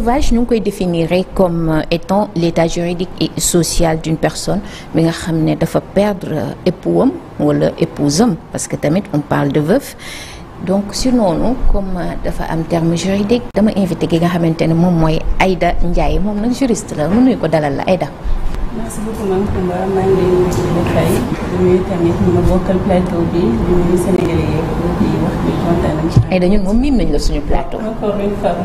l'enrevage ñu ngi koy définir comme euh, étant l'état juridique et social d'une personne bi nga xam ne dafa perdre euh, époux am wala épouse parce que tamit on parle de veuf donc si noonu comme euh, dafa am terme juridique dama invité ki nga xamante ne moom mooy Aïda Ndiaye moom nag juriste la mu nuyu ko dalal la Aïda Aïda ñun moom miim nañ la suñu plateau.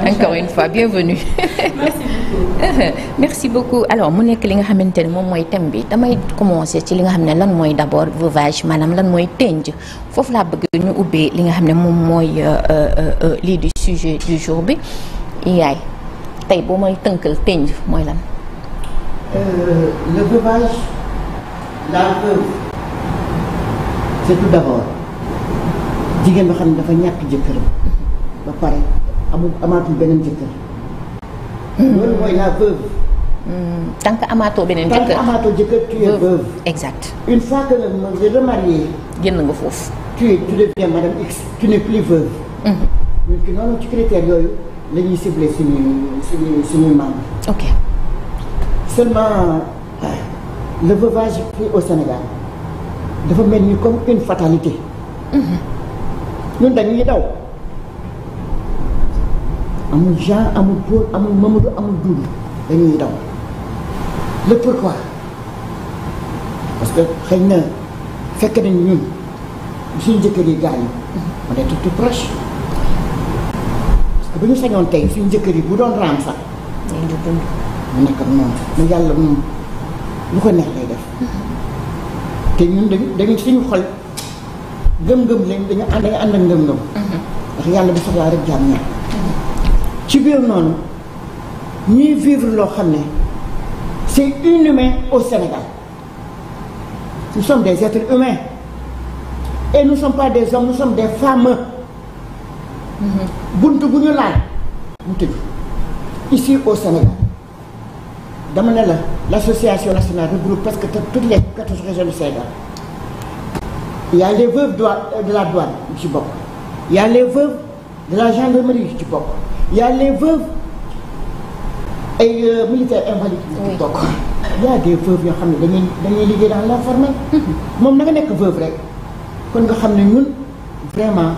encore une fois bienvenue. merci beaucoup. merci mu nekk li nga xamante ne moom mooy thème bi damay commencer ci li nga xam ne lan mooy d'abord veuvage maanaam lan mooy tenj foofu laa bëgg ñu ubbee li nga xam ne moom mooy euh, euh, euh, lii di sujet du jour bi yaay tey boo may tënkal tenj mooy lan. jigéen boo xam ne dafa ñàkk jëkkëram ba pare amul amaatul beneen jëkkër. loolu mooy la veuve. tant amaatoo beneen jëkkër tant que amaatoo veuve. exact une fois que nag man nga génn nga foofu. tu es tu deviens madame X tu n'es plus veuve. ñun hmm. ki noonu ci critères yooyu la ñuy ciblé suñuy suñuy suñuy membres. ok seulement le veuvage au Sénégal dafa mel ni comme une fatalité. Hmm. ñun dañuy daw amul Jean amul Paul amul Mamadou amul Doudou dañuy daw le pourquoi parce que xëy na fekk nañ ñun suñu jëkkër yi gaañu on est tout proche parce que bu ñu sañoon tey suñu jëkkër yi bu doon raam sax mu nekk ak moom na yàlla moom lu ko neex lay def mm-hmm. te ñun dañu dañu suñu xol ngëm-ngëm lañ dañu ànd dañu ànd ak ngëm-ngëm mhm. ndax yàlla bu soxlaa rek jaam ñi mhm. ci biir noonu ñuy vivre loo xam ne c'est inhumain au Sénégal nous sommes des êtres humains et nous ne pas des hommes nous des femmes mhm. bunt bu ñu laal mu tëju ici au Sénégal dama ne la l'association nationale regroupe presque toutes les quatorze régions du Sénégal il y a les veuves euh, de la douane yu ci bokk il y a les veuves de la gendarmerie yu ci bokk il y les veuves ay militaires invalides yu ci bokk il y a euh, yoo xam ne dañuy dañuy liggéey dans l'informel moom na nekk veuve rek kon nga xam ne ñun vraiment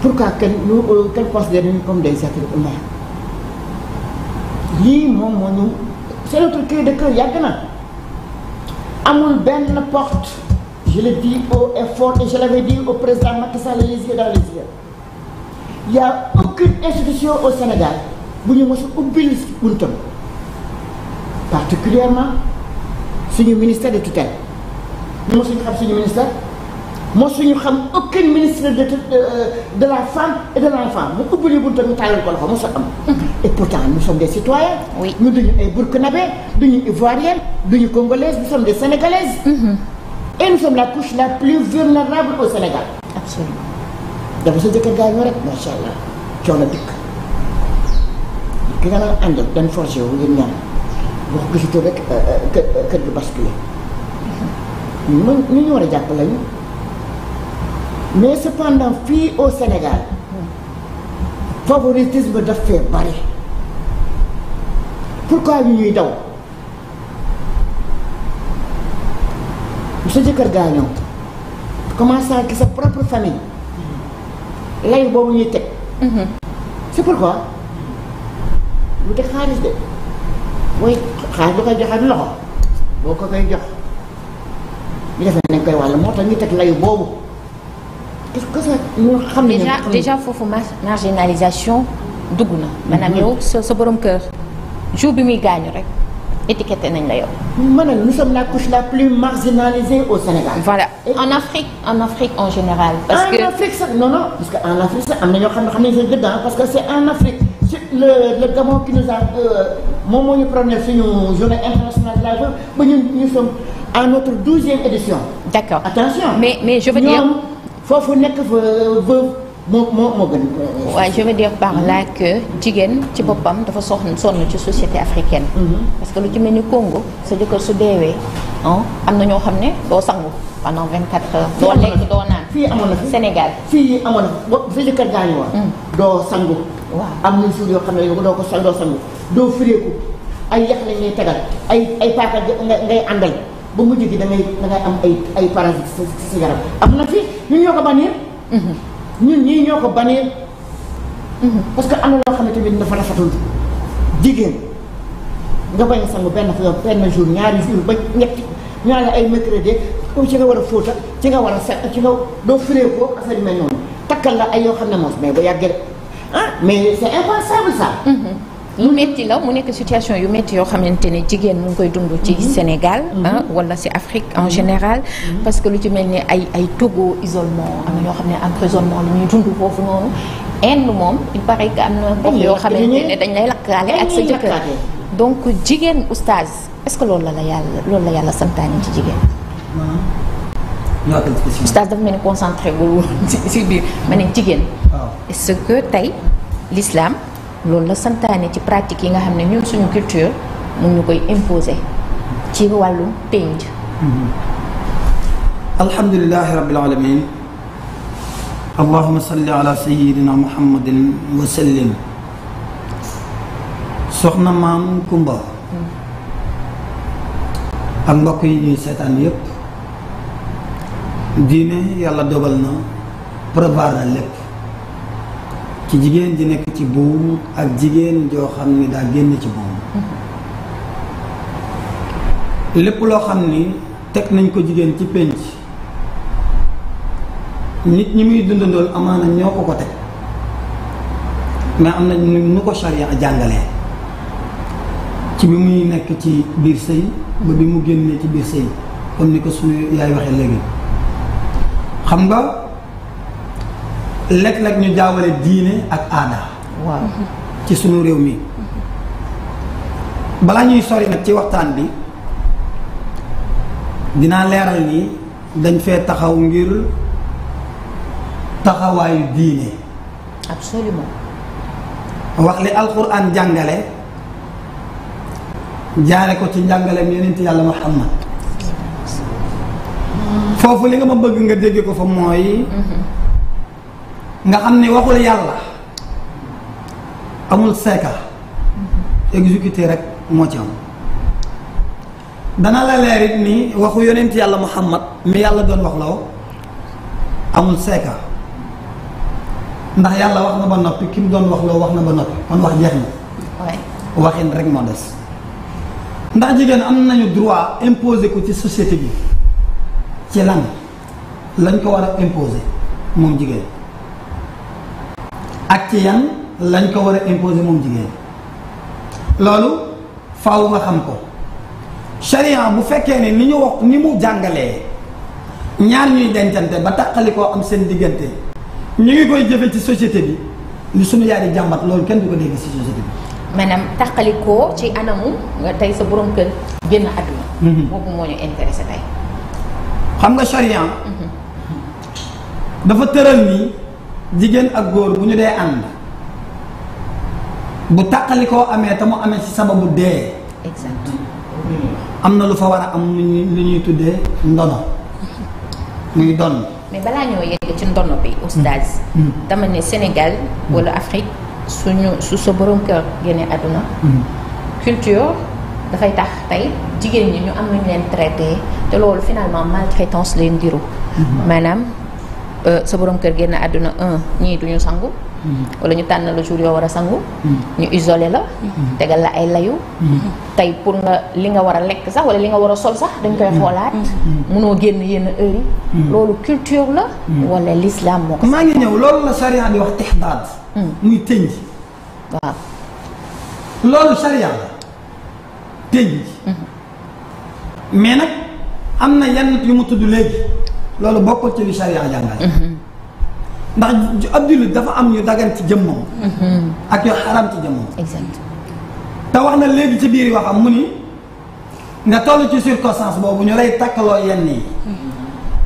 pourquoi kenn ñu euh, kenn considère nañu comme des êtres humains lii moom moo ñu c'est notre cri de cœur yàgg na amul benn porte Je le dis haut et fort et je l'avais au président Macky Sall les yeux dans les yeux. Il a aucune institution au Sénégal bu ñu mos a ubbil buntam particulièrement suñu ministère de tutelle ñu mosuñu xam suñu ministère mosuñu xam aucun ministre de euh, euh, de la femme et de l'enfant mu ubbil buntam ñu tàllal ko loxo mos a am. et pourtant nous sommes des citoyens. du ñu duñu du ñu duñu ivoirienne duñu congolaise nous sommes des sénégalaises. Mm-hmm. elles sont la couche la plus vulnérable au Sénégal. absolument. dafa sa jëkkër gaañoo rek macha allah coono dikk ki nga naan ànd dañ forcé wu ngeen ñaan wax gisutoo rek euh, euh, kër euh, kër gi basculé. man ni ñu war a jàpp lañu mais cependant fii au Sénégal favoritisme daf fee bari pourquoi ñuy daw. su jëkkër gaañoo commencé ak sa propre famille lay boobu ñuy teg mhm. c'est pourquoi lu teg xaalis de booy xaalis lu koy joxe du loxo boo ko koy jox ñu defee nañ koy wàll moo tax ñuy teg layu boobu qu'est-ce que xam ne déjà déjà foofu marginalisation dugg na maanaam mhm. yow sa sa borom kër jour bi muy gaañu rek étiqueté nañ la yow. ma ne nous sommes la couche la plus marginalisée au Sénégal. en Afrique en général. Ah, en Afrique en Afrique xam ne xam nañ seen ah, parce que c' en Afrique. le le qui nous a euh, moom moo ñu promené suñu journée internationale de la jeunesse ba ñun ñu sommes à notre douzième édition. d' mais mais je veux dire ñoom foofu nekk fa euh, moo moo moo gën euh, a. waaw je veux mm-hmm. jigéen ci boppam dafa soxn sonn ci société africaine. Mm-hmm. parce que lu ci mel ni Congo sa jëkkër su deewee am na ñoo xam ne doo sangu pendant 24 heures. doo lekk doo naan fii amoon na Sénégal. fii amoon na ba mm. doo sangu. waaw am nañu suuf yoo xam ne yow doo ko sa doo sangu doo fireeku ay yax lañ lay tegal ay ay paaka ngay àndal ba mujj gi da ngay am ay ay parasites ci sa yaram am na fi ñun ñoo ko bannir. ñun ñii ñoo ko banee mhm. parce que am na loo xam ne tamit dafa rafetul jigéen nga bañ a sangu benn fa benn jour ñaari jour ba ñetti ñaari ay mercredi comme ci nga war a fóota ci nga war a set ci nga doo firee ko affaire yu mel noonu takkal la ay yoo xam ne moom mais ba yàggee ah mais c'est impensable ça. Mhm. lu métti la mu nekk situation yu métti yoo xamante ne jigéen mu ngi koy dund ci mhm. Sénégal ah, mhm. wala si Afrique en mhm. général parce que lu ci mel ni ay ay Togo isolement am ñoo xam ne emprisonnement lu ñuy dund foofu noonu Inde moom il paraît que am na gox yoo xamante ne dañ lay lakkaale ak sa jëkkër donc jigéen oustaz est-ce que loolu la la yàlla loolu la yàlla santaane ci jigéen oustaz dafa mel ni concentré wul ma ne jigéen est-ce que tey l'islam loolu la santaane ci pratique yi nga xam ne ñun suñu culture mu ñu koy imposer ci wàllu pénc alhamdulilahi rabbil alamin allahuma salli ala sayidina muhammadin wa sallim soxna maam kumba ak mbokk yi ñuy seetaan yépp diine yàlla dobal na prévoir na lépp ci jigéen ji nekk ci buum ak jigéen joo xam ni daal génne ci buum lépp loo xam ni teg nañ ko jigéen ci pénc nit ñi muy dundandool amaana ñoo ko ko teg mais am na nu ko charia jàngale ci bi muy nekk ci biir sëy ba bi mu génnee ci biir sëy comme ni ko suñu yaay waxee léegi xam nga léeg-léeg ñu jaawale diine ak aada. ci suñu réew mi. balaa ñuy sori nag ci waxtaan bi dinaa leeral ni dañ fee taxaw ngir taxawaayu diine. absolument. wax li alquran jàngale jaare ko ci njàngaleem yonent yàlla Muhammad foofu li nga ma bëgg nga dégg ko fa mooy. Mhm. nga am ne waxul yàlla amul seeka exécuté rek moo ci am dana la leer it ni waxu yonent yàlla muhammad mi yàlla doon wax loo amul seeka ndax yàlla wax na ba noppi ki mu doon wax loo wax na ba noppi kon wax jeex na waxin rek moo des ndax jigéen am nañu droit imposé ko ci société bi ci lan lañ ko war a imposé moom jigéen ak ci yan lañ ko war a imposer moom jigéen loolu faaw nga xam ko sharia bu fekkee ne ni ñu wax ni mu jàngalee ñaar ñuy dencante ba taqali koo am seen diggante ñu ngi koy jëfe ci société bi li suñu yaay di jàmbat loolu kenn du ko dégg ci société bi maanaam taqalikoo ci anamu nga tey sa borom kër génn àdduna mhm. boobu moo ñu intéressé tey xam nga charian mhm. dafa tëral nii jigéen ak góor bu ñu dee ànd bu tàqali amee te mu amee ci sababu dee. exactement. am na lu fa war a am lu ñuy lu ñuy tuddee ndono muy don. mais balaa ñoo yegg ci ndono bi. oustaz. Mm. Mm. dama ne Sénégal wala mm. Afrique suñu su sa borom kër génne àdduna. culture dafay tax tey jigéen ñi ñu am nañu leen traité te loolu finalement maltraitance leen diru mm-hmm. maanaam. Euh, sa borom kër génn àdduna un ñii duñu sangu mm-hmm. wala ñu tànn la jour yoo war a sangu mm-hmm. ñu isolé la mm-hmm. tegal la ay layu tey pour nga li nga war a lekk sax wala li nga war a sol sax dañ koy xoolaat munoo génn yenn heure yi loolu culture la wala l'islam moo ko maa ngi ñëw loolu la charia di wax tixdaad mm. muy tënj waaw loolu charia tënj mais nag am na yenn yu mu tudd léegi loolu bokkul ci li charia jàngale mm-hmm. ndax ab dafa am yu daggan ci jëmmam mm-hmm. ak yu xaram ci jëmmam te wax na léegi ci biir waxam mu ni nga toll ci circonstance boobu ñu lay takkaloo yenn yi mm-hmm.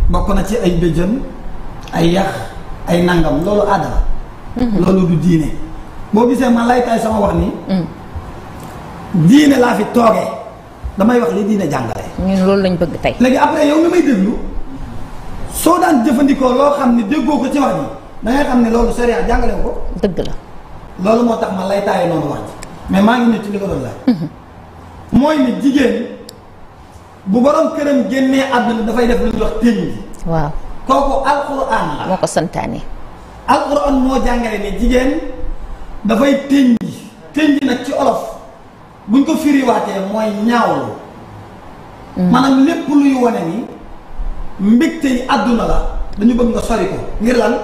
bokk na ci ay béjjën ay yax ay nangam loolu aada la loolu du diine boo gisee man lay tay sama wax ni mm. diine laa fi toogee damay wax li diine jàngale ñun loolu lañ bëgg tey léegi après yow mi may déglu soo daan jëfandikoo loo xam ne déggoo ko ci wax ji da ngay xam ne loolu sariya jàngale ko. dëgg la. loolu moo tax ma lay taaye noonu wax ji mais maa ngi nit ci li ko doon mhm. mooy ni jigéen bu borom këram génnee àdduna dafay def lu ñuy wax téññ. waaw kooku alquran la. moo ko santaane. alquran moo jàngale ne jigéen dafay téññ téññ nag ci olof buñ ko firiwaatee mooy ñaawlu. Mm. maanaam lépp luy wane ni. mbégte yi àdduna la dañu bëgg nga sori ko ngir lan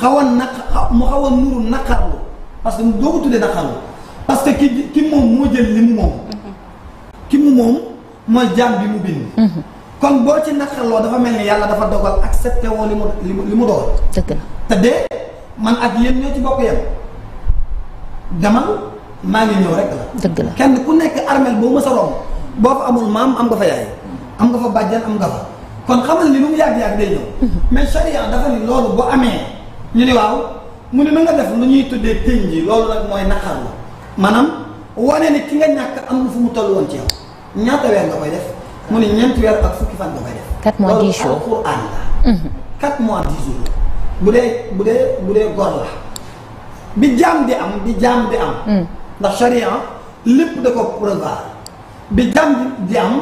xaw a naqa mu xaw a nuru naqarlu parce que doo ko tuddee naqarlu parce que ki ki moom moo jël li mu moom ki mu moom mooy jaam bi mu bind kon boo ci naqarloo dafa mel ni yàlla dafa dogal accepté woo li mu li mu dogal dëgg man ak yéen ñoo ci bokk yem demal maa ngi ñëw rek la dëgg la kenn ku nekk armel boo mës a boo fa amul maam am nga fa yaay am nga fa bàjjan am nga fa kon xamal ni lu mu yàgg-yàgg day ñëw mais charia dafa ni loolu bu amee ñu ni waaw mu ne na nga def lu ñuy tuddee tëñ ji loolu nag mooy naqar la maanaam wane ni ki nga ñàkk am lu fu mu toll woon ci yow ñaata weer nga koy def mu ne ñeenti weer ak fukki fan nga koy def quatre mois dix mhm. mois dix jours bu dee bu dee bu dee gor la bi jaam di am bi jaam di am mm. ndax charia lépp da ko prévoir bi jaam di am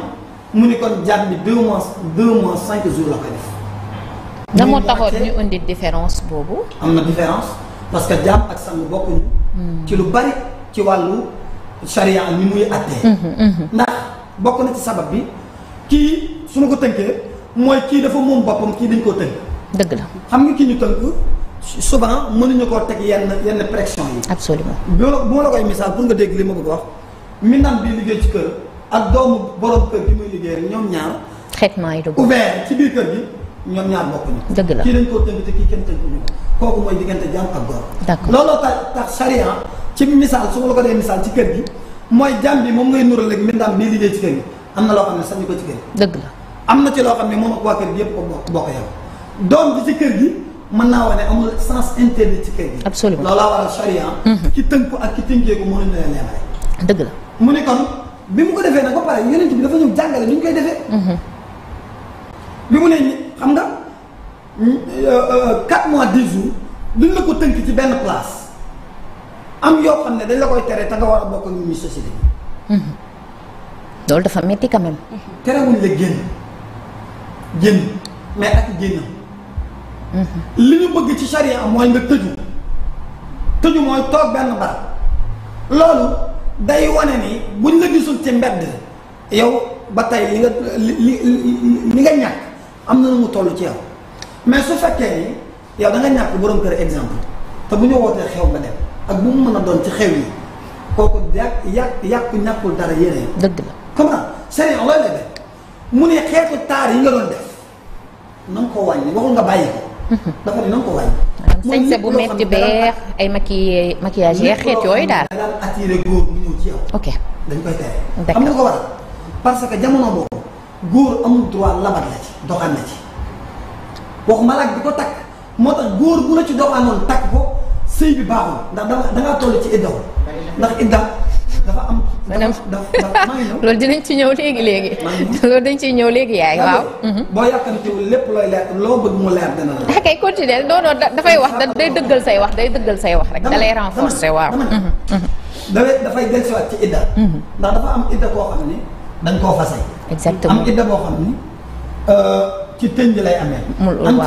mu ni kon jàpp bi deux mois deux mois cinq jours la ko def. na moo taxoon indi différence boobu. am na différence parce que jàpp ak sang bokkuñu. Hmm. ci lu bari ci wàllu charia ni muy attee. Hmm, hmm, ndax bokk na ci sabab bi kii su ma ko tënkee mooy kii dafa moom boppam kii dañ koo tënk. dëgg la xam nga kii ñu tënk souvent mënuñu koo teg yenn yenn pression yi. absolument bu ma la koy misaal pour nga dégg li ma bëgg wax mi naan liggéey ci kër. ak doomu borom kër bi muy liggéey ñoom ñaar. maa yi du ouvert ci biir kër gi ñoom ñaar bokkuñu. dëgg la kii dañ koo tënk te kii kenn tënkuñu ko kooku mooy diggante jàmm ak góor. d'accord looloo tax tax charia ci misaal su ma la ko dee misaal ci kër gi mooy jàmm bi moom ngay nural ak mbindam bii liggéey ci kër gi am na loo xam ne sañu ko ci kër gi. dëgg la am na ci loo xam ne moom ak waa kër gi yëpp ko bokk bokk yam doom bi ci kër gi mën naa wane amul sens interdit ci kër gi. absolument loolaa waral charia. Mhm. ki tënku ak ki ko bi mu ko defee nag ba pare yonent bi dafa ñëw jàngale ni ñu koy defee. Mhm. bi mu ne xam nga 4 mois 10 jours duñ la ko tënk ci benn place am yoo xam ne dañ la koy tere te nga war a bokk ñu ñu société bi. Mhm. loolu dafa metti quand même. terewuñ la génn génn mais ak génnam. Mhm. li ñu bëgg ci charia mooy nga tëju tëju mooy toog benn barab loolu. day wane ni buñ la gisul ci mbedd yow ba tey li nga li li nga ñàkk am na nu mu toll ci yow mais su fekkee yi yow da nga ñàkk borom kër exemple te bu ñu wootee xew nga dem ak bu mu mën a doon ci xew yi kooku yàq yàq yàqu ñàkkul dara yéene dëgg la comment sëriñ loolu la def mu ne xeetu taar yi nga doon def na ko wàññi waxul nga bàyyi ko dafa ne na ko wàññi sañse bu metti beex ay maki maquillage yeex xeet yooyu daal. daal attiré góor mu ñëw ci yow. ok dañ koy tere. am na ko waral parce que jamono boobu góor amul droit la ci doxaan ci waxuma la ak ko takk moo tax góor bu la ci doxaanoon takk boo sëy bi baaxul ndax da ngaa toll ci iddaw ndax idda maanaam loolu dinañ ci ñëw léegi léegi. loolu dañ ciy ñëw léegi yaay waaw. Mhm. boo yàkkamtiwul lépp looy leer loo bëgg mu leer dana la. ah kay continuer non non dafay wax day dëggal say wax day dëggal say wax rek. da lay renforcer waaw. Mhm, mhm. dafay dafay dellusiwaat ci idda. ndax dafa am idda koo xam ne dañ koo fasay. exactement am idda boo xam ne euh, ci tënj lay am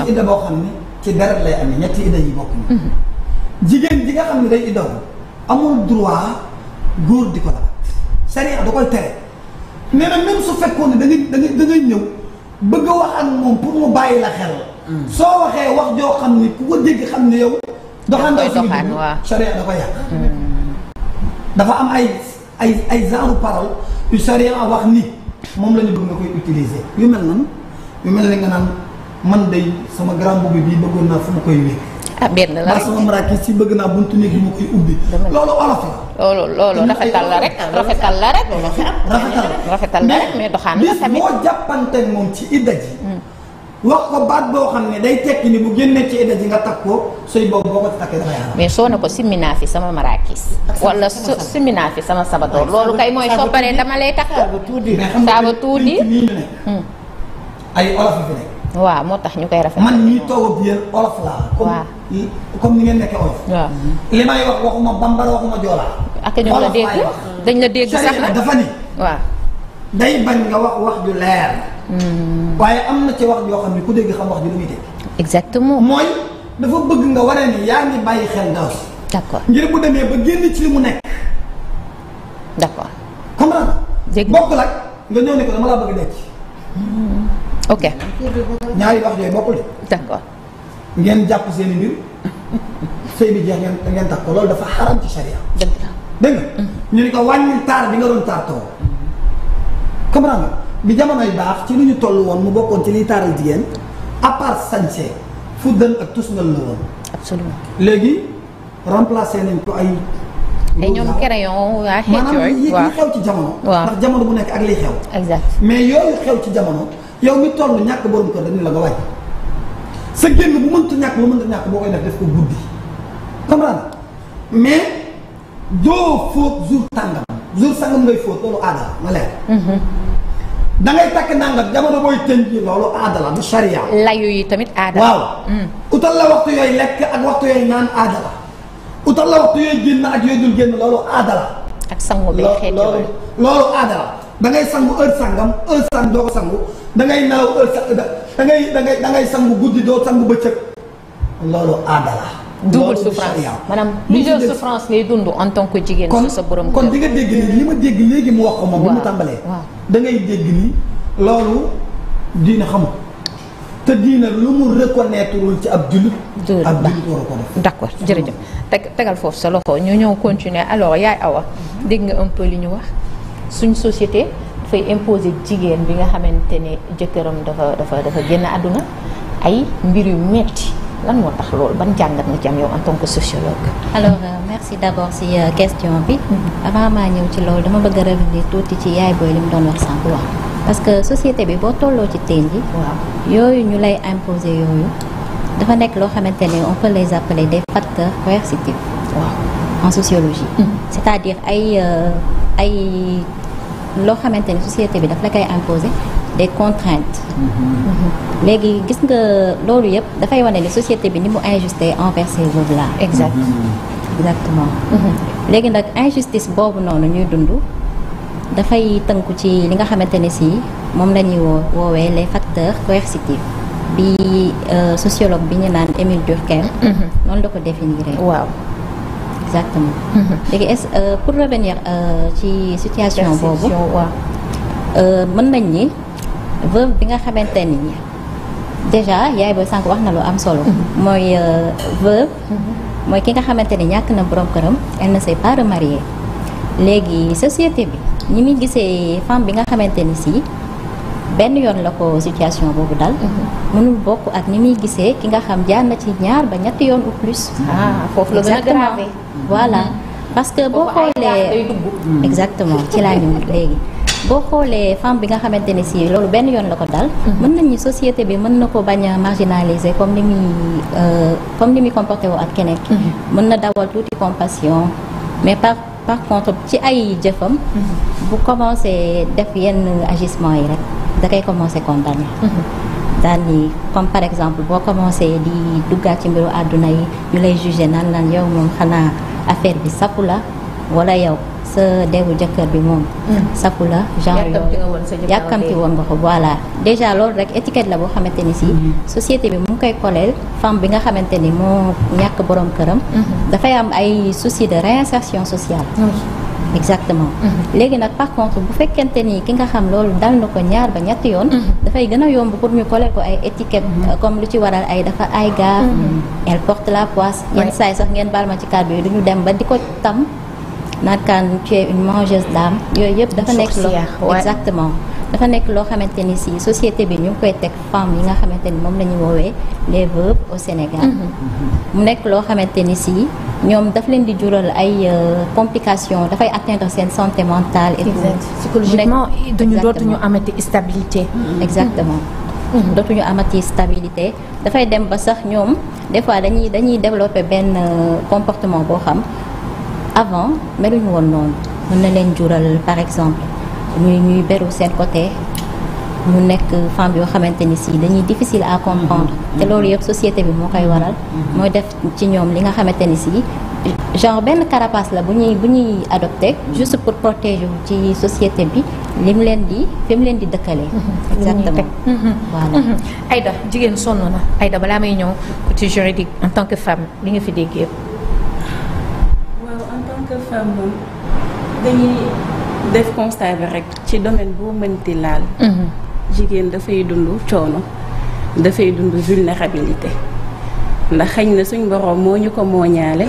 ci idda boo xam ne ci deret lay amee ñetti idda yi bokk na. jigéen nga xam ne day iddaw amul droit góor di ko la. sariya da koy tere nee na même su fekkoon ne da ngay da ngay da ñëw bëgg a wax ak moom pour mu bàyyi la xel. Mm. soo waxee wax joo xam ni ku ko dégg xam ne yow. doxandaw suñu dugub sariya da koy yàq. Mm. dafa am ay ay ay genre parole yu sariya wax ni moom la bëgg nga koy utiliser yu mel noonu yu mel ne nga naan man day sama grand boobu bii bëggoon naa fu ma koy wékk. ah benn la rek sama maraakis si bëgg naa buntu néeg bi ma koy ubbi. loolu olof la. loolu rafetal la rek rafetal la rek. rafetal mais doxaan la tamit hmm. boo xam ne day tekki bu génnee ci idda ji nga ko sëy mais soo ne ko simmi naa fi sama maraakis. wala su naa fi sama sabadoor. loolu kay mooy soo paree dama lay takk. saaba tuuti saaba tuuti. Hmm. ay olof fi nekk. waaw moo tax ñu koy rafetal. man ñuy toog ak olof laa. comme ni ngeen nekkee oyof. waaw mm-hmm. li may wax waxuma bambara waxuma joolaa. ak ñoom la dégg dañ la dégg sax dafa ni. waaw day bañ nga wax wax ju leer. Mm. waaye am na ci wax yoo xam ne ku dégg xam wax ju lu muy dégg. exactement mooy dafa bëgg nga waree ni yaa ngi bàyyi xel ndaw si. d'accord ngir bu demee ba génn ci li mu nekk. d'accord. comprendre dégg bokk la nga ñëw ne ko dama laa bëgg a denc. Mm. ok. ñaari wax yooyu bokkul. d'accord. ngeen jàpp seen i mbir sëy bi jeex ngeen ngeen takk ko loolu dafa xaram ci sharia. dëgg ñu ni ko wàññil taar bi nga doon taar taw. comprendre nga bi jamonoy baax ci lu ñu toll woon mu bokkoon ci liy taaral jigéen à part sañse fu dën ak tusngal la woon. absolument léegi remplacé nañ ko ay. ay ñoom crayon waa xeet yooyu maanaam li xew ci jamono. waaw ndax jamono bu nekk ak liy xew. exact mais yooyu xew ci jamono yow mi toll ñàkk borom kër dañu la nga wàññi. sa génn bu mënta ñàkk ba mënta ñàkk boo koy def def ko guddi comprendre mais doo fóot jour tàngam jour sangam ngay fóot loolu aada ma leer mhm. da ngay takk nangam jamono booy tënk loolu aada la du layu yi tamit aada mhm. utal la waxtu yooyu génn ak yooyu dul génn loolu aada ak sangu bi xeet loolu loolu aada da ngay sangu heure sangam heure sang doo ko sangu da ngay naaw heure sang da sangu guddi doo sangu bëccëg loolu aada la. double souffrance maanaam plusieurs souffrances ngay dund en tant que jigéen. su sa borom kon di nga dégg ni li ma dégg léegi mu wax ko moom. waaw mu tàmbalee. da ngay dégg ni loolu diina xamul. te diina lu mu reconnaître ci ab jullit. ab jullit war a ko def. d' accord jërëjëf teg tegal foofu sa loxo ñu ñëw continuer alors yaay awa dégg nga un peu li ñu wax. suñ société dafay imposé jigéen bi nga xamante ne jëkkëram dafa dafa dafa génn àdduna ay mbir yu metti lan moo tax lool ban jàngat nga ci am yow en tant que sociologue. alors euh, merci d' abord si euh, question bi. Mm-hmm. avant maa ñëw ci loolu dama bëgg a revenir tuuti ci yaay booy li mu doon wax sànq. waaw parce que société bi boo tolloo ci tey ji waaw yooyu ñu lay imposé yooyu. dafa nekk loo xamante ne on peut les appeler des facteurs coercitifs. waaw en sociologie mm. c'est-à-dire ay euh, ay loo xamante ne société bi daf la kay imposer des contraintes mm-hmm. Mm-hmm. léegi gis nga loolu yëpp dafay wane ne société bi ni mu injuste envers ces veuves là exact mm-hmm. exactement léegi nag injustice boobu noonu ñuy dund dafay tënku ci li nga xamante ne si moom la ñuy woo woowee les facteurs coercitifs bi euh, sociologue bi ñu naan Émile Durkheim noonu la ko définir waaw exactement. léegi est-ce euh, pour revenir euh, ci situation. boobu euh, mën nañ ni veuve bi nga xamante ni déjà yaay booy sànq wax na lu am solo. Mhm. mooy veuve. Mhm. mooy ki nga xamante ni ñàkk na borom këram elle ne s'est pas léegi société bi ñi muy gisee femme bi nga xamante ni si. benn yoon la ko situation boobu dal mënul bokk ak ni muy gisee ki nga xam jaan na ci ñaar ba ñetti yoon ou plus ah foofu la gën voilà parce que boo xoolee exactement ci laa ñu léegi boo xoolee femme bi nga xamante ne si loolu benn yoon la ko dal mhm. mën nañu société bi mën na ko bañ a marginaliser comme ni muy euh, comme ni muy comporté woo ak keneen ki mhm. mën na dawal tuuti compassion mais par par contre ci ay jëfam mhm. bu commencé def yenn agissement yi rek da koy commencé condamné daal comme par exemple boo commencé di duggaat ci mbiru àdduna yi lay jugé naan lan yow moom xanaa affaire bi sapu la wala yow sa deewu jëkkër bi moom mm. sapu la genre yooyu yàkkamti woon nga ko voilà déjà loolu rek étiquette la boo xamante ni si mm. société bi mu ngi koy koleel femme bi nga xamante ni moo ñàkk boroom këram mm-hmm. dafay am ay souci de réinsertion sociale mm. exactement mhm. léegi nag par contre bu fekkente ni ki nga xam loolu dal na ko ñaar ba ñetti yoon mhm. dafay gën a yomb pour ñu coller ko ay étiquette mhm. euh, comme lu ci waral ay dafa ay gaaf porte la poisse yenn saay sax ngeen baal ma ci kàddu yi du ñu dem ba di ko tam naatkaan tu es une mangeuse d'âme yooyu yëpp dafa nekk lo exactement dafa nekk loo xamante ni si société bi ñu ngi koy teg femmes yi nga xamante ni moom la woowee les veuves au Sénégal. Mhm. mu nekk loo xamante ni si ñoom daf leen di jural ay euh, complications dafay atteindre seen santé mentale. et tout psychologiquement dañu dootuñu amati stabilité. Mhm. exactement. Mhm. dootuñu amati stabilité dafay dem ba sax ñoom des fois dañuy dañuy développer benn euh, comportement boo xam avant meluñu woon noonu mën na leen jural par exemple. ñuy ñuy beru seen côté mu nekk femme yoo xamante ni si dañuy difficile à comprendre mm-hmm. te loolu yëpp société bi moo koy waral mm-hmm. moo def ci ñoom li nga xamante ni si genre benn carapace la bu ñuy bu ñuy adopté juste pour protéger ci société bi li mu leen di fi mu leen di dëkkale mm-hmm. exactement voilà Aïda jigéen sonn na Aïda balaa may ñëw ci juridique en tant que femme li nga fi dégg yëpp waaw en tant que femme moom def constat bi rek ci domaine boo mënti laal. Mhm. jigéen dafay dundu coono dafay dund vulnérabilité ndax xëñ na suñ boroom moo ñu ko mooñaale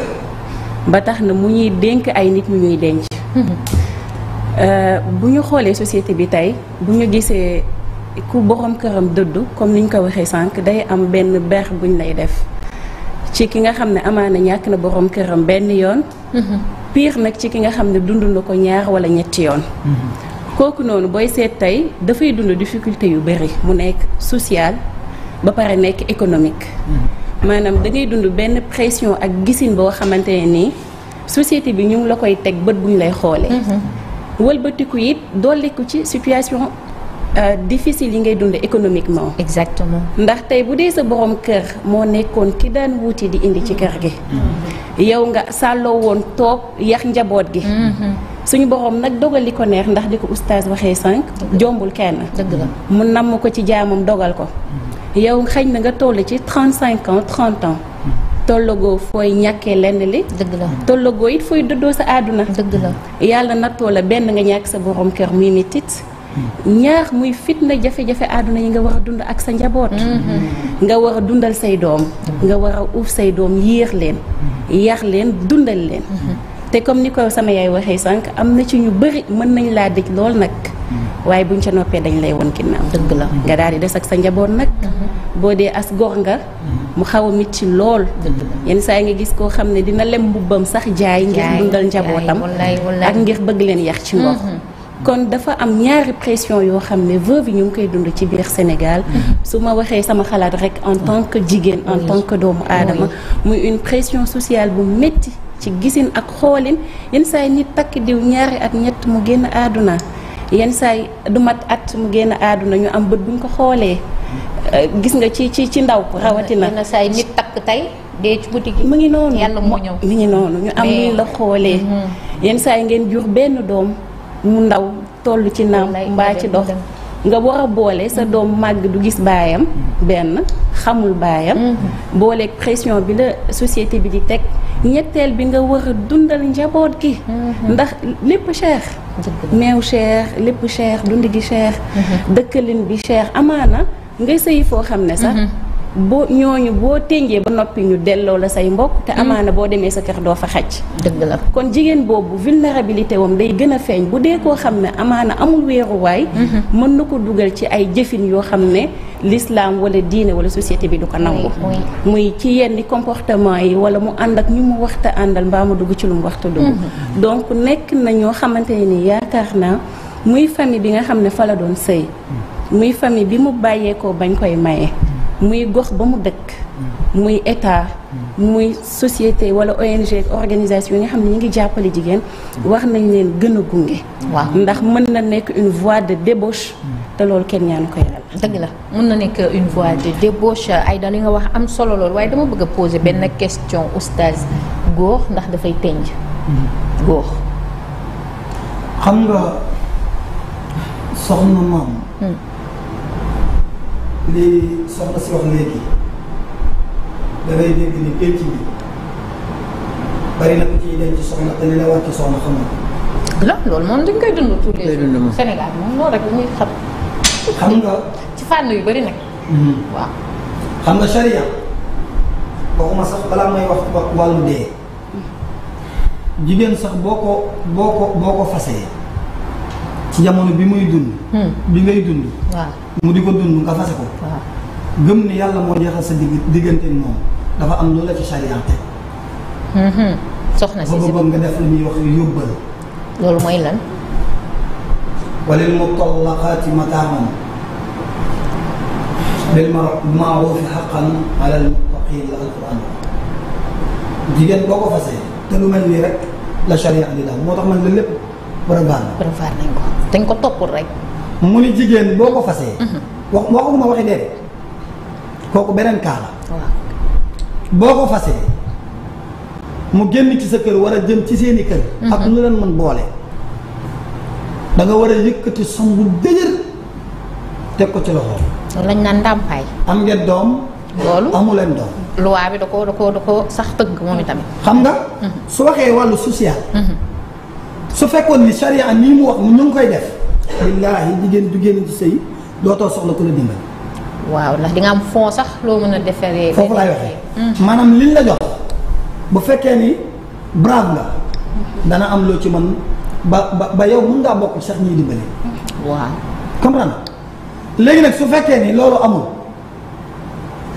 ba tax na mu ñuy dénk ay nit mu ñuy denc. Mhm. Euh, bu ñu xoolee société bi tey bu ñu gisee ku boroom këram dëddu comme ni ñu ko waxee sànq day am benn ber buñ lay def ci ki nga xam ne amaana ñàkk na boroom këram benn yoon. Mhm. pire nag ci ki nga xam ne dund na ko ñaar wala ñetti yoon mm-hmm. kooku noonu booy seet tey dafay dund difficulté yu bëri mu nekk social ba pare nekk économique mm-hmm. maanaam da dund benn pression ak gisin boo xamante ne nii société bi ñu la koy teg bët bu ñu lay xoolee mm-hmm. wëlbatiku it dolliku ci situation Euh, difficile yi ngay dund économiquement. exactement ndax tey bu dee sa borom kër moo nekkoon ki daan wuute di indi ci mm-hmm. kër gi. Mm-hmm. yow nga sàlloo woon toog yax njaboot gi. Mm-hmm. suñu borom nag dogal li ko neex ndax di ko oustaz waxee sànq. jombul kenn. dëgg la mu namm ko ci jaamam dogal ko. yow xëy na nga toll ci trente cinq ans trente ans. tollogoo fooy ñàkkee lenn li. dëgg la tollogoo it fooy dëddoo sa àdduna. dëgg la yàlla nattoo la benn nga ñàkk sa borom kër muy mettit ñaar muy fitna jafe-jafe àdduna yi nga war a dund ak sa njaboot. nga war dundal say doom. nga war a uuf say doom yéex leen. yar leen dundal leen. te comme ni ko sama yaay waxee sànq am na ci ñu bëri mën nañ laa dëj lool nag. waaye buñ ca noppee dañ lay woon ginnaaw. dëgg la nga daal di des ak sa njaboot nag. boo dee as góor nga. mu xaw a mit ci lool. yenn saa yi nga gis koo xam ne dina lem mbubbam sax jaay. ngir dundal njabootam ak ngir bëgg leen yar ci ngor. kon dafa am ñaari pression yoo xam ne veuve yi ñu ngi koy dund ci biir Sénégal mm-hmm. su ma waxee sama xalaat rek en tant que jigéen en tant que doomu aadama muy une pression sociale bu métti ci gisin ak xoolin yenn saa yi nit takk diw ñaari at ñett mu génn àdduna yenn saa yi du mat at mu génn àdduna ñu am bët buñ ko xoolee euh, gis nga ci ci ci ndaw rawatina yenn saa yi nit takk tey dee ci boutique yi mu ngi noonu yàlla moo ñëw mu ngi noonu am la xoolee mm-hmm. yenn saa ngeen jur benn doom mu ndaw toll ci naam mbaa ci dox nga war a boole sa doom màgg du gis baayam mm-hmm. benn xamul baayam mm-hmm. booleeg pression bi la société bi di teg ñetteel bi nga war a dundal njaboot gi mm-hmm. ndax lépp cher new cher lépp cher dund gi cher dëkkalin bi cher amaana nga sëyi foo xam ne sax bo ñooñu boo téngee ba noppi ñu delloo la say mbokk te mm. amaana boo demee sa kër doo fa xaj dëgg la kon jigéen boobu vulnérabilité woom day gën a feeñ bu dee koo xam ne amaana amul weeruwaay mm-hmm. mën na ko dugal ci ay jëfin yoo xam ne lislaam wala diine wala société bi du ko nangu muy ci yenn comportement yi wala mu ànd ak ñu mu waxta àndal mbaa ma dugg ci lu mu waxta dugg mm-hmm. donc nekk na ñoo xamante ni yaakaar naa muy famille bi nga xam ne fa la doon sëy mm. muy famille bi mu bàyyeekoo bañ koy maye muy gox ba mu dëkk muy état muy société wala ONG organisation yi nga xam ne ñu ngi jàppale jigéen wax nañ leen gën a gunge waaw ndax mën na nekk une voie de débauche te loolu kenn ñaanu ko yàlla dëgg la mën na nekk une voie de débauche ay dal yi nga wax am solo lool waaye dama bëgg a poser benn question oustaz góor ndax dafay tenj góor xam nga soxna maam hmm. li soxna si wax léegi dangay dégg ni pénc bi bari na ko ciy denc soxna te li la war ci soxna xam nga. loolu moom dañ koy dund. tous les moom loolu rek la xam. xam nga ci fànn yu bari nag. Hmm. waaw. xam nga charia waxuma sax balaa may wax wàllu dee. Hmm. jigéen sax boo ko boo ko boo ko fasee. ci jamono bi muy dund. Hmm. bi ngay dund. waaw mu di ko dund nga fase ko. gëm ni yàlla moo jeexal sa digg diggante moom dafa am loola ci sariya teg. Hmm. soxna si si bëgg nga def lu ñuy wax yóbbal. loolu mooy lan. walil mutallaqaati mataaman bil ma'ruufi haqqan alal muttaqiin la alquran jigéen boo ko fasee te lu mel nii rek la sariya di daal moo tax man la lépp. borom a na. borom nañ ko dañ ko toppul rek. mu ni jigéen boo ko fasee. Mhm. wax waxuma waxi dee kooku beneen kaa la. waaw boo ko fasee mu génn ci sa kër war a jëm ci seeni kër. Mhm. ak nu leen mën boole. danga war a yëkkati som bu dëgër teg ko ci loxo. loolu lañ naan ndàmpaay. am ngeen doom. loolu amu leen doom. loi bi da koo da koo da ko sax tëgg moom tamit xam nga. Mhm. su waxee wàllu social. su fekkoon ni charia nii mu wax ñu ngi koy def billaahi jigéen du génn ci sëy dootoo soxla ko la dimbal waaw ndax di nga am fond sax loo mën a defaree. foofu laay waxee. maanaam liñ la jox bu fekkee ni brave la dana am loo ci man ba ba ba yow mën ngaa bokk sax léegi nag su fekkee ni loolu amul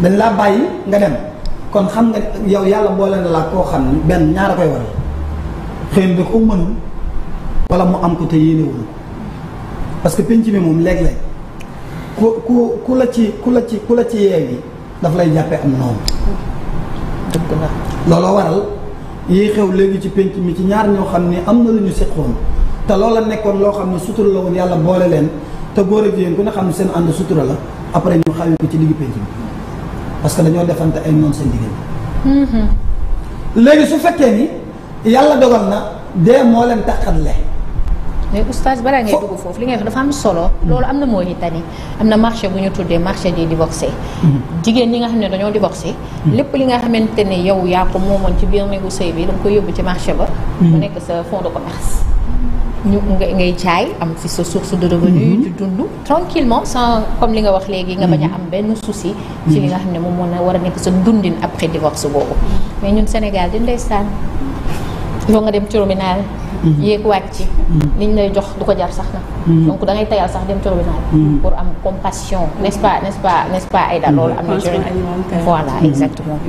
dañ laa bàyyi nga dem kon xam nga yow yàlla boole na laa koo xam ni benn ñaar a koy waral xëy na ko mënul. wala mu am ko te yéenewul parce que penc mi moom léeg-léeg ku ku ku la ci ku la ci ku la ci bi daf lay jàppee am noonu. dëgg la looloo waral yiy xew léegi ci penc mi ci ñaar ñoo xam ne am na lu ñu seqoon te loola nekkoon loo xam ne sutura la woon yàlla boole leen te góor ak jigéen ku ne xam ne seen ànd sutura la après ñu xawee ko ci digg penc mi parce que dañoo defante ay noon seen diggante. Mm-hmm. léegi su fekkee ni yàlla dogal na dee moo leen taqatle. mais oustaz balaa ngay dugg foofu li ngay wax dafa am solo. loolu am na Mauritanie am na marché bu ñu tuddee marché di divorcé. Mhm. jigéen ñi nga xam ne dañoo divorcé. Mhm. lépp li nga xamante ne yow yaa ko moomoon ci biir néegu sëy bi da koy yóbbu ci marché ba. Mhm. mu nekk sa fond de commerce. ñu ngay jaay am fi sa source de revenu di dund tranquillement sans comme li nga wax léegi nga bañ a am benn souci ci li nga xam ne moom moom na war a nekk sa dundin après divorce boobu mais ñun Sénégal di ndeysaan yoo nga dem tribunal yéeg wàcc mm-hmm. liñ lay jox du ko jar sax na mm-hmm. donc da ngay tayal sax dem tribunal mm-hmm. pour am compassion n'est-ce pas n'est-ce pas nest loolu am na jëriñ voilà exactement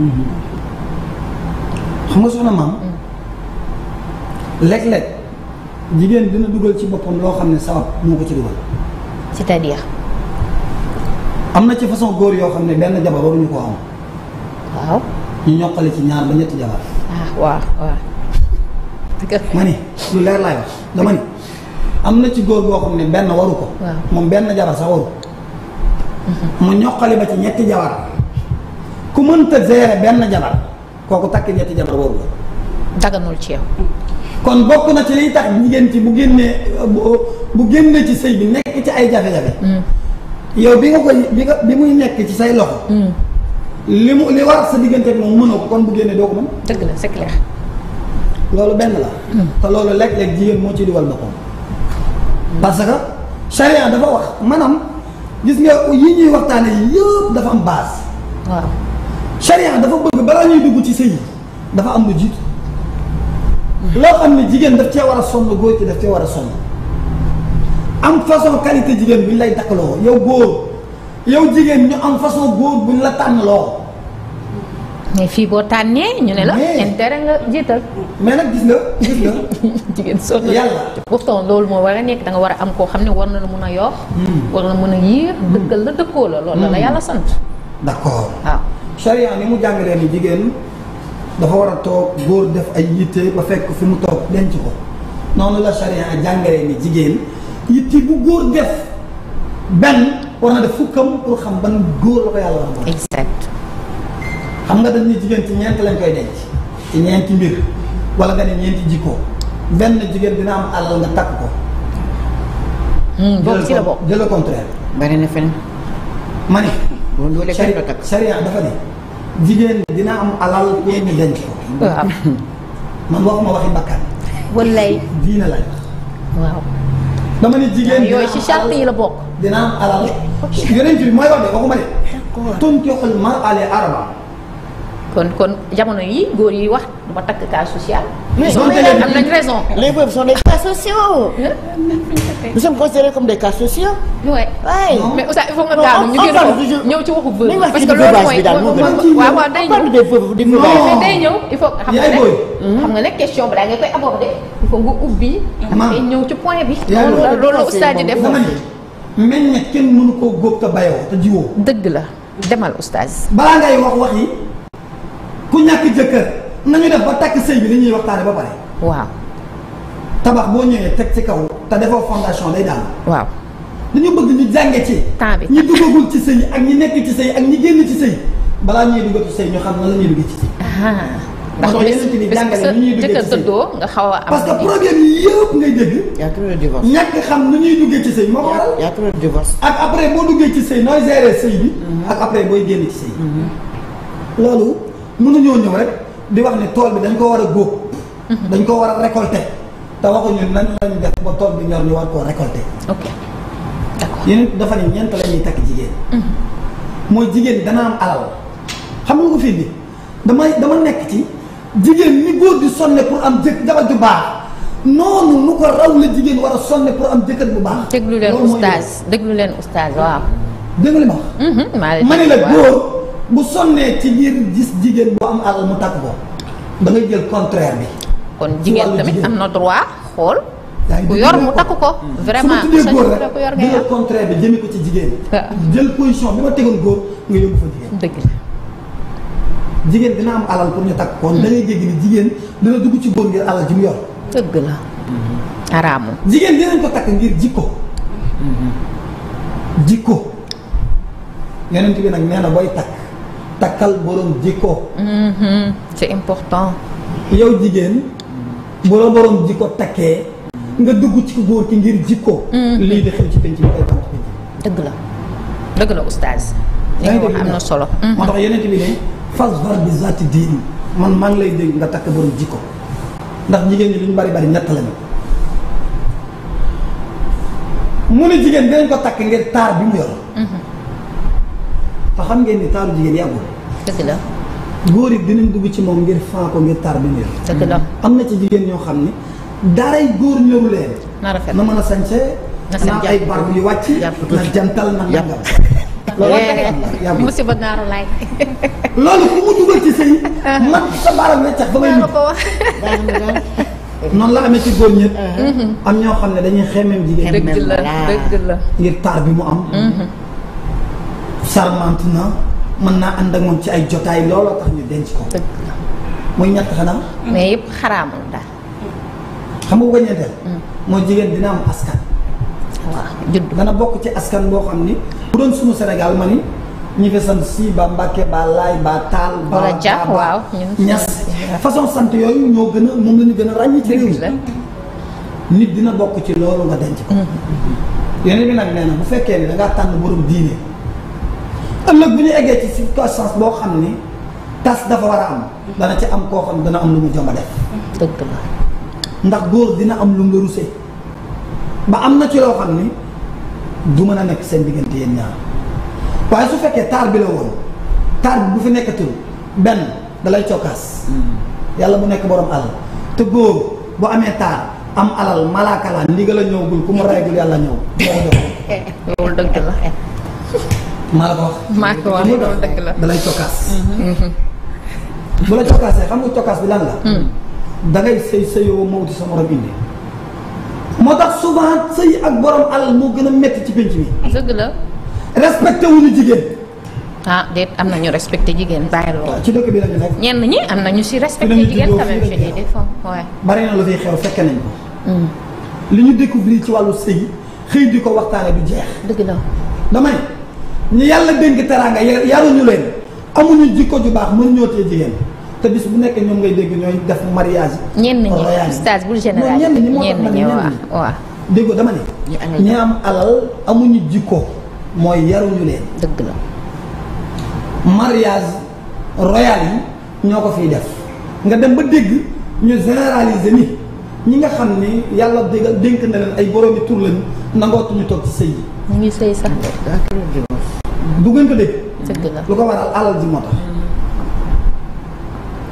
xam nga soxna maam léeg-léeg jigéen dina dugal ci boppam loo xam ne sabab moo ko ci dugal c'est-à-dire am na ci façon góor yoo xam ne benn jabar waruñu koo am waaw ñu ñoqale ci ñaar ba ñetti jabar ah, waaw waaw ma ni lu leer laay wax dama ne am na ci góor boo xam ne benn waru ko. moom benn jabar sax waru. Mm-hmm. mu ñoqali ba ci ñetti jabar ku mënta gérer benn jabar kooku takk ñetti jabar waru ko. daganul ci yow. kon bokk na ci liy tax jigéen ci bu génnee bu génnee ci sëy bi nekk ci ay jafe-jafe. Mm. yow bi nga koy bi nga bi muy nekk ci say loxo. Mm. li mu li war sa diggante ak moom mënoo kon bu génnee doo ko mën. dëgg la c'est loolu benn la. Hmm. te loolu léeg-léeg jigéen moo ci dugal boppam. parce que charia dafa wax maanaam gis nga yi ñuy waxtaane yëpp dafa am base. waaw dafa bëgg balaa ñuy dugg ci sëy dafa am lu jiitu. loo am ne jigéen daf cee war a sonn góor ci daf cee war a sonn am façon qualité jigéen bu ñu lay takkaloo yow góor yow jigéen ñu am façon góor bu ñu la tànn loo mais fii boo tànnee ñu ne la. intérêt nga jiital. mais nag gis nga gis nga. jigéen sonn na yàlla. pourtant loolu moo war a nekk da nga war a am koo xam ne war na la mun a yoox. Hmm. war na mun a yiir. Hmm. dëkkal la dëkkoo la. loolu la hmm. yàlla sant. d' accord waaw. Ah. charia ni mu jàngalee ni jigéen dafa war a toog góor def ay yitte ba fekk fi mu toog denc ko noonu la charia jàngalee ni jigéen yitte bu góor def benn war na def fukkam pour xam ban góor la ko yàlla war a exact xam nga dañuy jigéen ci ñeent lañ koy denc ci ñeenti mbir wala nga ne ñeenti jikko benn jigéen dina am alal nga takk ko. Hmm, boobu ci la bokk de le contraire. bari na feneen. ma ne. loolu la kenn takk sariya dafa dina am alal waxi bakkan. wallay diina la. waaw. dama ne jigéen yooyu si charte yi la bokk. dina am alal yeneen bi mooy wax de waxuma de. tunkihu al mar'a li arba. kon kon jamono yi góor yi wax dama takk cas social. mais am nañ raison. les veuves sont des cas sociaux. nous sommes considérés comme des cas sociaux. oui mais Oustaz il faut nga daanu ñu gën ñëw ci waxu veuve. parce que loolu mooy waaw day ñëw il faut xam nga ne xam nga ne question balaa nga koy aborder il faut nga ubbi. après ñëw ci point bi. loolu Oustaz di def meññet kenn mënu ko góob te bayoo te jiwoo. dëgg la demal Oustaz. balaa ngay wax wax yi. ku ñàkk jëkkër nañu def ba takk sëy bi li ñuy waxtaane ba pare. waaw. tabax boo ñëwee teg ci kaw te defoo fondation day daal. waaw dañu bëgg ñu jànge ci. temps bi ñi duggagul ci sëy ak ñi nekk ci sëy ak ñi génn ci sëy balaa ñuy duggatu sëy ñu xam na la ñuy duggee ci sëy. Ah. ndax bés bés sa jëkkër tëddoo nga xaw a am. parce que problème yi yëpp ngay dégg. yaa tudd divorce ñàkk xam nu ñuy duggee ci sëy moo ko waral. yaa tudd divorce. ak après boo duggee ci sëy nooy gérer sëy bi. Mm-hmm. ak après booy génn ci sëy. Mm-hmm. loolu. mënuñoo ñëw rek di wax ni tool bi dañ ko war a góob. Mhm. dañ koo war a récolter te waxuñu nan lañ def ba tool bi ñor ñu war koo récolter. ok dafa ne ñeent la ñuy takk jigéen. Mhm. mooy jigéen dana am alal xam nga ko fii nii damay dama nekk ci jigéen ni góor di sonne pour am jëkk jabar ju baax noonu nu ko raw la jigéen war a sonne pour am jëkkër bu baax. déglu leen oustaz déglu leen oustaz waaw. dégg nga li ma wax. Mhm, maa la góor. bu sonnee ci biir gis jigéen bu am alal mu takk ko da ngay jël contraire bi. kon jigéen tamit am na droit xool. ku yor mu takk ko. vraiment su ma tuddee góor rek jëlal contraire bi jëmee ko ci jigéen. Ah. jël position bi ma tegoon góor nga yóbbu fa jigéen. dëgg dina am alal pour ñu takk kon hmm. da ngay ni jigéen dina dugg ci góor ngir alal ji mu yor. dëgg la. Hmm. araamu. jigéen dinañ ko takk ngir jikko. Hmm. jikko. yeneen bi nag nee na booy takk. takkal borom jikko. Mm-hmm. c'est important. yow jigéen bu la borom jikko takkee. nga dugg ci góor ki ngir jikko. Mm-hmm. lii di xew ci penc bi ay tant penc. dëgg la dëgg la oustaz. yaa ngi am na solo. Mm-hmm. moo tax yeneen bi ne fas var man maa ngi lay dégg nga takk borom jikko ndax jigéen ñi lu ñu bari bari ñett lañu. mu ne jigéen dinañ ko takk ngir taar bi mu yor. te xam ngeen ni taaru jigéen yàggul. dëgg la. góor yi dinañ dugg ci moom ngir faa ko ngir taar bi néew. dëgg la am na ci jigéen ñoo xam ne daaray góor ñëru leen. na na mën a sañse. na ay barbe yu wàcc. na jantal na nangam. loolu musiba naaru la ah. tax ba may noonu la amee ci góor ñëpp. Uh-huh. am xam ne dañuy xemmeem jigéen. dëgg la dëgg la ngir taar bi mu am. Uh-huh. sarmant na mën naa ànd ak moom ci ay jotaay looloo tax ñu denc ko. dëgg muy ñett xanaa. mais yëpp xaraamul daal. xam nga ko ñetteel. Mm. jigéen dina am askan. dana bokk ci askan boo xam ni. bu doon sunu Sénégal ma ni sant si ba Mbàkke ba Laay ba Taal. ba Ba waaw ñas sant yooyu ñoo gën a moom la gën a ràññ ci réew nit dina bokk ci loolu nga denc ko. Mm-hmm. yeneen bi nag nee bu fekkee ni da tànn borom diine. ëllëg bu ñu eggee ci circonstance boo xam ni tas dafa war a am dana ci am koo xam dana am lu mu jomba def dëgg ndax góor dina am lu mu la rusee ba am na ci loo xam ni du mën a nekk seen diggante yéen ñaar waaye su fekkee taar bi la woon taar bi bu fi nekkatul benn dalay cokkaas mm. yàlla mu nekk boroom alal te góor bu amee taar am alal malaaka la ndigal a ñëwgul ku mu raygul yàlla ñëw loolu dëgg la maa la ko wax. maa ko wax loolu dëgg la da mhm. lay cokkaas. bu la cokkaasee xam nga cokkaas bi lan la. Hmm. da ngay sëy sëyoo mawti sa morom indi. moo tax souvent sëy ak borom alal moo gën a métti ci penc bi dëgg la. respecté wuñu jigéen. ah de am na ñu respecté jigéen bàyyi loolu. Ah, ci dëkk bi la ñu nekk. ñenn ñi am na ñu si respecté jigéen quand même je dis des fois waaye. bari na lu fiy xew fekke nañ ko. Hmm. li ñu bii ci wàllu sëy xëy di ko waxtaane du jeex. dëgg la ñu yàlla dénk teraanga yaruñu leen amuñu jikko ju baax mën ñoo tee jigéen te bis bu nekkee ñoom ngay dégg ñooy def mariage. ñenn ñi stage bul général ñenn ñi moo tax ma ne ñenn ñi déggoo dama ne ñi alal amuñu jikko mooy yaruñu leen dëgg la mariage royal yi ñoo ko fiy def nga dem ba dégg ñu généraliser ni ñi nga xam ni yàlla dégg dénk na leen ay boroomi tur lañu nangootuñu toog ci sëy yi ñu ngi sëy sax du gën ko dégg. dëgg la lu ko waral alal ji moo tax.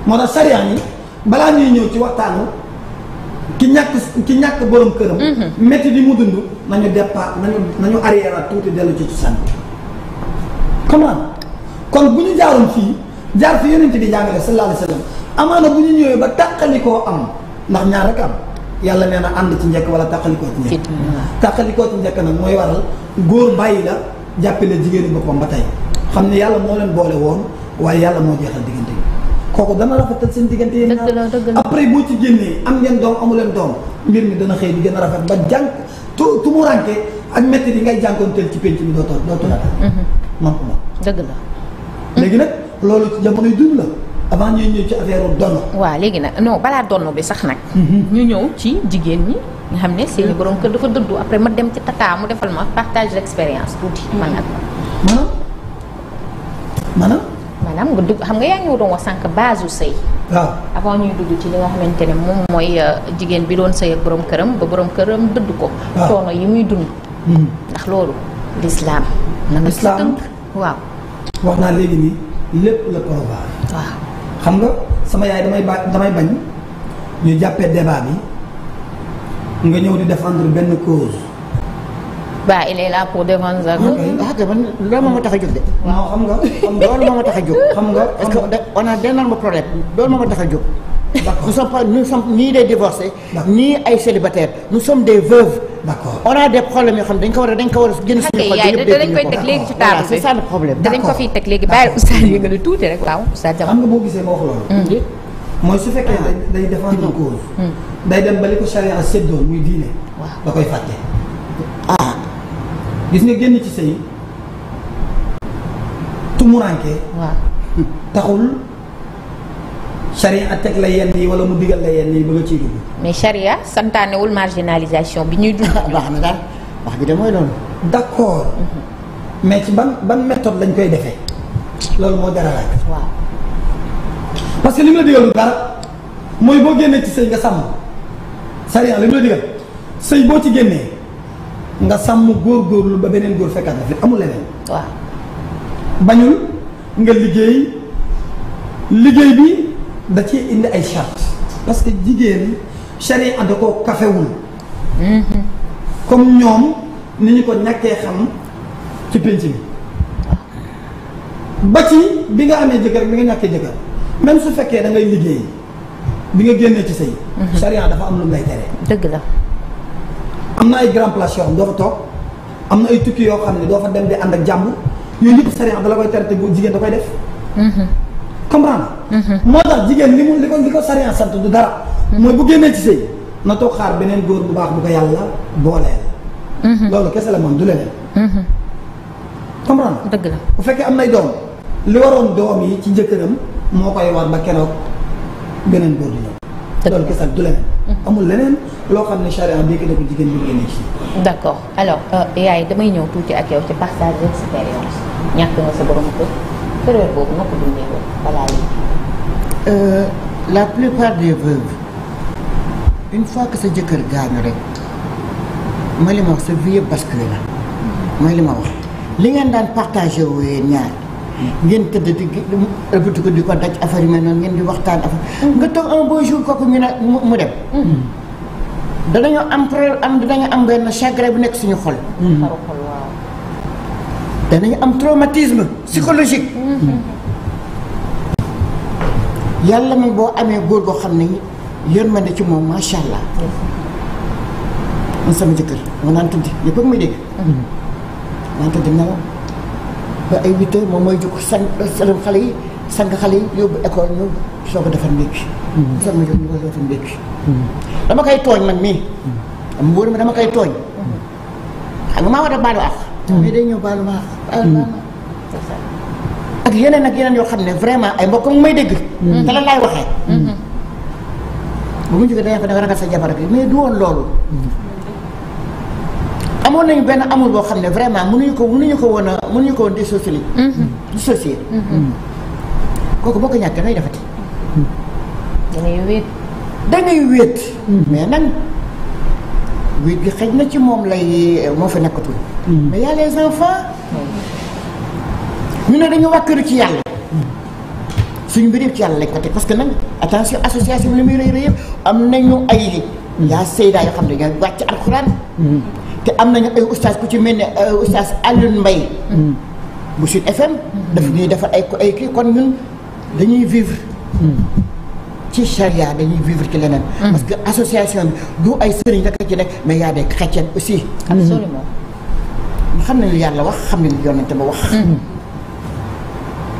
moo tax sariya yi balaa ñuy ñëw ci waxtaanu ki ñàkk ki ñàkk borom këram. métti mhm. di mu dund nañu départ nañu nañu arrière tuuti dellu ci ci sànni. comment kon bu ñu jaaroon fii jaar fi yonent di jàngale sallallahu alayhi wa sallam amaana bu ñu ñëwee ba tàqalikoo am ndax ñaar rek am. yàlla nee na ànd ci njekk wala tàqalikoo ci njëkk tàqalikoo ci njëkk nag mooy waral góor bàyyi la jàppale jigéenu boppam ba tey xam ne yàlla moo leen boole woon waaye yàlla moo a diggante yi kooku dana rafetal seen diggante yi après boo ci génnee am ngeen doom amu leen doom mbir mi dana xëy di gën a rafet ba jànk tu tumuranke ak métti yi ngay jànkoonteel ci penc mi dootoo dootoo mhm. man ko man dëgg la léegi nag loolu ci jamonoy dund la avant ñuy waaw léegi nag non balaa donn bi sax nag. Mhm. ñu ñëw ci jigéen ñi. nga xam ne seeni borom kër dafa dëddu après ma dem ci tataa mu defal ma partage d'expérience tuuti. Mm. man ak maanaam. maanaam. maanaam nga dugg xam nga yaa ngi base su sëy. avant ñuy dugg ci li xamante ne moom mooy euh, jigéen bi doon sëy ak borom këram ba borom këram dëdd ko. coono yi muy dund. Mhm. ndax loolu lislaam. na nga waaw. wax naa léegi nii lépp la ko waaw. xam nga sama yaay damay ba damay bañ ñu jàppee débat bi nga ñëw di défendre benn cause. ba il est pour défendre sa ah, loolu moo ma tax a jóg de. waaw xam nga xam nga loolu moo ma tax a xam nga parce que on a d'énormes ma tax a jóg. d'accord nous sommes pas nous sommes ni des divorcés. ni ay célibataires nous sommes des veuves. d'accord on a des problèmes yoo xam dañ ko war a dañ a génn suñu xol yëpp danañ koy teg léegi ci table bi c'est ça le problème danañ ko fiy teg léegi bàyyi oustaz yëngal tuuti rek waaw oustaz xam nga boo gisee ma wax loolu hmm. mooy su fekkee day défendre cause hmm. day dem ba li ko charia séddoon muy diine da koy fàtte ah gis nga génn ci sëy tumuranke taxul charia teg la yenn yi wala mu digal la yenn yi ba nga ciy dugg. mais charia santaanewul marginalisation bi ñuy dugg. baax na daal wax bi de mooy loolu. d'accord mm-hmm. mais ci ban ban méthode lañ koy defee loolu moo dara laaj. waaw parce que li mu la digalul dara mooy boo génnee ci sëy nga sàmm charia li mu la digal sëy boo ci génnee nga sàmm góorgóorlu ba beneen góor fekkaat la fi amul leneen. waaw bañul nga liggéey liggéey bi. da ci indi ay charte parce que jigéen charia da ko kafewul mm-hmm. comme ñoom ni ñu ko ñàkkee xam ci pénc mi ba ci bi nga amee jëkkër bi nga ñàkkee jëkkër même su fekkee da ngay liggéey bi nga génnee ci sëy mm-hmm. charia dafa am lu mu lay tere dëgg la am na ay grand place yoo xam ay tukki yoo xam ne doo fa dem de ànd ak jàmm yooyu yëpp charia da la koy tere te jigéen da koy def mm-hmm. comprendre moo tax jigéen li mu li ko li ko sariya sant du dara. mooy bu génnee ci sëy na toog xaar beneen góor bu baax bu ko yàlla booleel. Mhm. loolu kese la moom du leneen. Mhm. comprendre dëgg la bu fekkee am nay doom li waroon doom yi ci njëkkëram moo koy war ba keroog beneen góor di ñëw. loolu kese du leneen. Mhm. amul leneen loo xam ne charia bi ko jigéen bi génnee ci. d' accord alors euh, yaay damay ñëw tuuti ak yow ci partage d' expérience ñàkk nga période boobu euh, la plupart des veuves une fois que sa jëkkër gaañu rek mooy li ma wax sa vie yëpp basculé la mooy li ma wax li ngeen daan partagé wu yéen ñaar ngeen tëdd di ëppatu ko di ko daj affaire yu mel noonu ngeen di waxtaan affaire mm-hmm. nga toog un beau jour kooku ñu ne mu dem mm-hmm. danañu am problème am danañu am benn chagrin bu nekk suñu xol mm-hmm. danañ am traumatisme psychologique yàlla moom boo amee góor goo xam ne yërmande ci moom macha allah. man sama jëkkër moo naan tuddi ñëpp muy dégg. naan nelaw ba ay huit moom mooy jóg san salam xale yi sang xale yi yóbbu école ñu soo ko defar mbéy mi. soo ko defar mbéy mi. dama koy tooñ man mii. am wóor ma dama koy tooñ. xam nga maa war a baalu àq. Mm. mais day ñëw baalu ma ak yeneen ak yeneen yoo xam ne vraiment ay mbokk mu may dégg. te lan laay waxee. bu mu jógee dañuy fa dafa ragal sa jabar bi mais du woon loolu. amoon nañu benn amul boo xam ne vraiment mënuñu ko mënuñu ko woon a mënuñu ko woon dissocier. dissocier. kooku boo ko ñàkkee nooy defati. da ngay wéet. da wéet. mais nag wéet gi xëj na ci moom lay moo fa nekkatul. Mm. mais y a ñu ne dañu wàkkiru ci yàlla suñu mbir yëpp ci yàlla lañ ko teg parce que nag attention association li muy rëy rëy yëpp am nañu ay yaa Seyda yoo xam ne ñooy wàcc alxuraan te am nañu ay oustaz ku ci mel ne oustaz euh, Alioune Mbaye bu Sud FM daf ñuy defar ay ay kii dañuy vivre ci charia dañuy vivre ci leneen parce association bi du ay sëriñ rek ci nekk ma y a des chrétiens aussi absolument xam nañu yàlla wax xam nañu yonente ba wax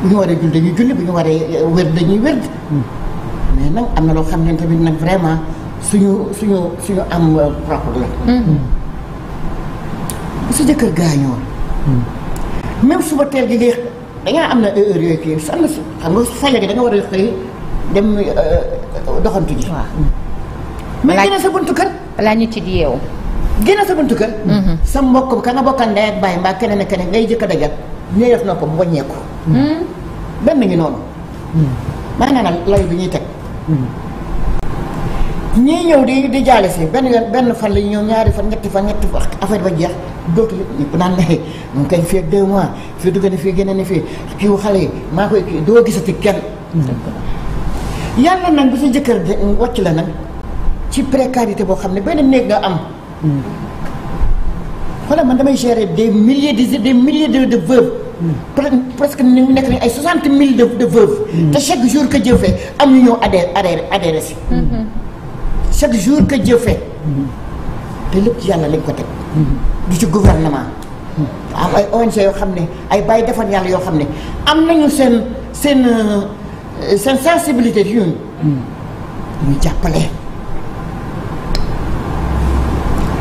bu ñu waree julli dañuy julli bu ñu waree eh, wér dañuy wér mais nag am na loo xam ne tamit nag vraiment suñu suñu suñu am propre la. Mm-hmm. su sa jëkkër gaañoo. même suba teel gi ngay dangaa am na heure yooyu kii am na xam nga fajar gi war a dem eh, doxantu ji. waaw mais gën sa buntu kër. ñu ci di yeewu. gën sa buntu kër. Mm-hmm. mbokk ka nga bokkal ndey ak baay mbaa keneen ak keneen ngay jëkk dajal. ñu def na ko mu wàññeeku. Hmm? benn ngi noonu. Hmm. maanaam lay bi ñuy teg. Hmm. ñii ñëw di di jaale si benn benn fan lañu ñoo ñaari fan ñetti fan ñetti fan affaire ba jeex dootu ñëpp naan ne mu ngi koy fii deux mois fii dugg na fii génne na fii kii wu xale yi maa koy kii doo gisati kenn. yàlla nag bu sa jëkkër wàcc la nag ci précarité boo xam ne benn néeg nga am. xoolal man damay gérer des milliers de des milliers de de veuves. presque ñu nekk nañ ay soixante mille de de veuves. te chaque jour que Dieu am ñu ñëw adhéré adhéré adhéré si. chaque jour que Dieu te lépp ci yàlla lañ ko teg. du ci gouvernement. am ay ONG yoo xam ne ay bàyyi defar yàlla yoo xam ne am nañu seen seen euh, seen sensibilité ci ñun. ñu jàppale.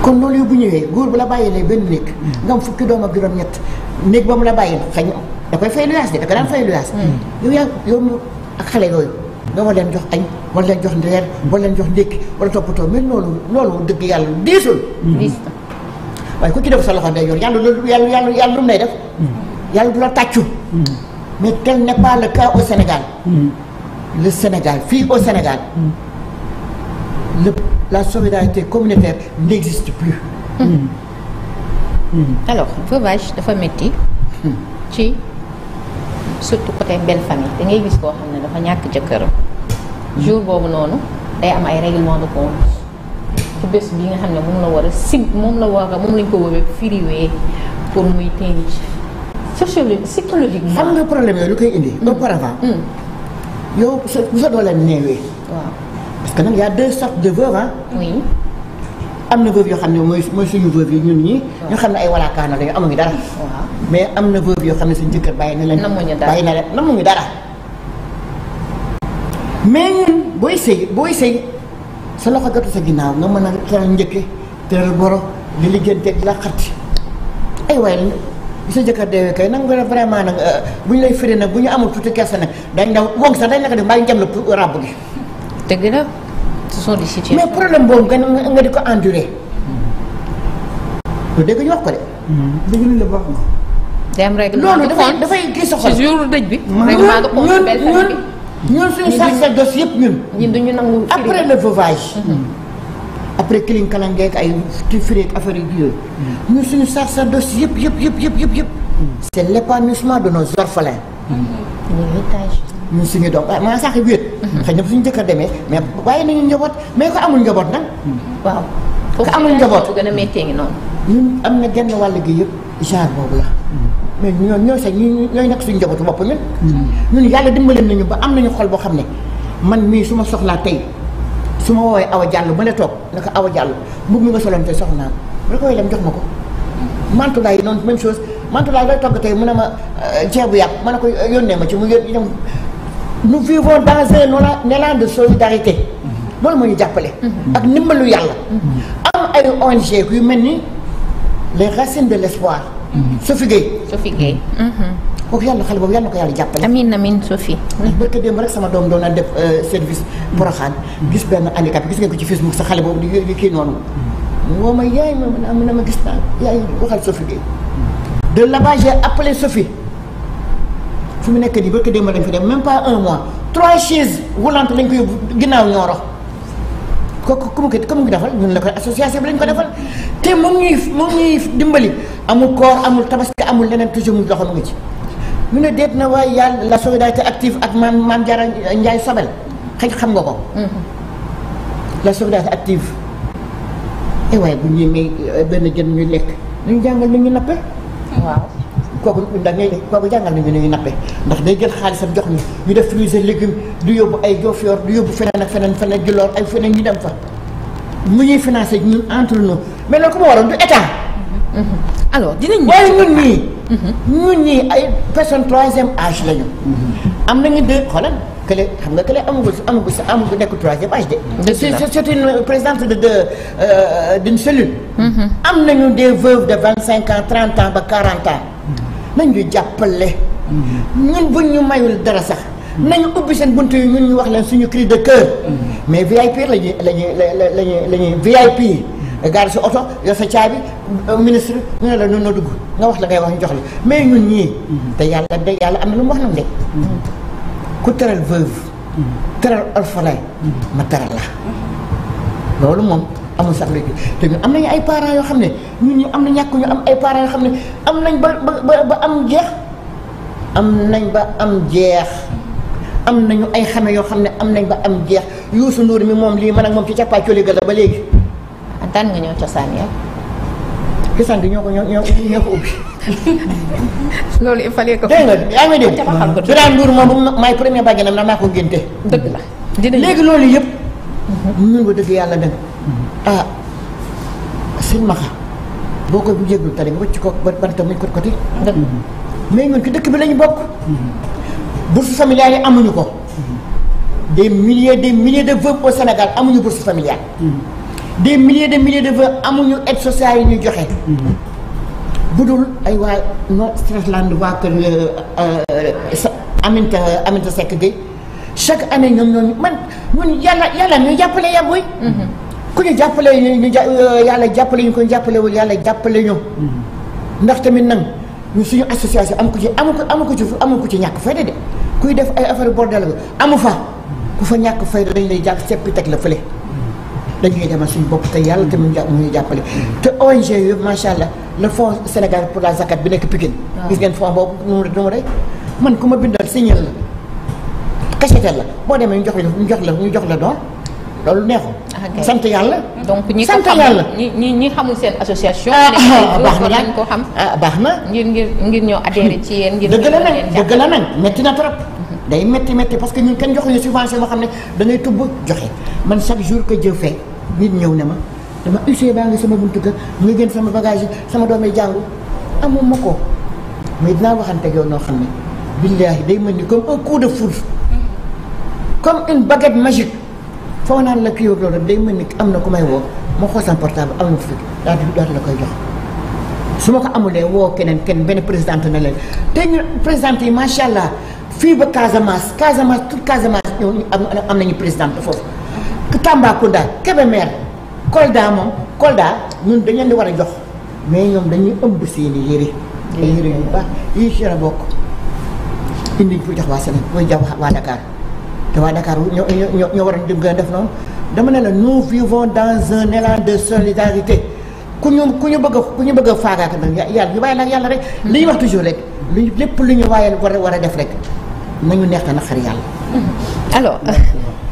kon loolu bu ñëwee góor bu la bàyyilee benn néeg nga am fukki doom a juróom-ñett néeg ba mu la bàyyi xañ da koy fay luyaas de da ko daan fay luyaas hmm. yow yaa yow mu ak xale leen jox añ war leen jox ndeer war leen jox ndékki wala toppatoo mais loolu loolu dëgg yàlla diisul hmm. waaye ku ci def sa loxo day yor yàlla loolu yàlla yàlla yàlla lu lay def hmm. yàlla du la tàccu mais tel n'est pas le cas au Sénégal fii au Sénégal lépp la solidarité communautaire n'existe plus. Hmm. Hmm. Hmm. alors veuvage dafa metti ci surtout côté belle famille da ngay gis koo xam ne dafa ñàkk jëkkëram jour boobu noonu day am ay règlement de compte ci bés bi nga xam ne moom la war a sim moom la war a moom lañ ko woowee firiwee pour muy tënk sociologie psychologique xam nga problème yooyu lu koy indi auparavant yow sa bu sa dooleem waaw parce que nag y a deux sortes de veuves am na veuve yoo xam ne mooy mooy suñu veuve yi ñun ñii. ñu xam ne ay walaakaana lañu amuñu dara. mais am na veuve yoo xam ne suñu jëkkër bàyyi na leen. namuñu dara bàyyi na leen namuñu dara. mais ñun booy sëy booy sëy sa loxo gàttu sa ginnaaw nga mën a teral njëkke teral boro di liggéeyante di la xarti ay waaye bi sa jëkkër deewee kay nag nga vraiment nag euh, bu ñu lay firi nag bu ñu amul tuuti kersa nag dañ daw wong sax dañ la ko def mbaa ñu jam la ràbb gi. dëgg la ce sont des situations. mais problème boobu nga nga di ko endurer. lu dëgg ñu wax ko de. dëgg nañ la baax na. dem règlement loolu dafay dafay kii soxla ci jour dëj bi. règlement de compte belle famille bi ñun ñun suñu yëpp ñun. ñun duñu nangu après le mm-hmm. après kiling kalang ak ay firi ak affaire yu yooyu. Mm-hmm. ñun suñu sacerdoce yëpp yëpp yëpp yëpp yëpp. Mm-hmm. c'est l'épanouissement de nos orphelins. l'héritage. ñun suñu doom waaye maa sax wéet. xëy na suñu jëkkër demee mais waaye nañu njaboot mais ko amul njaboot nag. waaw ko amul njaboot foofu gën a méttee ngi noonu. ñun am na genn wàll gi yëpp genre boobu la. mais ñoo sax ñu ñooy nekk suñu njabootu bopp ñun. Hmm. ñun yàlla dimbali nañu ba am nañu xol boo xam ne man mii su ma soxlaa tey su ma woowee awa jàll ba a toog naka awa jàll mbub mi nga soloon tey soxnaa bu la ko woy dem jox ma ko. mantulaay yi noonu même chose mantulaay looy togg tey mu ne ma euh, ceebu yàpp ma ne ko yónnee ma ci mu yónnee nous vivons dans un élan de solidarité loolu moo ñu jàppale ak ndimbalu yàlla am ay ONG yu mel ni les racines de l'espoir Sophie Gueye Sophie Gueye kooku yàlla xale boobu yàlla ko yàlla jàppale amiin amiin Sophie barka démb rek sama doom doon na def euh, service Porokhane gis benn handicapé gis ngeen ko ci Facebook sa xale boobu di kii noonu woo ma yaay ma mën a am na ma gis naa yaay waxal Sophie Gueye de là-bas j'ai Sophie fi mu nekk nii barki démb dañ fi dem même pas un mois trois chaises roulantes lañ koy ginnaaw ñoo rox kooku ku ko ku mu ko defal ñun la ko association bi ko defal te moom ñuy moom ñuy dimbali amul amul tabaski amul leneen toujours mu joxoon nga ci. mu ne deet na waaye yàlla la solidarité active ak maam maam Diarra Ndiaye Sabel xëy xam nga ko. Mm-hmm. la solidarité active. eh waaye bu ñuy may euh, benn jën ñuy lekk nañu jàngal ni ñu nappe waaw. kooku ñun da ngay kooku jàngal nañu ne ñuy nappe ndax day jël xaalisam jox ñu ñu def fruits et légumes du yóbbu ay Diofior du yóbbu feneen ak feneen feneen Djilor ay feneen ñu dem fa mu ñuy financé ñun entre nous mais loolu ko ma waroon du état. Mm-hmm. alors dinañu. nii ñii. Mm-hmm. ñun ñii ay personne troisième âge lañu. Mm-hmm. am nañu deux xoolal. kële xam nga kële amagul amagul sa amagul nekk troisième âge de. c'est une présidente de de euh, d'une cellule. Mm-hmm. am nañu des veuves de vingt cinq ans trente ans ba quarante ans. nañu jàppale. Mm-hmm. ñun bu ñu mayul dara sax. Mm-hmm. nañu ubbi seen buntu yi ñun ñu wax leen suñu cri de cœur. mais VIP lañuy lañuy lañuy lañuy VIP. gaar si oto yor sa caabi euh, ministre ñu ne la noonu na dugg nga wax la ngay wax ñu jox la mais ñun ñii. te yàlla de yàlla am na lu mu wax nag de. ku teral veuve teral orphelin ma teral la loolu moom amul sax léegi te ñun am nañu ay parents yoo xam ne ñun ñu am na ñàkk ñu am ay parents yoo xam ne am nañ ba ba ba am jeex am nañ ba am jeex am nañu ay xame yoo xam ne am nañ ba am jeex Youssou Ndour mi moom lii man ak moom ci cappaacoli ga la ba léegi daan nga ñëw cosaan ya bi ñoo ko ñoo ñoo ko ubbi. loolu il fallait que. dégg nga yaa ngi dégg. Birane Ndour moom may premier bàjjenam na maa ko génte. dëgg la dinañ léegi loolu yëpp. Mhm. ñun ba dëgg yàlla dem mhm. ah sëñ Maxa boo ko bu jéglu tali nga wëcc ko ba banta muy kot koti mhm. mais ñun ci dëkk bi lañu bokk bourse familiale yi amuñu ko des milliers des milliers de veuves au Sénégal amuñu bourse familiale des milliers de milliers de veuves amuñu aide sociale yi ñu joxe. Mm-hmm. bu dul ay waa no Stratland waa kër euh, euh, sa Aminta Aminta Seck Gueye chaque année ñoom ñooñu man ñun yàlla yàlla ñu jàppale yaa mm-hmm. ku ñu jàppale ñu euh, yàlla jàppale ñu ko ñu yàlla jàppale ñu. Mm-hmm. ndax tamit nag ñu suñu association am ko ci amu ko ci amu ko ci ñàkk fayda de kuy def ay affaire bordel amu fa ku fa ñàkk fayda dañ lay jàpp seppi teg la fële. dañuy demal suñu bopp te yàlla te mu ñu jàppale te ONG yooyu macha allah le fonds Sénégal pour la zakat bi nekk Pikine gis ngeen fonds boobu nu nu mu rek man ku ma bindal signal la cachetel la boo demee ñu jox la ñu jox la ñu jox la doon loolu neexul ah, sant yàlla donc ñi ko xam ñi ñi xamul seen association ah, ah, baax na nañ ko xam baax na ngir ngir ngir ñoo adhéré ci yéen ngir dëgg la nag dëgg la nag métti na trop day métti métti parce que ñun kenn joxuñu subvention boo xam ne da ngay tubb joxe man chaque jour que Dieu fait nit ñëw ne ma dama usé baa sama buntu kër mu ngi génn sama bagage yi sama doom yi jàngu amoon ma ko dinaa waxante yow noo xam ne billaahi day mel ni comme un coup de foudre comme une baguette magique foo naan la kii yóbbu loolu mel ni am na ku may woo ma xool sama am na fi daal di daal la koy jox su ma ko amulee woo keneen kenn benn présidente na leen te ñu présidente yi macha allah. fii ba Casamance Casamance toute Casamance ñooñu am am nañu présidente foofu Tambacounda Kébémer Kolda moom Kolda ñun da leen di war a jox mais ñoom dañuy ëmb seeni yére ay yére yu baax yi ci la bokk indi pour jox waa Sénégal booy jox waa Dakar te waa Dakar ñoo ñoo war waroon gën a def noonu dama ne la nous vivons dans un élan de solidarité ku ñu ku ñu bëgg a ku ñu bëgg a faagaaka nag yàlla ñu bàyyi la yàlla rek li ñu wax toujours rek lu lépp li ñu waayal war a war a def rek nañu neex na naqar yàlla. alors euh,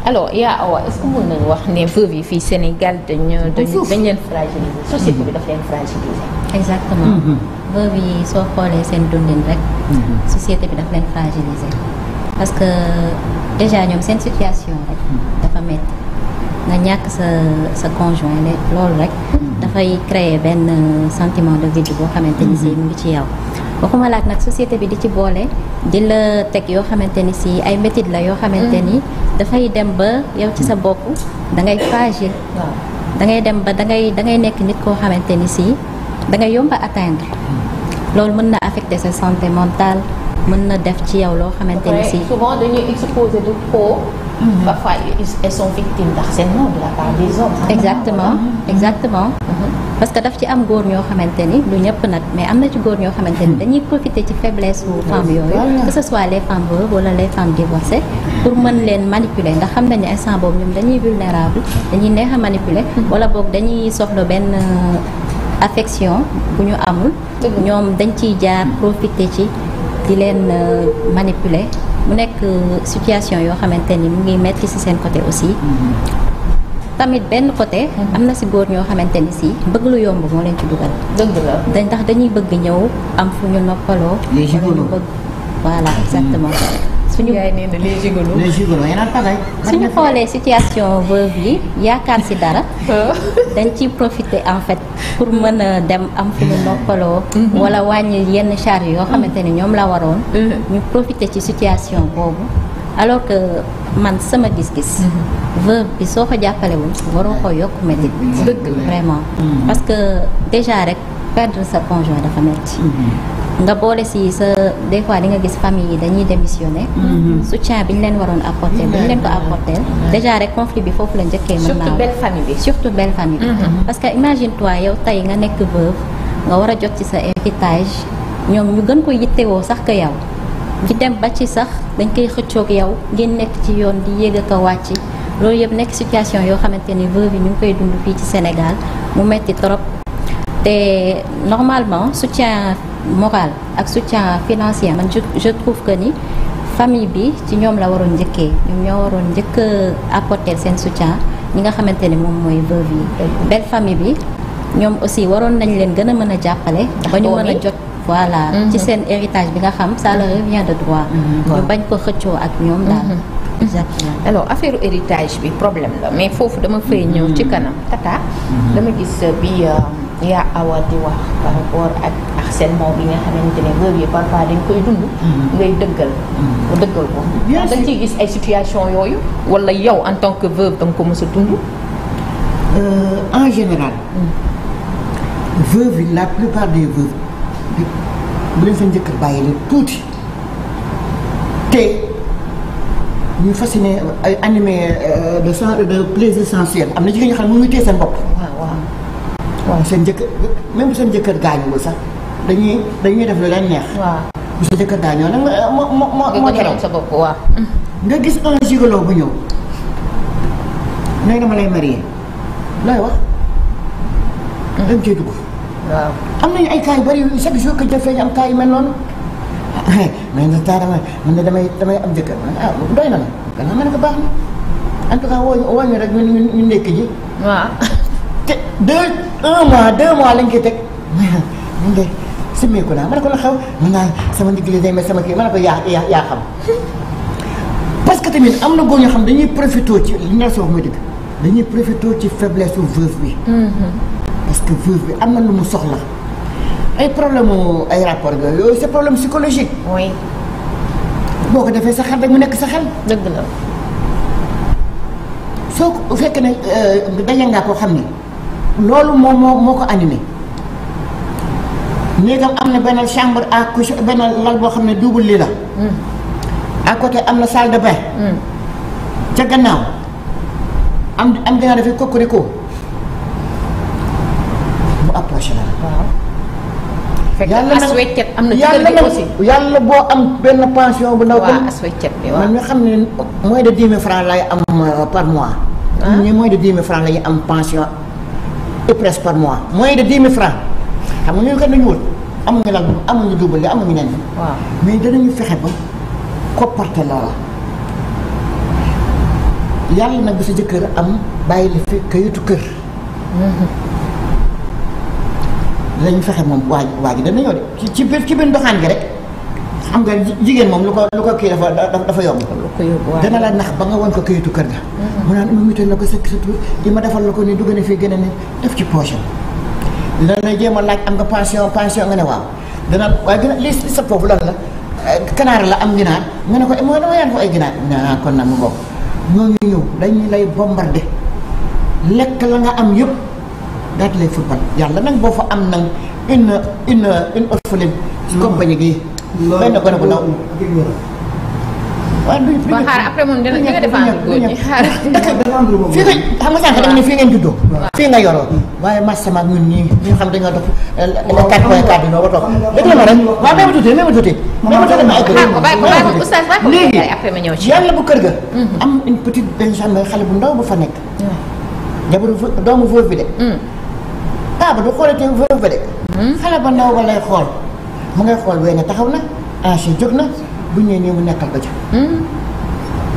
alors yaa Awa oh, est-ce nañu wax ne veuve yi fii Sénégal dañu dañu dañ leen fragiliser société bi daf leen fragiliser. exactement. Mm-hmm. veuve yi soo xoolee seen dundin rek. Mm-hmm. société bi daf leen fragiliser parce que déjà ñoom seen situation rek mm-hmm. dafa métti. nga ñàkk sa sa conjoint loolu rek dafay créer benn euh, sentiment de vide boo xamante ni si mu ngi ci yow waxuma laak nag société bi di ci boole di la teg yoo xamante ni sii ay métit la yoo xamante ni mm. dafay dem ba yow ci sa bopp da ngay fragile da dem ba da ngay da ngay nekk nit koo xamante ni si da ngay yomba atteindre mm. loolu mën na affecter sa santé mentale mën na def ci yow loo xamante ni si. souvent dañuy exposer de trop. parfois elles sont victimes d'harcèlement de la part exactement mhm. exactement. Mhm. parce que daf ci am góor ñoo xamante ni lu ñëpp nag mais am na ci góor ñoo xamante ni mhm. dañuy profiter ci faiblesse bu femmes yooyu. que ce soit les femmes veuves wala les femmes divorcées pour mën leen manipuler ndax xam nañu instant boobu ñoom dañuy vulnérable dañuy neex a wala boog dañuy soxla benn. Euh, affection bu ñu amul ñoom dañ ciy jaar profiter ci di leen euh, manipuler mu nekk euh, situation yoo xamante ni mu ngi metti ci seen côté aussi mm-hmm. tamit benn côté mm-hmm. am na si góor ñoo xamante ni ci bëgg lu yomb moo leen ci dugal dëgg la dañ ndax dañuy bëgg ñëw am fu ñu noppaloo wala ñu bëgg voilà exactement mm-hmm. suñu yaay nee na les gigolos les gigolos suñu xoolee situation veuve yi yaakaar si dara. Ah. dañ ci profiter en fait pour mën a dem am fu noppaloo. Mhm. wala wàññi yenn charge yoo xamante ni ñoom la waroon. Mhm. ñu profiter ci situation boobu alors que man sama gis-gis. Mhm. veuve bi soo ko jàppalewul waroo ko yokk ma dëgg parce que déjà rek. perdre sa conjoint dafa metti mm-hmm. nga boole si sa des fois di nga gis famille yi dañuy démissionner mm-hmm. soutien bi ñu leen waroon apporter bi ñu leen ko apporter mm-hmm. déjà rek conflit bi foofu la jëkkee mën naa surtout bi surtout belle famille bi parce que imagine toi yow tey nga nekk veuve nga war a jot ci sa héritage ñoom ñu gën ko yittewoo sax que yow di dem ba ci sax dañ koy xëccoog yow ngeen nekk ci yoon di yéeg ak a wàcc loolu yëpp nekk situation yoo xamante ni veuve yi ñu ngi koy dund fii ci Sénégal mu metti trop te normalement soutien moral ak soutien financier man je trouve que ni famille bi ci ñoom la waroon njëkkee ñoom ñoo waroon njëkk a apporter seen soutien ñi nga xamante ni moom mooy veuve belle famille bi ñoom aussi waroon nañ leen gën a mën a jàppale ba ñu a jot voilà mhm. ci seen héritage bi nga xam ça leur revient de droit mhm, ñu bañ ko xëccoo ak ñoom daal mhm. exactement alors affaire héritage bi problème la mais foofu dama fay ñëw ci kanam tata dama gis euh, bi euh, yaa awa di wax par rapport ak harcèlement bi nga xamante ne boobu yi parfois dañ koy dund. Mm-hmm. ngay dëggal. nga mm-hmm. dëggal ko. bien dañ ciy gis ay situation yooyu. wala yow en tant ko mës a dund. Euh, en général. Mm. veuve yi la plupart des veuves bu leen seen jëkkër bàyyi leen tuuti te ñu fas ay animé euh, de sens de plaisir sensuel am na jigéen ñi xam ne mënuñu téye seen bopp. waaw waaw. waaw seen jëkkër même seen jëkkër bu sax dañuy dañuy def lu leen neex. waaw bu sa jëkkër gaañoo nag eh, moo moo moo. nga sa bopp nga gis un bu ñëw nee dama lay marié looy wax. dañ cee dugg. waaw am nañu ay cas yu bari chaque jour que jëfee ñu am cas yu mel noonu. mais nga taara ma damay damay am jëkkër man ah, doy na la. gannaaw ma ko baax na en tout cas woo rek ñu ñu ñu ji. te deux un mois deux mois lañ koy teg mun de simmeeku naa ma ne ko la xew mun naa sama ndigg li day mais sama kii ma ne ko yaa yaa yaa xam parce que tamit am na góor ñoo xam dañuy profité ci li nga soof muy dëgg dañuy profité ci faiblesse u veuve bi mm-hmm. parce que veuve bi am na lu mu soxla ay problème ay rapport ga yooyu c'est problème psychologique oui boo ko defee sa xel rek mu nekk sa xel dëgg la soo ko fekkee ne euh, daje ngaa koo xam ni loolu moom moo moo ko animé néegam am na benn chambre à couche benn lal boo xam ne double lii la hmm. à côté am na salle de hmm. ca gannaaw am am gannaaw dafay kokoriko mu approché la fekk asweccet am na yàlla na yàlla boo am benn pension bu ndaw. waaw asweccet bi waaw man nga xam ne moins de dix mille francs lay am euh, par mois. ñu ah. de dix mille francs am pension. et presque par mois moins de dix mille francs xam nga ñun kat dañu wër amuñu lal amuñu duubale amuñu nen. waaw mais danañu fexe ba copparte loola. yàlla nag bu sa jëkkër am bàyyi la fi kayitu kër. danañu mhm. fexe moom waa waa ji dana ñëw de ci ci biir ci biir doxaan gi rek. xam nga jigéen moom lu ko lu ko kii dafa dafa yomb. dana la nax ba nga wan ko këyitu kër ga. Mm-hmm. mu naan ma ma defal la ko nii dugg na fii gën a ne def ci poche dana la jéem a laaj am nga pension pension nga ne waaw dana waaye gën a li sa foofu lan la kanaar la am ginaar nga ne ko moo dama yaan fa ay ginaar naa ah, kon na mu bokk ñooñu ñëw dañu lay bombardé lekk la nga am yëpp daal lay football yàlla nag boo fa am nag une une une orpheline mm-hmm. compagnie gi benn gone bu ndaw. waaw duñ duñ xaar après moom dina dina défendre góor ñi xaar. fii nga xam nga fii ngeen juddoo. fii nga yoroo. waaye masama ak ñun ñii ñu xam dañoo dox. waaw eh, quatre point quatre bi noo ba toog. dëgg la ma rek waaw bu kër ga. Mhm. am une petite benn genre xale doomu veuve bi de. Mhm. ah ba du xoolatee veuve ba de. Mhm. xale ba ndaw ba lay xool. mu ngay xool wee ne taxaw na ange jóg na bu ñu nee nii mu nekkal ko ca. Hmm?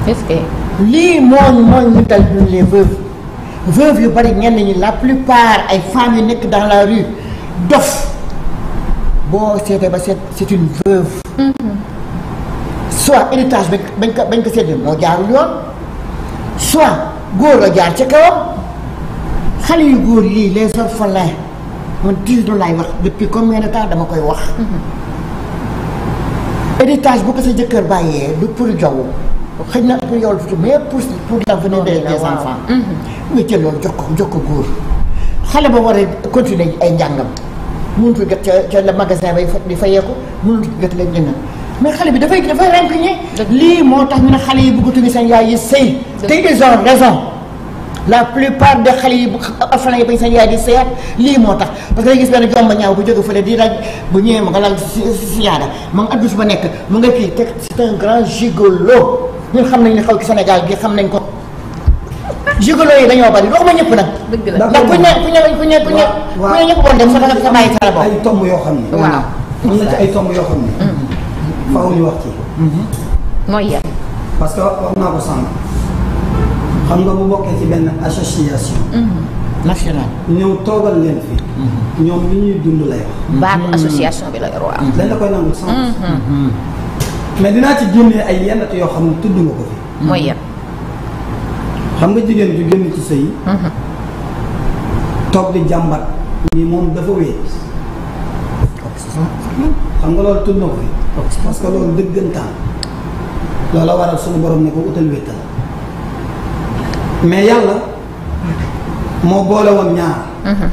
est-ce que. lii mooñ mooñ ñu dal ñun les veuves yu bari ñenn ñi la plupart ay femmes yu nekk dans la rue dof boo seetee ba seet c'est une veuve. Hmm. soit héritage bañ ko bañ ko seetee moo jaarul yoon soit góor a jaar ca kawam xale yu góor yii les orphelins man tildu laay wax depuis combien de temps dama koy wax. héritage bu ko sa jëkkër bàyyee du pour jaww xëy na pour yow la fi mais pour pour l'avenir des enfants. Mhm. nga jël loolu jox ko jox ko góor. xale ba war a continuer ay njàngam mënut a jot ca la magasin bay fa di fayeeku mënut a jot leen mais xale bi dafay dafay rànkuñee. lii moo tax ñu ne xale yi bëggatuñu seen yaay yi sëy. te ils ont la plupart de xale yi afalans yi bañ seen yaay di seet lii moo tax parce que gis benn jomba ñaaw bu jóge fële di raj bu ñëwee ma nga lal si yaada ma nga addu ba nekk mu nga kii te c'est un grand gigolo ñun xam nañ ne xaw ci yi dañoo bari waxuma ñëpp ne ku ne ku ne ñëpp bon dem sa sa bàyyi sala bo ay tomb yoo xam ne waaw am na ci ay tomb yoo xam ne mm-hmm. faaw ñu wax ci mm-hmm. mooy yan xam nga bu bokkee ci benn association. Mm-hmm. nationale. ñëw toogal leen fi. Mm-hmm. ñoom li ñuy dund lay wax. Mm-hmm. baatu association bi la yor waaw. dañ koy nangul sens. mais dinaa ci génnee ay yenn yoo xam ne tudd nga jigéen ju génn ci sëy. toog di jàmbat. ni moom dafa wéy. xam nga loolu tudd na ko fi. parce que loolu dëggantaan. loola waral suñu borom ne ko utal wéetal. mais yàlla moo boole woon ñaar. Mhm.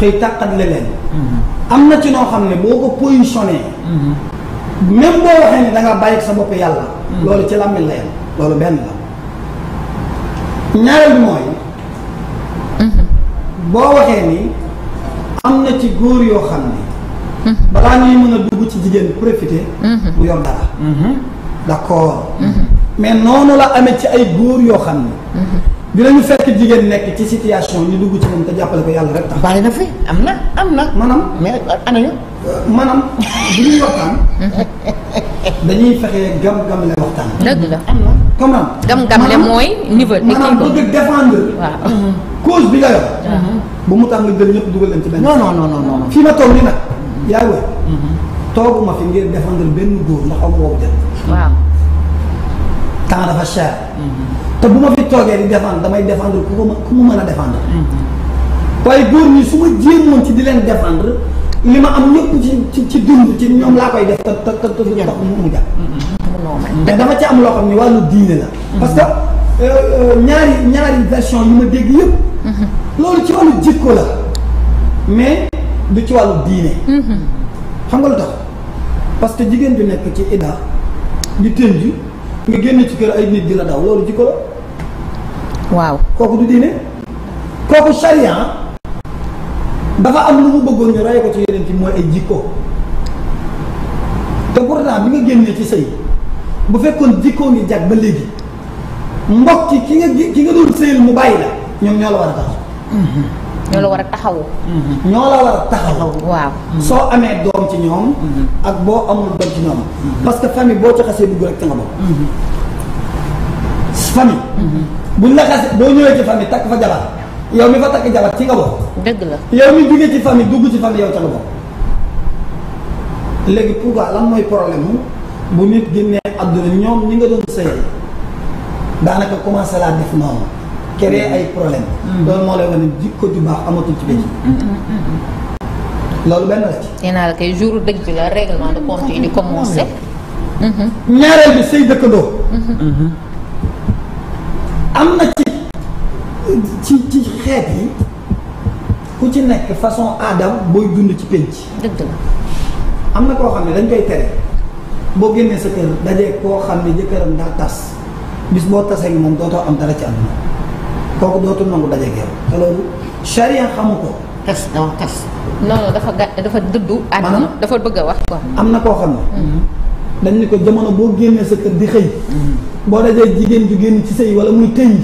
xëy tàqat la mhm. am na ci noo xam ne boo ko positionné. Mhm. même boo waxee ni da nga bàyyi sa bopp yàlla. loolu ci làmmiñ la yem loolu benn la. ñaareel mooy. boo waxee ni am na ci góor yoo xam ne. balaa ñuy mën a dugg ci jigéen profité. bu yor dara. d'accord. mais noonu la amee ci ay góor yoo xam ne. dinañu fekk jigéen nekk ci situation ñu dugg ci moom te jàppale ko yàlla rek tax. bari na fi am na am na. maanaam mais ana ñu. maanaam bu ñuy waxtaan. dañuy fexe gam-gamle waxtaan. la am na. comment. gam-gamle mooy niveau. maanaam bëgg défendre. waaw bi nga yor. mu tax nga jël ñëpp dugal leen ci benn. non noonu non non non. fii ma toog nii nag. yaa ngi mhm. tooguma fi ngir défendre benn góor ndax aw ma woo jël. waaw temps dafa cher. Mhm. te bu ma fi toogee di défendre damay défendre ku ma ku ma mën a défendre. waaye góor ñi su ma jéemoon ci di leen défendre li ma am ñëpp ci ci ci dund ci ñoom laa koy def te te te te du mu mu jàpp. dama ci am loo xam ne wàllu diine la. parce que euh, euh, ñaari ñaari version yu ma dégg yëpp. loolu ci wàllu jikko la mais du ci wàllu diine. xam nga lu tax parce que jigéen bi nekk ci idda Ida di tënju nga génn ci kër ay nit di la daw loolu jikko la. waaw kooku du diine kooku charia dafa am lu mu bëggoon ñu ray ko ci yeneen ci mooy ay jikko te pourtant bi nga génnee ci sëy bu fekkoon jikkoo ngi jag ba léegi mbokk ki nga ki nga doon sëyal mu bàyyi la ñoom ñoo la war a taxaw ñoo la war a taxawu ñoo la war a taxaw mhm. mhm. soo amee doom ci ñoom mhm. ak boo amul doom ci ñoom parce que famille boo ci xasee dugg rek ca nga bokk famille bu la xasee boo ñëwee ci famille takk fa jabar yow mi fa takk jabar ci nga bokk. dëgg la yow mi duggee ci famille dugg ci famille yow ca nga bokk. léegi pourquoi lan mooy problème mu bu nit génnee àdduna ñoom ñi nga doon sëyal daanaka commencé laa def noonu. créer ay problème mm-hmm. loolu moo lay wane jikko ju baax amatul ci bëccëg. Mm-hmm. Mm-hmm. loolu benn la ci. nee naa la kay jour dëgg bi la règlement de compte yi di commencé. ñaareel bi say dëkkandoo. am na ci ci ci xeet yi ku ci nekk façon aadam booy dund ci pénc dëgg la am na koo xam ne dañ koy tere boo génnee sa kër dajee koo xam ne jëkkëram daa tas bis boo tasee ngi moom dootoo am dara ci àdduna kooku dootul nangu dajeeg yow te loolu charia xamu ko tas non dafa gàtt dafa dëddu àdduna dafa bëgg a wax quoi am na koo xam ne mm-hmm. dañu ni ko jamono boo génnee sa kër di xëy boo dajee jigéen ju génn ci sëy wala muy tëñ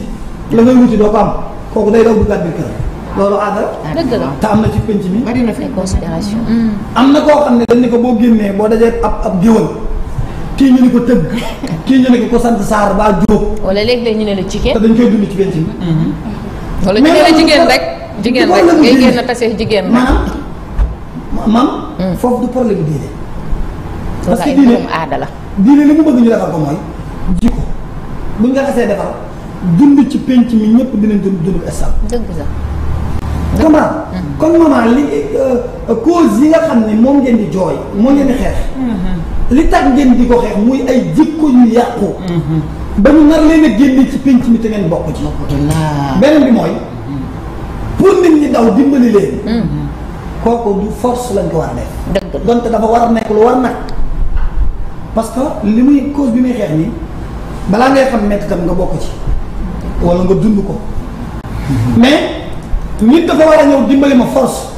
la ngay wuti doo ko am kooku day daw duggaat biir kër loolu aada dëgg la te am na ci penc mi bari am na koo xam ne dañ ni ko boo génnee boo dajee ab ab géwël kii ñu ni ko tëgg kii ñu ni ko ko sant saar baa jóob wala léeg-léeg ñu ne la jigéen te dañ koy dund ci penc mi mm-hmm. wala ñu ne la jigéen rek jigéen rek ngay génn tasee jigéen rek maanaam man mm. foofu du problème bi déedéet parce que diine aada la diine li mu bëgg ñu defar ko mooy jikko buñ nga xasee defar dund ci penc mi ñëpp dinañ dund dund instant. dëgg la. comprendre mm-hmm. li euh, euh, cause yi nga xam ne moom ngeen di jooy moo ngeen di xeex. Mm-hmm. li tax ngeen di ko xeex muy ay jikko ñu yàqu. Mm-hmm. ba ñu leen génne ci penc mi te ngeen bokk ci. beneen bi mooy. pour nit daw dimbali leen. kooku du force lañ ko war a def. dafa war a nekk lu war nag. parce que li muy cause bi muy xeex nii balaa ngay xam métti tam nga bokk ci wala nga dund ko mais nit dafa war a ñëw dimbali ma force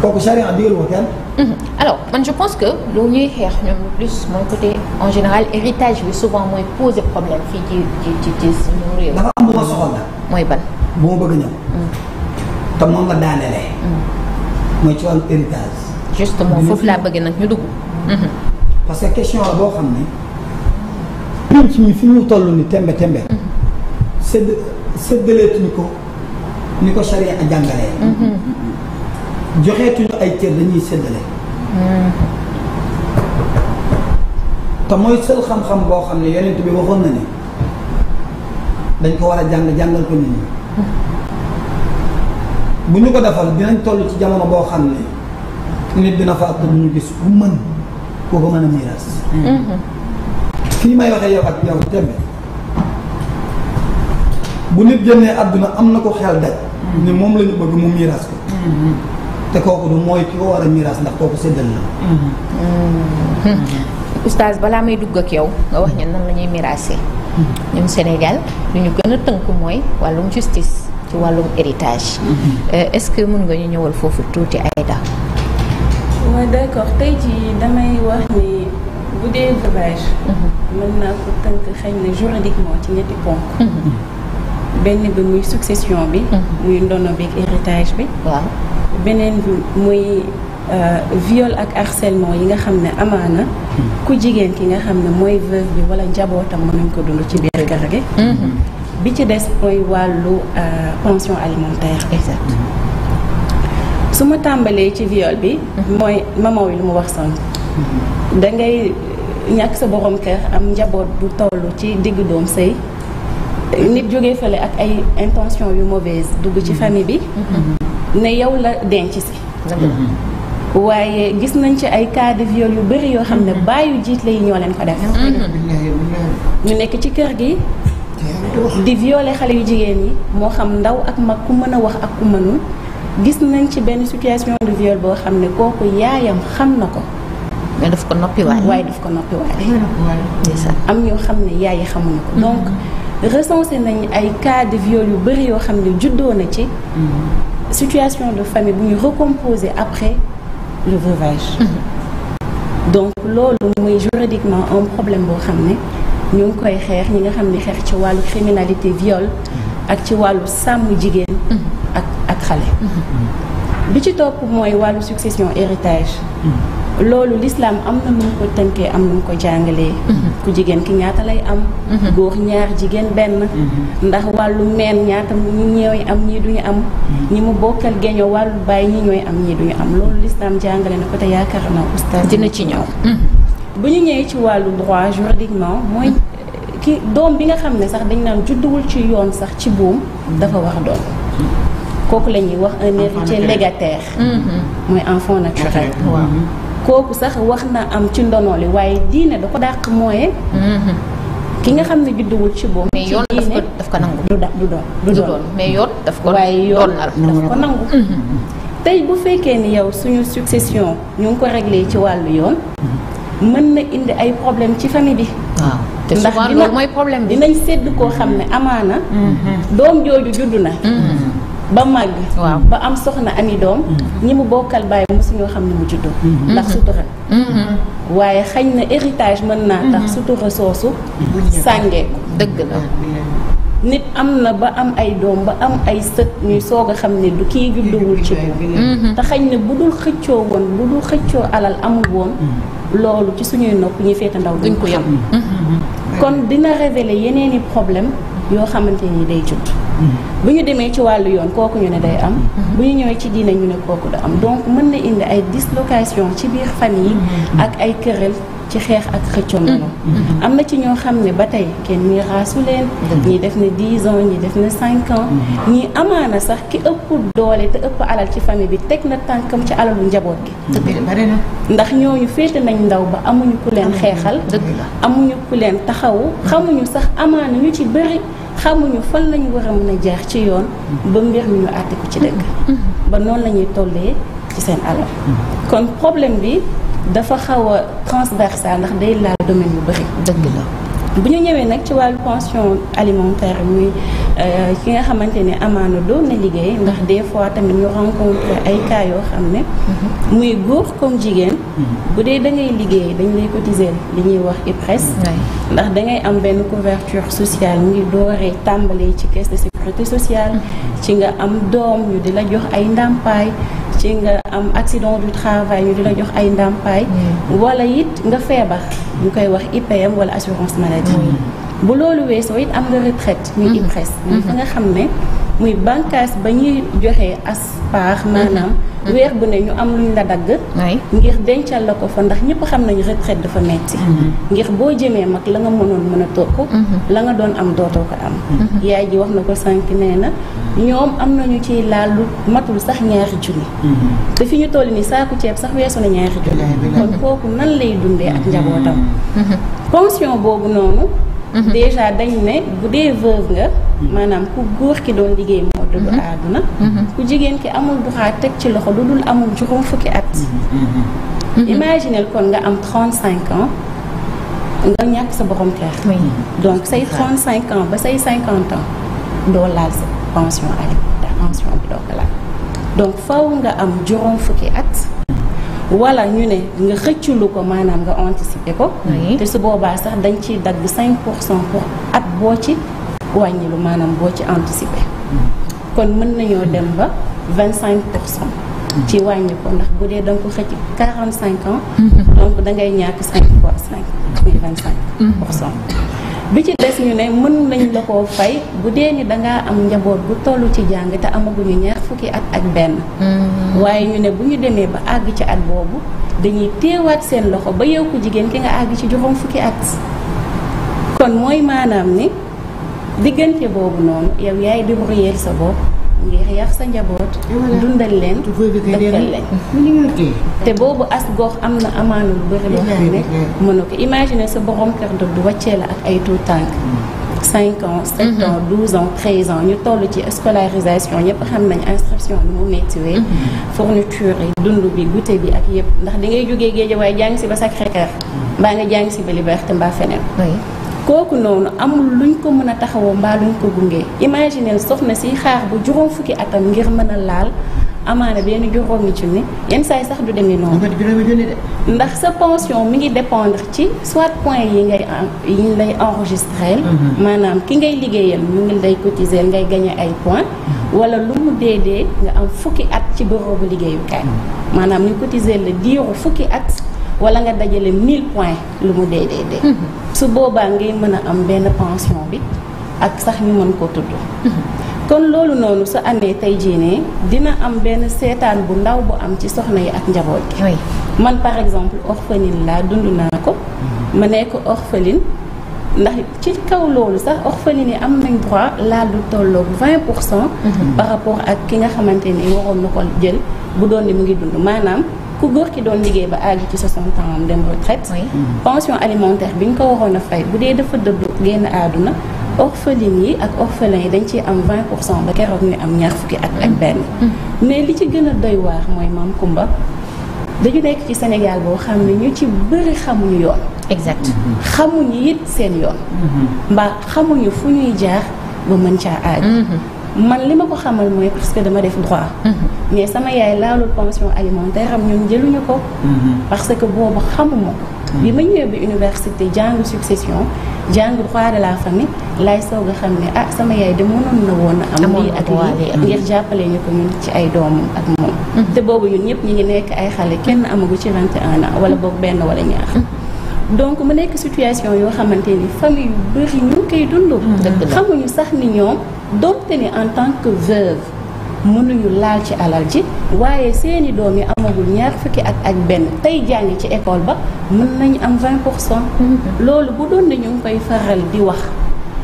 kooku charia digal ko kenn mhm. alors man je pense que loolu ñuy xeex ñoom plus mon côté en général héritage bi souvent mooy poser problème fii ci ci ci ci suñu réew dafa am bu ma soxal mooy ban bu ma bëgg ñëw mhm. te moom la daanelee mhm. mooy ci héritage justement foofu laa bëggee nag ñu dugg parce que question la boo xam ne pinc mi fi mu toll ni tembe tembe mm-hmm. sëdd sëddaleetuñu ko ni ko charia a mm-hmm. ay cër dañuy séddale mm-hmm. te mooy sël xam-xam boo xam ne yonent bi waxoon na ne dañ ko war a jàng jàngal ko nit ñi bu ñu ko defal dinañ toll ci jamono boo xam ne nit dina fa ak ñu gis bu mën koo ko mën a miiras. fii may waxee yow ak yow tembe bu nit génnee àdduna am na ko xel daj. ne moom la ñu bëgg mu miiras ko. te kooku du mooy ki ko war a miiras ndax kooku séddal la. oustaz balaa may dugg ak yow nga wax ñun nan la ñuy miirasee. ñun lu ñu gën a tënk mooy wàllum justice ci wàllum héritage. Mhm. Euh, est-ce que mën nga ñu ñëwal foofu tuuti Aïda. mooy d' accord tey jii damay wax ni bu dee veuvage. Mhm. mën naa tank tënk ne na juridiquement ci netti ponk. Mhm. benn bi muy succession bi. Mhm. muy ndono bi ak héritage bi. waaw beneen bi muy euh, viol ak harcèlement yi nga xam ne amaana. ku jigéen ki nga xam ne mooy veuve bi wala njabootam mënuñ ko dund ci biir kër gi. bi ci des mooy wàllu euh, pension alimentaire. exact su ma tàmbalee ci viol bi. Mhm. mooy maman wi lu mu wax sànq. dangay ñàkk sa borom kër am njaboot bu toll ci diggu doom sëy nit jógee fële ak ay intention yu mauvaise dugg ci mhm. famille bi. Mhm. ne yow la denc si. waaye gis nañ ci ay cas de yu bari yoo xam ne bàyyi jiit yi ñoo leen ko def. ñu nekk ci kër gi. di violer xale yu jigéen yi moo xam ndaw ak mag ku mën a wax ak ku mënul. gis nañ ci benn situation de viol boo xam ne kooku yaayam xam na ko. mais daf ko noppiwaay. waaye daf ko noppiwaay. am ñoo xam ne yaay yi xamuñu ko. donc recensé nañ ay cas de viol yu bari yoo xam ne juddoo na ci. Mm-hmm. situation de famille bu ñu recomposer après le mm-hmm. donc loolu mooy juridiquement un problème boo xam ne ñu ngi koy xeex ñi nga xam ne xeex ci wàllu criminalité viol. Mm-hmm. ak ci wàllu sàmm jigéen. ak ak xale bi ci topp mooy wàllu succession héritage loolu lislaam am na nu mu ko tënkee am nu mu ko jàngalee ku jigéen ki ñaata lay am góor ñaar jigéen benn ndax wàllu meen ñaata mu ñooy am ñii duñu am ñi mu bokkal géño wàllu bàyyi ñi ñooy am ñii duñu am loolu l'islam jàngale na ko te yaakaar na oustaz dina ci ñëw bu ñu ñëwee ci wàllu droit juridiquement mooy ki doom bi nga xam ne sax dañ naan judduwul ci yoon sax ci buum dafa wax doom kooku la ñuy wax un héritier légataire. Mm-hmm. mooy enfant naturel. waaw mm-hmm. kooku sax wax na am ci ndono li waaye diine da ko dàq mooy. Mm-hmm. ki nga xam ne judduwul ci boobu. mais yoon daf ko nangu. du da du doon du yoon daf ko. waaye yoon daf ko tey bu fekkee ni yow suñu succession ñu ngi ko réglé ci wàllu yoon. mën na indi ay problème ci famille bi. waaw te souvent loolu mooy problème bi. dinañ sedd koo xam ne amaana. doom jooju juddu na. ba màgg. waaw ba am soxna ami doom. Mm-hmm. ñi mu bokkal bàyyi mosuñoo xam ne mu juddoo. Mm-hmm. ndax sutura. Mm-hmm. waaye xañ na héritage mën naa tax sutura soosu. sàngee dëgg la. nit am na ba am ay doom ba am ay sët ñuy soog a xam ne du kii judduwul ci moom. te xañ na bu dul xëccoo woon bu dul xëccoo alal amul woon. loolu ci suñuy nopp ñuy féete ndaw duñ ko yem. kon dina révéler yeneeni problème yoo xamante ni day judd. bu ñu demee ci wàllu yoon kooku ñu ne day am mm-hmm. bu ñu ñëwee ci diine ñu ne kooku da am donc mën na indi ay dislocation ci biir fan yi mm-hmm. ak ay këral ci xeex ak xëccoo noonu mm-hmm. am na ci ñoo xam ne ba tey kenn miraasu leen ñii def ne dix ans ñii def na cinq ans ñii amaana sax ki ëpp doole te ëpp alal ci famille bi teg na tànkam ci alalu njaboot gi ndax ñooñu féete nañ ndaw ba amuñu ku leen xeexal amuñu ku leen taxawu xamuñu sax amaana ñu ci bëri xamuñu fan lañu war a mën a jaar ci yoon ba mbir mi ñu àtte ko ci dëgg ba noonu la ñuy tollee ci seen alal kon problème bi dafa xaw a transversal ndax day laal domaine yu bari dëgg la bu ñu ñëwee nag ci wàll pension alimentaire muy euh, ki nga xamante ne amaana doon na liggéey ndax des fois tamit ñu rencontre ay cas yoo xam ne mhm. muy góor comme jigéen mhm. bu dee da ngay liggéey dañ lay cotiser li ñuy wax IPRES ndax da ngay am benn couverture sociale mu ngi dooree tàmbalee ci caisse de sécurité sociale mhm. ci nga am doom ñu di la jox ay ndàmpaay ci nga am accident du travail ñu di la jox ay ndàmpaay mm. wala it nga feebar ñu koy wax IPM wala assurance maladie mm. bu loolu weesoo it am nga retraite muy mhm. IPRES muy mhm. fa nga xam ne muy bànkaas ba ñuy joxee as paax maanaam mhm. weer bu ne ñu am luñ la dagg ngir dencal la ko fa ndax ñëpp xam nañu retraite dafa metti ngir boo jëmee mag la nga mënoon mën a toog ko la nga doon am dootoo ko am yaay ji wax na ko sànq nee na ñoom am nañu ci laal lu matul sax ñaari junni te fi ñu toll ni saaku ceeb sax weesu na ñaari junni kon kooku nan lay dundee ak njabootam pension boobu noonu Mhm. déjà dañu ne bu dee veuve nga mhm. maanaam ku góor ki doon liggéey moo dëddu mhm. àdduna ku jigéen ki amul droit teg ci loxo lu dul amul juróom fukki at imaginel kon nga am trente cinq ans nga ñàkk sa borom kër donc say trente cinq ans ba say cinquante ans doo laal sa pension alimentaire donc faw nga am juróom fukki at wala ñu ne nga xëcculu ko maanaam nga anticiper ko. te su boobaa sax dañ ciy dagg 5 pour cent pour at boo ci wàññilu maanaam boo ci anticiper. kon mën nañoo dem ba 25 pour cent. ci wàññi ko ndax bu dee da nga ko xëcc 45 ans. Mm-hmm. donc da ngay ñàkk 5 fois 5 pour cent. bi ci des ñu ne mën nañ la ko fay bu dee ni dangaa am njaboot bu toll ci jàng te amaguñu ñaar fukki at ak benn mm-hmm. waaye ñu ne bu ñu demee ba àgg ci at boobu dañuy teewaat seen loxo ba yokku jigéen ki nga àgg ci juróom fukki at kon mooy maanaam ni diggante boobu noonu yow yaay débrouiller sa bopp ngir yar sa njaboot. dundal leen dëkkal leen. te boobu as gox am na amaana lu bëri loo xam ne mën na sa borom kër du wàccee la ak ay tout tànk. 5 ans 7 ans 12 mhm. ans 13 ans ñu toll ci scolarisation ñëpp xam nañ instruction bi mu méttiwee mhm. fourniture yi dund bi goûter bi ak yëpp ndax di ngay jógee géejawaay jàng si ba Sacré-Cœur mhm. mbaa nga jàng si ba Liberté mbaa feneen kooku noonu amul luñ ko mën a taxawoo mbaa ñu ko gungee imagine soxna si xaar bu juróom fukki atam ngir mën a laal amaana benn juróomi junni yenn saa yi sax du demee noonu ndax sa pension mi ngi dépendre ci soit point yi ngay yi lay enregistreel mm-hmm. maanaam ki ngay liggéeyal mu ngi lay cotiser ngay gagné ay point mm-hmm. wala lu mu dee dee nga am fukki at ci bërëbu liggéeyukaay mm-hmm. maanaam ñu cotiser la diiru fukki at wala nga dajale 1000 points lu mu dee dee dee. Mhm. su boobaa ngay mën a am benn pension bi ak sax ñu mën ko tudd. Mhm. kon loolu noonu su amee tey jii ne dina am benn seetaan bu ndaw bu am ci soxna yi ak njaboot gi. man par exemple orpheline laa dund naa ko. Mhm. ma nekk orpheline ndax ci kaw loolu sax orpheline yi am nañ droit laal du tolloog 20 pour cent. par rapport ak ki nga xamante ni waroon na ko jël bu doon li mu ngi dund maanaam. ku góor ki doon liggéey ba àgg ci 60 ans am dem retraite pension alimentaire bi ñu ko waxoon a fay bu dee dafa dëdd génn àdduna orphelines yi ak orphelins yi dañ ciy am 20 pour cent ba keroog ñu am ñaar fukki at ak benn mm. mais li ci gën a doy waar mooy maam Kumba dañu nekk ci Sénégal boo xam ne ñu ci bëri xamuñu yoon exact mm-hmm. xamuñu it seen yoon mm-hmm. mbaa xamuñu fu ñuy jaar ba mën caa àgg mm-hmm. man li ma ko xamal mooy parce que dama def droit. Mhm. mais sama yaay laalul pension alimentaire am ñun jëluñu ko. Mhm. parce que boobu xamuma ko. Mhm. bi ma ñëwee bi université jàng succession jàng droit laa la famille laay soog a xam ne ah sama yaay de mënoon na woon a am. ak lii ngir jàppalee ñu ko ñun ci ay doomam ak moom. te boobu ñun ñëpp ñu ngi nekk ay xale kenn amagu ci 21 na wala boog benn wala ñaar. donc mu nekk situation yoo xamante ni famille yu bëri ñu koy dund. xamuñu sax ni ñoom. donte ni en tant que veuve mënuñu laal ci alal ji waaye seeni doom yi amagul ñaar fukki ak ak benn tey jàngi ci école ba mën nañu am 20 pour mm-hmm. loolu bu doon ñu ngi koy faral di wax.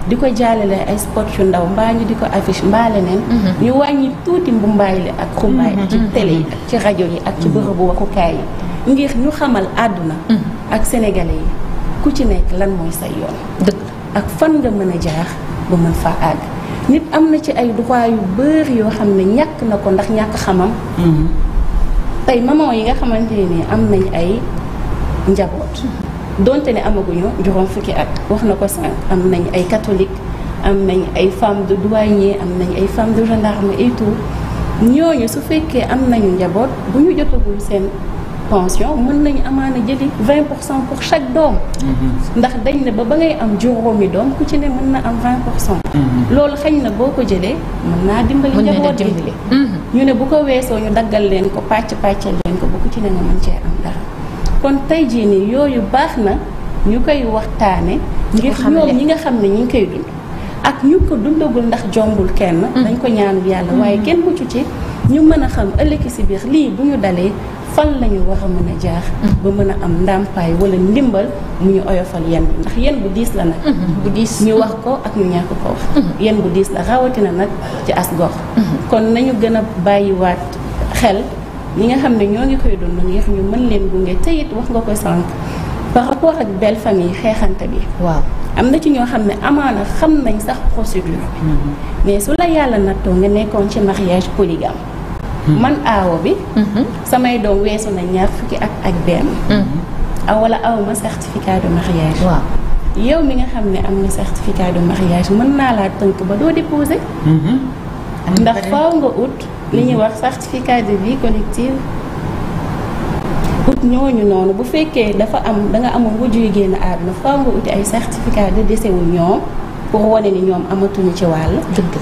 di ko jaalale ay spot yu ndaw mbaa ñu di ko affice mbaa leneen. Mm-hmm. ñu wàññi tuuti mbumbaay li ak xumbaay mm-hmm. ci télé yi ak ci rajo yi ak ci bërëbu waxukaay yi ngir ñu xamal àdduna ak sénégalais yi ku ci nekk lan mooy say yoon dëkk ak fan nga mën a jaar ba mën faa àgg nit am na ci ay droit yu bëri yoo xam ne ñàkk na ko ndax ñàkk xamam. Mhm. tey maman yi nga xamante ne am nañ ay njaboot. donte ne amaguñu juróom fukki at wax na ko sànq am nañ ay catholique am nañ ay femme de douanier am nañ ay femme de gendarme et tout ñooñu su fekkee am nañu njaboot bu ñu jotagul seen. pension mën nañ amaana jëli vingt pour cent chaque doom mhm. ndax dañ ne ba ba ngay am juróomi doom ku ci ne mën na am vingt pour mhm. loolu xañ na boo ko jëlee mën naa dimbali njaboot bi mhm. ñu ne bu ko weesoo daggal leen ko pàcc pàccal leen ko ba ku ci ne nga mën cee am dara kon tey jii nii yooyu baax na ñu koy waxtaane ngir ñoom ñi nga xam ne ñi ngi koy dund ak ñu ko dundagul ndax jombul kenn dañ ko ñaanul yàlla waaye kenn muccu ci ñu mën a xam ëllëg si biir lii bu ñu dalee fan lañu ñu war a mën jaar. ba mën a am ndàmpaay walla ndimbal mu ñu oyofal yenn ndax yenn bu diis la nag. Mhm. bu diis mhm. ñu wax ko ak ñu ñàkk ko wax. Mhm. yenn bu diis la rawatina nag ci as gox. kon nañu gën a bàyyiwaat xel ñi nga xam ne ñoo ngi koy dund ngir ñu mën leen gunge teyit it wax nga ko sànq par rapport ak belle famille xeexante bi. waaw am na ci ñoo xam ne amaana xam nañ sax procédure. mais su la yàlla nattoo nga nekkoon ci mariage polygame. man aawo bi. Mhm. samay doom weesu nañ ñaar fukki ak ak benn. Mhm. aw wala aw ma certificat de mariage. yow mi nga xam ne am nga certificat de mariage mën naa laa tënk ba doo déposer. Mhm. ndax faaw nga ut li ñuy wax certificat de vie collective. ut ñooñu noonu bu fekkee dafa am da nga amoon wujju yu génn àdduna faaw nga uti ay certificat de décès ñoom. pour wane ni ñoom amatuñu ci wàll.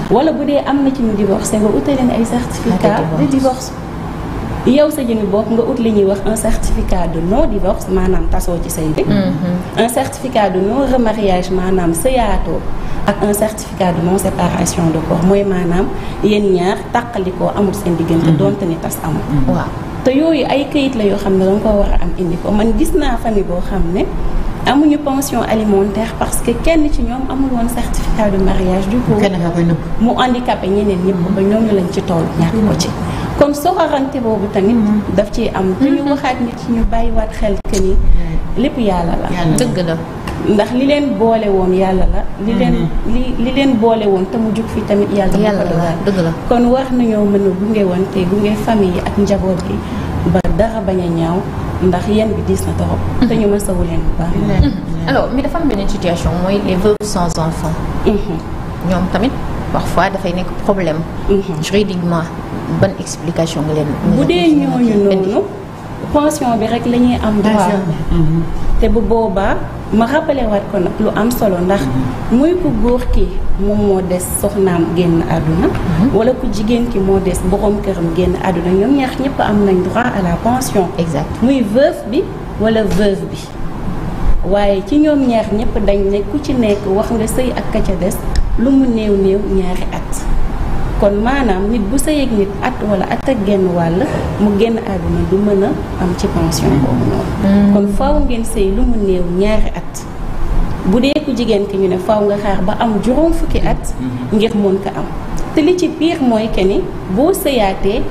wala bu dee am na ci ñu divorcé nga utal leen ay certificat de divorce. yow sa jëmi bopp nga ut li ñuy wax un certificat de non divorce maanaam tasoo ci say bi mm-hmm. un certificat de non remariage maanaam sëyaatoo ak un certificat de non séparation de corps mooy maanaam yéen ñaar tàqalikoo amul seen diggante mm-hmm. donte ni tas amul mm-hmm. waaw te yooyu ay këyit la yoo xam ne danga ko war am indi ko man gis naa famille boo xam ne amuñu pension alimentaire parce que kenn ci ñoom amul woon certificat de mariage du coup mu handicapé ñeneen ñëpp ba ñooñu lañ ci tool ñàkk ko ci kon soxorante boobu tamit mm-hmm. daf ciy am ku ñu mm-hmm. waxaat nit ci ñu bàyyiwaat xel que ni lépp yàlla la dëgg la ndax li leen boole woon yàlla la li leen mm-hmm. li li leen boole woon te mu jug fi tamit yàlla yàlla la dëgg la kon war nañoo mën a gunge woon te gunge famille yi ak njaboot bi ba dara bañ a ñaaw ndax yéen bi diis na trop. Mhm. te ñu mësawu leen bu baax. Mhm. alors mais dafa am beneen situation mooy les veuves sans enfants. Mhm. ñoom tamit parfois dafay nekk problème. juridiquement ban explication nga leen. bu dee ñooñu noonu pension bi rek la ñuy am droit. te bu boobaa. ma rappelé waat ko nag lu am solo ndax mhm. muy ku góor ki moom moo des soxnaam génn àdduna mhm. wala ku jigéen ki moo des borom këram génn àdduna ñoom ñaar ñëpp am nañ droit à la pension exact muy veuve bi wala veuve bi waaye ci ñoom ñaar ñëpp dañ ne ku ci nekk wax nga sëy ak ka ca des lu mu néew néew ñaari at kon maanaam nit bu sëy nit at wala at ak genn wàll mu génn àdduna du mën a am ci pension boobu noonu. Mm. kon faaw ngeen sëy lu mu néew ñaari at. bu dee ku jigéen ki ñu ne faw nga xaar ba am juróom fukki at. Mm-hmm. ngir mën ko am te li ci biir mooy que ni boo sëyaatee.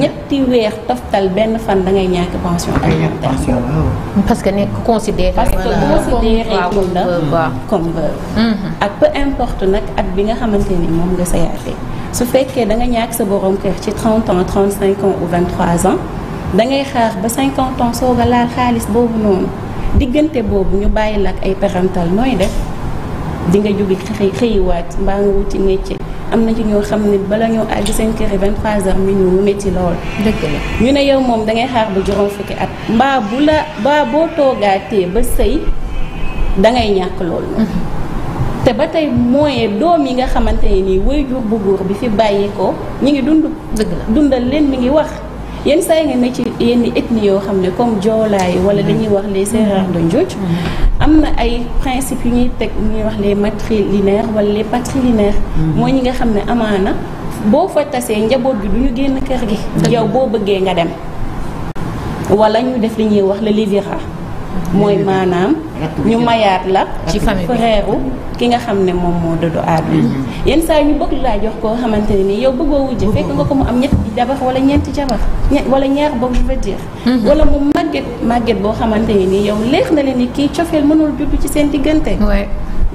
ñetti weex toftal benn fan da ngay ñàkk pension parce que nekk considéré parce que considéré comme mm-hmm. ak peu importe nag at bi nga xamante ni moom nga sayaatee su fekkee da nga ñàkk sa borom kër ci 30 ans 35 ans ou 23 ans da ngay xaar ba 50 ans soog a laal xaalis boobu noonu diggante boobu ñu bàyyi la ay parental nooy def di nga jóge xëy xëyiwaat mbaa nga wuti métier. am na ci ñoo xam ne bala ñoo àgg seen kër yi 23h mi ñu métti lool. dëgg la ñu ne yow moom da ngay xaar ba juróom fukki at. mbaa bu la mbaa boo toogaatee ba sëy da ngay ñàkk lool. Mm-hmm. te ba tey moyen doom yi nga xamante ne nii waajur bu góor bi fi bàyyi ko ñu ngi dund. dëgg la dundal leen mi ngi wax. yenn saa yi nga ne ci yenn ethnie yoo xam ne comme joolaay wala li mm-hmm. ñuy wax les Sérères de Ndioudj mm-hmm. am na ay principes yu ñuy teg ñuy wax les matrilinéaires wala les patrilinéaires mm-hmm. mooy ñi nga xam ne amaana boo fa tasee njaboot gi du ñu génn kër gi yow boo bëggee nga dem wala ñu def li ñuy wax le livira mooy maanaam ñu mayaat la ci frère ki nga xam ne moom moo dëddu aadama mm-hmm. yenn saa ñu bëgg laa jox koo xamante ne nii yow bëggoo wujj fekk nga ko mu am ñetti jabar wala ñeenti jabar wala ñaar boobu je veux dire mm-hmm. wala mu màgget màgget boo xamante ne nii yow leex na leen ni kii cofeel mënul judd ci seen diggante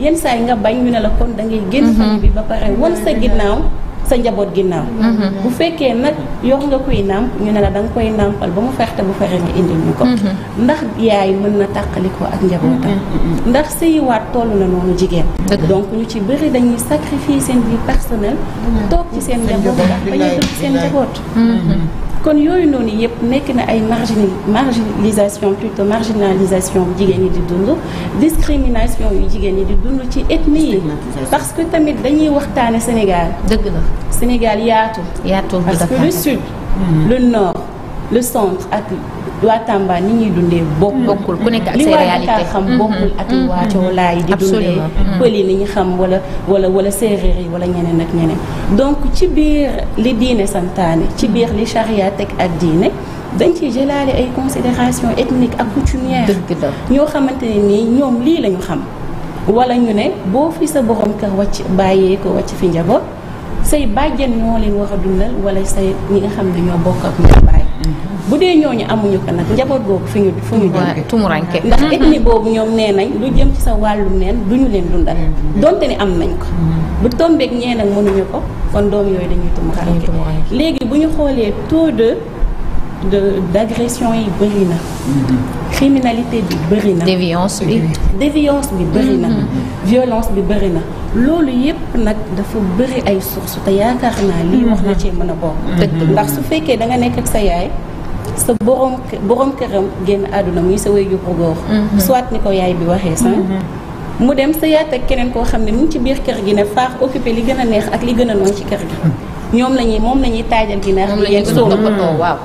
yenn saa yi nga bañ ñu ne la kon da ngay génn mm-hmm. famille bi ba pare wan sa ginnaaw sa njaboot ginnaaw mm-hmm. bu fekkee nag yor nga koy nàmp ñu ne la da nga koy nàmpal ba mu fex te bu fexe nga indi ñu ko mm-hmm. ndax yaay mën na tàqalikoo ak njabootam mm-hmm. ndax sëyiwaat toll na noonu jigéen donc ñu ci bëri dañuy sacrifier seen vie personnelle toog ci seen njaboot ndax seen njaboot kon yooyu noonu yëpp nekk na ay margini marginalisation plutôt marginalisation jigéen ñi di dund discrimination yu jigéen ñi di dund ci ethnie yi parce que tamit dañuy waxtaane Sénégal dëgg na Sénégal yaatu yaatu parce que le sud mm-hmm. le nord le centre ak waa Tamba ni ñuy dundee bokk mm. bokkul ku nekk ak say réalité xam mm-hmm. bokkul ak li mm-hmm. waa Joolaa yi di dundee mm-hmm. pël yi ni ñu xam wala wala wala séeréer yi wala ñeneen ak ñeneen donc ci biir li diine santaane ci biir li charia teg ak diine dañ ciy jëlaale ay considération ethnique ak coutumière ñoo xamante ne nii ñoom lii la xam wala ñu ne boo fi sa borom kër wàcc bàyyee ko wàcc fi njaboot say bàjjen ñoo leen war a dundal wala say ñi nga xam ne ñoo bokk ak ñoo bu dee ñooñu amuñu ko nag njaboot boobu fi ñu fu ñu jëm tumuranke ndax ethnie boobu ñoom nee nañ lu jëm ci sa wàllum neen du ñu leen dundal mm-hmm. donte ni am nañ ko bu tombeeg ñee nag mënuñu ko kon doom yooyu dañuy tumuranke léegi bu ñu xoolee taux de de d'agression yi bëri na. Mhm. criminalité bi bëri na. déviance bi déviance bi bëri na. Mhm. violence bi bëri na. loolu yépp nag dafa bëri ay sources te yaakaar naa lii mhm. wax na cee mën a bokk. ndax su fekkee danga nekk ak sa yaay. sa borom borom këram génn àdduna muy sa wéy ju ko góor. soit ni ko yaay bi waxee sax. mu dem sa yaat ak keneen koo xam ne mu ngi ci biir kër gi ne faax occupé li gën a neex ak li gën a nooy ci kër gi. ñoom la ñuy moom la ñuy taajal ginaar. moom la ñuy waaw.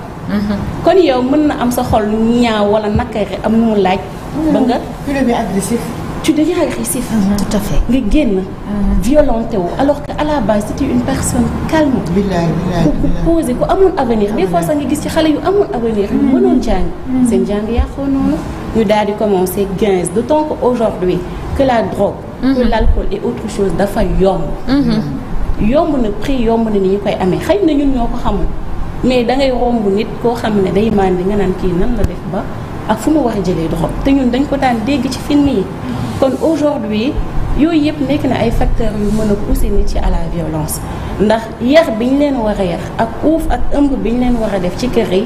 kon yow mën na am sa xol ñaaw wala nakare am nu mu laaj. Mm-hmm. ba nga agressif. tu deviens agressif. Mm-hmm. tout nga génn. Mm-hmm. violenté wu alors que à la base c'était une personne calme. billaay ku posé ku amoon avenir. des fois sax nga gis ci xale yu amoon avenir. yu mënoon jàng. seen jàng yàqoo noonu. ñu daal di commencer gaz d'autant que aujourd'hui que la drogue. que l'alcool et autre chose dafa yomb. yomb na prix yomb na ni ñu koy amee xëy na ñun ñoo ko xamul. mais dangay ngay romb nit koo xam ne day màndi nga naan kii nan la def ba ak fu mu war jële jëlee doxam te ñun dañ ko daan dégg ci film yi kon aujourd'hui yooyu yëpp nekk na ay facteurs yu mën a nit ci à la violence ndax yar bi ñu leen war a yar ak uuf ak ëmb bi ñu leen war a def ci kër yi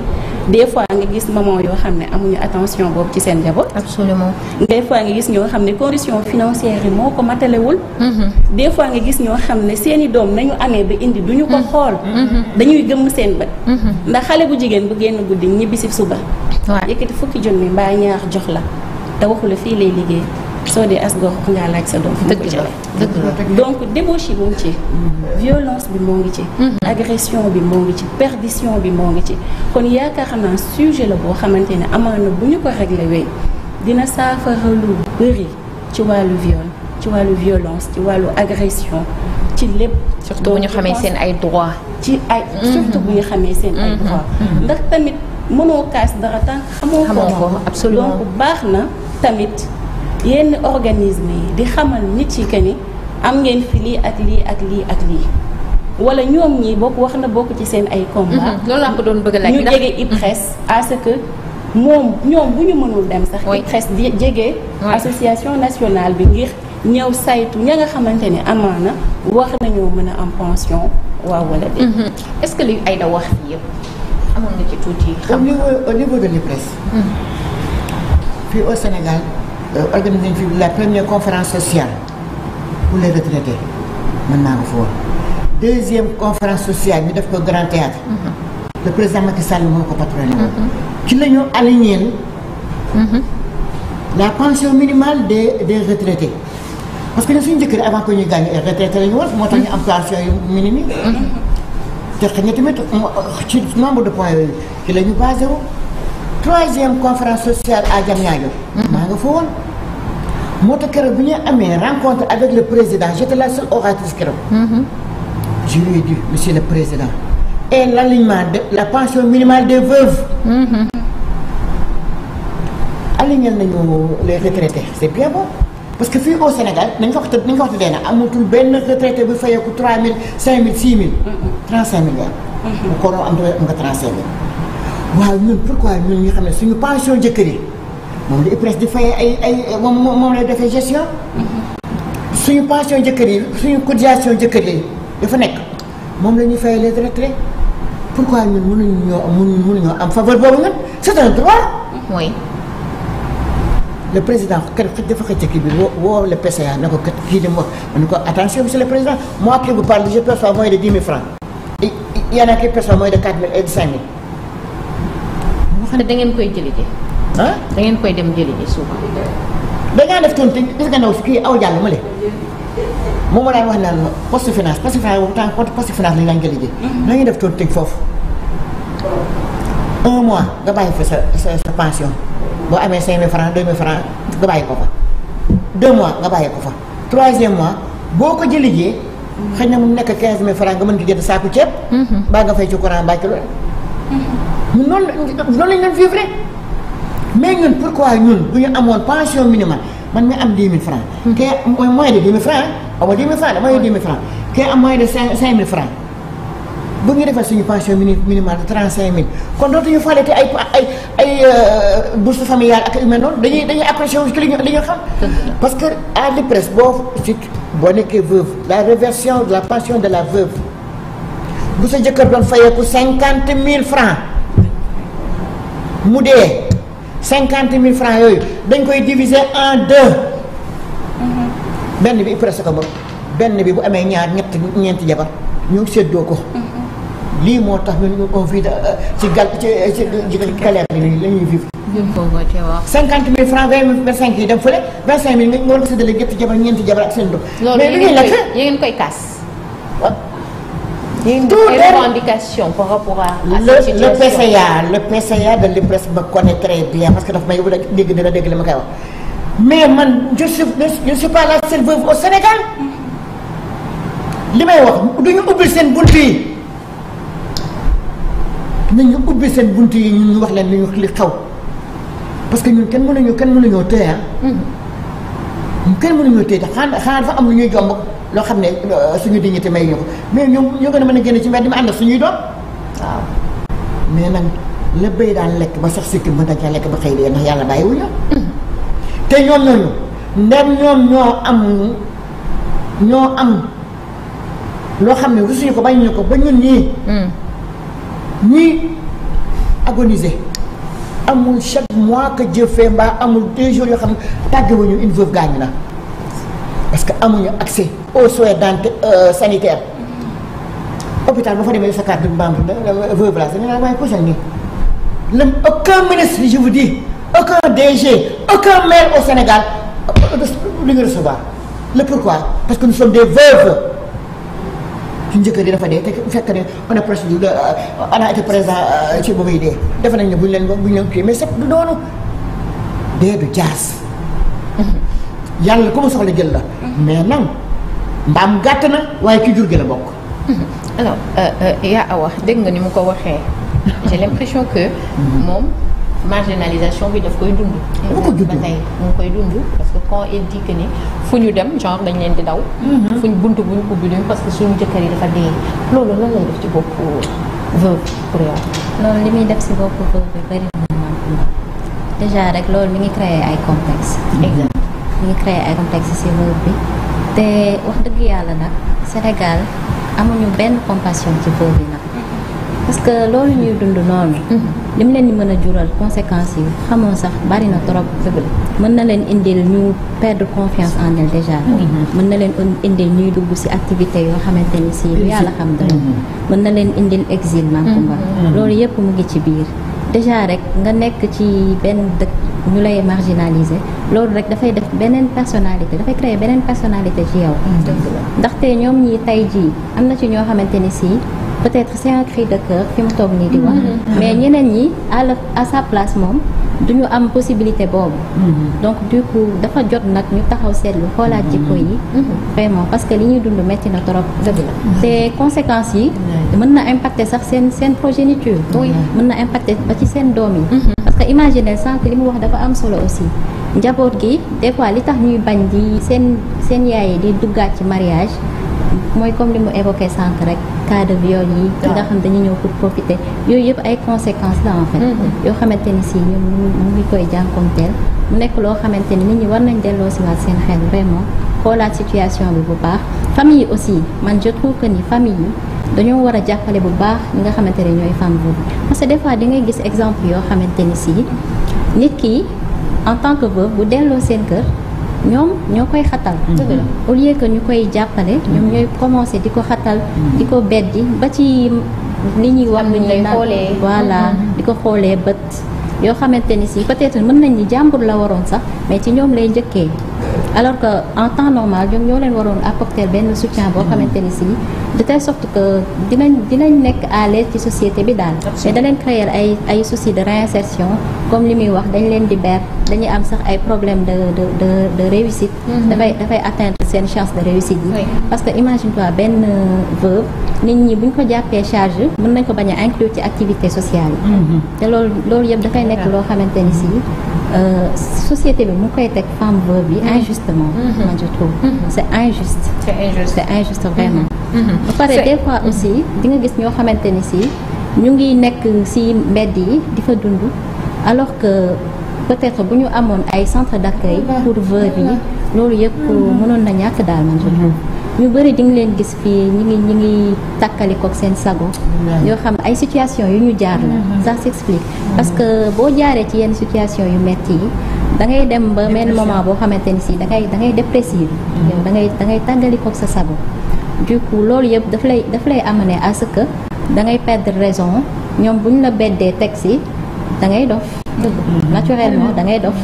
des fois nga gis maman yoo xam ne amuñu attention boobu ci seen njaboot. absolument des fois nga gis ñoo xam ne condition financière yi moo ko matalewul. Mm-hmm. des fois nga gis ñoo xam ne seeni doom nañu amee ba indi duñu ko mm-hmm. xool. Mm-hmm. dañuy gëmm seen bët. ndax xale bu jigéen bu génn guddi ñibbi si suba. waaw yëkkati fukki junni mbaa ñaar jox la te waxu la fii lay liggéey. soo dee as gox ngaa laaj sa doom. dëgg la dëgg la donc débauche yi mu ngi ci. violence bi moo ngi ci. Mhm. agression bi moo ngi ci perdition bi moo ngi ci kon yaakaar naa sujet la boo xamante ne amaana bu ñu ko réglé wey dina saafara lu bëri ci wàllu viol ci wàllu violence ci wàllu agression ci lépp. surtout bu ñu xamee seen ay droit ci ay mhm. surtout bu ñu xamee seen ay mhm. droit ndax tamit mënoo kaas dara tànk xamoo ko absolument baax na tamit. yenn organisme yi di xamal nit yi que ni am ngeen fi lii ak lii ak lii ak lii wala ñoom ñi bokk wax na bokk ci seen ay combat mhm, loolu laa ko doon bëgg laaj ñu jege IPRES à que moom ñoom bu ñu mënul dem sax IPRES jege association nationale bi ngir ñëw saytu ña nga xamante ne amaana wax nañoo mën a am pension waaw wala déet mhm. est-ce que li ay da wax yi yëpp amoon na ci tuuti xam au niveau de l'IPRES mhm. fii au Sénégal Euh, organisé nañ la première conférence sociale pour les retraités mën naa ko fa woon deuxième conférence sociale ñu def ko grand théâtre mhm. le président Macky Sall moo ko patrolé mhm. ci la ñu aligné mhm. la pension minimale des des retraités parce que ñun suñu njëkk avant que ñuy gagné ay retraité la ñu moo tax ñu am pension yu minime te xëy na tamit euh, ci nombre de point yooyu ci la ñu troisième conférence sociale à Diamniadio hmm? maa nga fa woon moo tax keroog bi ñu amee rencontre avec le président j'étais la seule oratrice keroog hmm? je lui ai dit monsieur le président et l'alignement de la pension minimale des veuves hmm? alignal nañu les retraités c'est bien bon parce que fii au Sénégal nañ ko wax nañ ko wax dee na amatul benn retraité bu fayeeku 3000 5000 6000 35000 mille bu kooroo am am nga 35000 waaw ñun pourquoi ñun ñu xam ne suñu pension jëkkër yi moom la IPRES ay ay moom moom lay defee gestion. suñu pension jëkkër yi suñu cotisation jëkkër yi dafa nekk moom la ñuy fay les retraités pourquoi ñun mënuñu ñoo mënuñoo am faveur boobu nag c'est un droit. oui. le président kat dafa xëcc kii bi woo woo le PCA na ko kat kii di mu wax ne ko attention monsieur le président moi qui vous parle je perçois moins de dix mille francs. et y en a qui perçoit de quatre mille et de cinq te da ngeen koy jëli ji. da ngeen koy dem jëli ji suuf. da ngaa def tontu gis nga ndaw kii aw jàll ma le moom moo daan wax naan poste finance poste finance boobu temps poste finance lañu daan jëli ji. na ñuy mois nga bàyyi sa sa sa boo amee cinq mille francs nga bàyyi ko fa. deux mois nga bàyyi ko fa troisième mois boo ko jëli jee mhm. xëy na mu nekk quinze mille francs nga mën ci jënd saaku ceeb. Mhm. mbaa nga fay ci courant mbaa noonu noonu lañ doon vivre mais ñun pourquoi ñun bu ñu amoon pension minimum man mi am 10 mil francs kee mooy moyen de 10 000 francs aw ma 10 000 francs kee am moyen de 5 5 francs bu ñu defal suñu pension minimale de 35000 kon dootuñu fàllate ay ay ay euh, bourse familiale ak yu mel dañuy dañuy accroché wu ci li ñu li ñu xam. parce que à l'IPRES boo si boo nekkee veuve la réversion de la pension de la veuve bu sa jëkkër doon fayeeku 50000 francs mu dee cinquante mille francs yooyu dañ koy diviser en deux benn bi presque ko benn bi bu amee ñaar ñett ñeenti jabar ñu séddoo ko lii moo tax ñun on vit ci gal ci ci galère bi la vivre. cinquante mille francs vingt mille vingt cinq yi dem fële vingt cinq mille nga war ko séddale ñetti jabar ñeenti jabar ak seen doom. mais ngeen koy kaas. revendications par rapport à. à cette situation le PCA le PCA de l'IPRES me connaît très bien parce que daf may wut dégg dina dégg li ma koy wax mais man je suis je suis pas la seule veuve Sénégal li may wax du ñu ubbi seen bunt yi nañu ubbi seen bunt yi ñu wax leen li ñu li parce que ñun kenn mënuñu kenn mënuñoo téye ah. Mm-hmm. kenn mënuñoo téye te xanaa xanaa dafa am lu ñuy jomb. loo xam ne euh, suñu dignité may ñu ko mais ñu ñu gën mën a génn ci mbedd mi ànd ak suñuy doom waaw mais nag la béy daan lekk ba sax sikki mën na ca lekk ba xëy dee ndax yàlla bàyyiwul ñoo te ñoom ñooñu ndem ñoom ñoo am ñoo am loo xam ne rusuñu ko bañ bañuñu ko ba ñun ñii mm. ñii agoniser amul chaque mois que Dieu fait mbaa amul deux jours yoo xam ne tàggewuñu une veuve gaañu na parce que amuñu accès aux soins dentaires euh, sanitaires hôpital boo fa demee sa carte membre de veuve la dañu naan waaye posal nii le aucun ministre je vous dis aucun DG aucun maire au Sénégal euh, lu ñu recevoir le pourquoi parce que nous sommes des veuves ci njëkkër di dafa dee te bu fekkee ne on a procédure de euh, on a présent ci boobu yi dee defe nañ ne bu ñu leen bu ñu leen kii mais c'est du noonu dee du jaas mm-hmm. yàlla ku mu soxla jël la mm-hmm. mais nag mbaam gàtt na waaye ci jur gi la bokk. alors euh, euh, yaa wax dégg nga ni mu ko waxee. j'ai l'impression que. Mhm. moom marginalisation bi daf koy dund. mu ko dund mu ngi koy dund parce que quand il dit ni fu ñu dem genre dañ leen di daw. Mhm. fuñ bunt bu ñu ubbi duñ parce que suñu jëkkër yi dafa dee loolu lan la ci bopp veuve pour yow. loolu li muy def si bopp veuve bi bëri déjà rek loolu mu ngi créer ay complexe. exactement mi ngi créer ay complexe si veuve bi. te wax dëgg yàlla nag Sénégal amuñu benn compassion ci pauvres nag parce que loolu ñuy dund noonu mhm. li mu leen di mën a jural conséquences yi xamoo sax bari na trop mën na leen indil ñu perdre confiance en elle déjà mhm. mën na leen indil ñuy dugg ci activité yoo xamante ni si lu yàlla xam dara mhm. mën na leen indil exil Macoumba loolu yëpp mu ngi ci biir déjà rek nga nekk ci benn dëkk ñu lay marginaliser loolu rek dafay def beneen personnalité dafay créer beneen personnalité ci yow. Mm-hmm. ndaxte ñoom ñi tey jii am na ci ñoo xamante ni si peut-être c'est un cri de cœur fi mu toog nii di wax. Mm-hmm. Mm-hmm. mais ñeneen ñi à la à sa place moom. duñu am possibilité boobu donc du coup dafa jot nag ñu taxaw seetlu xoolaat jikko yi vraiment parce que li ñuy dund métti na trop dëgg la te conséquences yi mën na impacter sax seen seen progéniture mën na impacter ba ci seen doom yi te imaginer sànq li mu wax dafa am solo aussi njaboot gi des fois li tax ñuy bañ di seen seen yaay yi di duggaat ci mariage mooy comme li mu évoqué sànq rek cas de viol yi nga ah. xam dañu ñëw pour profiter yooyu yëpp ay conséquences la en mm-hmm. yoo xamante ni si ñu mu ngi koy jànkonteel mu nekk loo xamante ni nit war nañ delloo si waat seen xel vraiment xoolaat situation bi bu baax famille aussi man je trouve que ni famille yi dañoo war a jàppale bu baax ñi nga xamante ne ñooy femme veuve parce que des fois di gis exemple yoo xamante ni si nit ki en tant que veuve bu delloo seen kër ñoom ñoo koy xatal au lieu que ñu koy jàppale ñoom ñooy commencé di ko xatal di ko beddi ba ci li ñuy wax luñ lay xoolee voilà mm-hmm. di ko xoolee bët yoo xamante ni si peut-être mën nañ ni jàmbur la waroon sax mais ci ñoom lay njëkkee alors que en temps normal ñoom ñoo leen waroon apporter benn soutien boo mm-hmm. xamante ni si de telle sorte que dinañ dinañ nekk à l'aise ci société bi daal mais da créer ay ay souci de réinsertion comme li muy wax dañ leen di ber dañuy am sax ay problème de de de de réussite mhm. dafay dafay atteindre seen chance de réussite yi parce que imagine toi benn euh, veuve nit ñi buñ ko jàppee charge mën nañ ko bañ a ci activité sociale yi mhm. te lool loolu yëpp dafay nekk loo xamante ni si Euh, société bi mu koy teg femme veuve bi mhm. injustement. man je trouve. c'est injuste. c'est injuste Mhm. ba pare des fois mhm. aussi di nga gis ñoo xamante ni si ñu ngi nekk si mbedd yi di fa dund alors que peut-être bu ñu amoon ay centre d'accueil mhm. pour veuve yi loolu yëpp mënoon na ñàkk daal man ñu bëri di nga leen gis fii ñi ngi ñi ngi tàkkalikook seen sago yoo xam ay situation yu ñu jaar la ça s'explique parce que boo jaaree ci yenn situation yu metti yi da ngay dem ba benn moment boo xamante ni si da ngay da ngay dépressif yow da ngay da ngay tàggalikook sa sago du loolu yëpp daf lay daf lay amener à ce que da ngay perdre raison ñoom bu ñu la beddee teg si dangay ngay dof naturellement mm-hmm. da ngay dof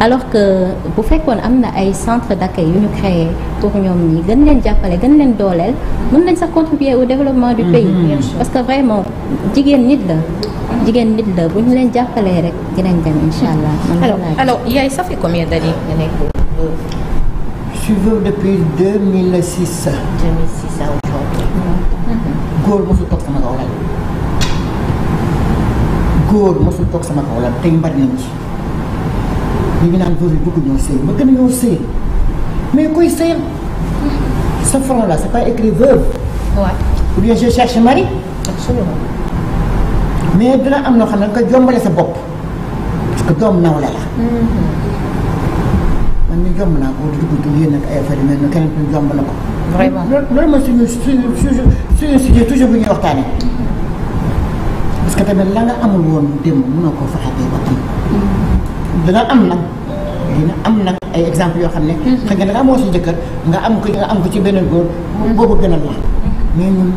alors que bu fekkoon am na ay centre d'accueil yu ñu créé pour ñoom ñi gën leen jàppale gën leen dooleel mën nañ sax contribuer au développement du pays mm-hmm. parce que vraiment jigéen nit la jigéen nit la bu ñu leen jàppalee rek dinañ dem incha allah alors alors yaay ça fait combien nga nekk toujours depuis 2006. 2006 à aujourd'hui. góor mosul toog sama kaw lal góor mosul toog sama kaw lal tey mbar nañ ci li ñu naan góor yi bëgg ñoo sëy ma gën a ñoo sëy mais koy sëyal sa front là c'est pas écrit veuve. waaw ou mari. mais dina am loo xam ne nga jombale sa bopp parce que doom nawle la. Mm-hmm. jomb naa ko dugg di yéen ak yu mel ku jomb na ko. vraiment loolu mooy suñu suñu suñu sujet toujours bu ñuy waxtaanee. parce que tamit la nga amul woon démb mënoo ko fexe ba am. Mm. dina am nag dina am nag ay exemple yoo xam ne. xëy na da nga amoo si jëkkër nga am ko am ko ci beneen góor. Mm-hmm. boobu gënal la. Mm-hmm. mais ñun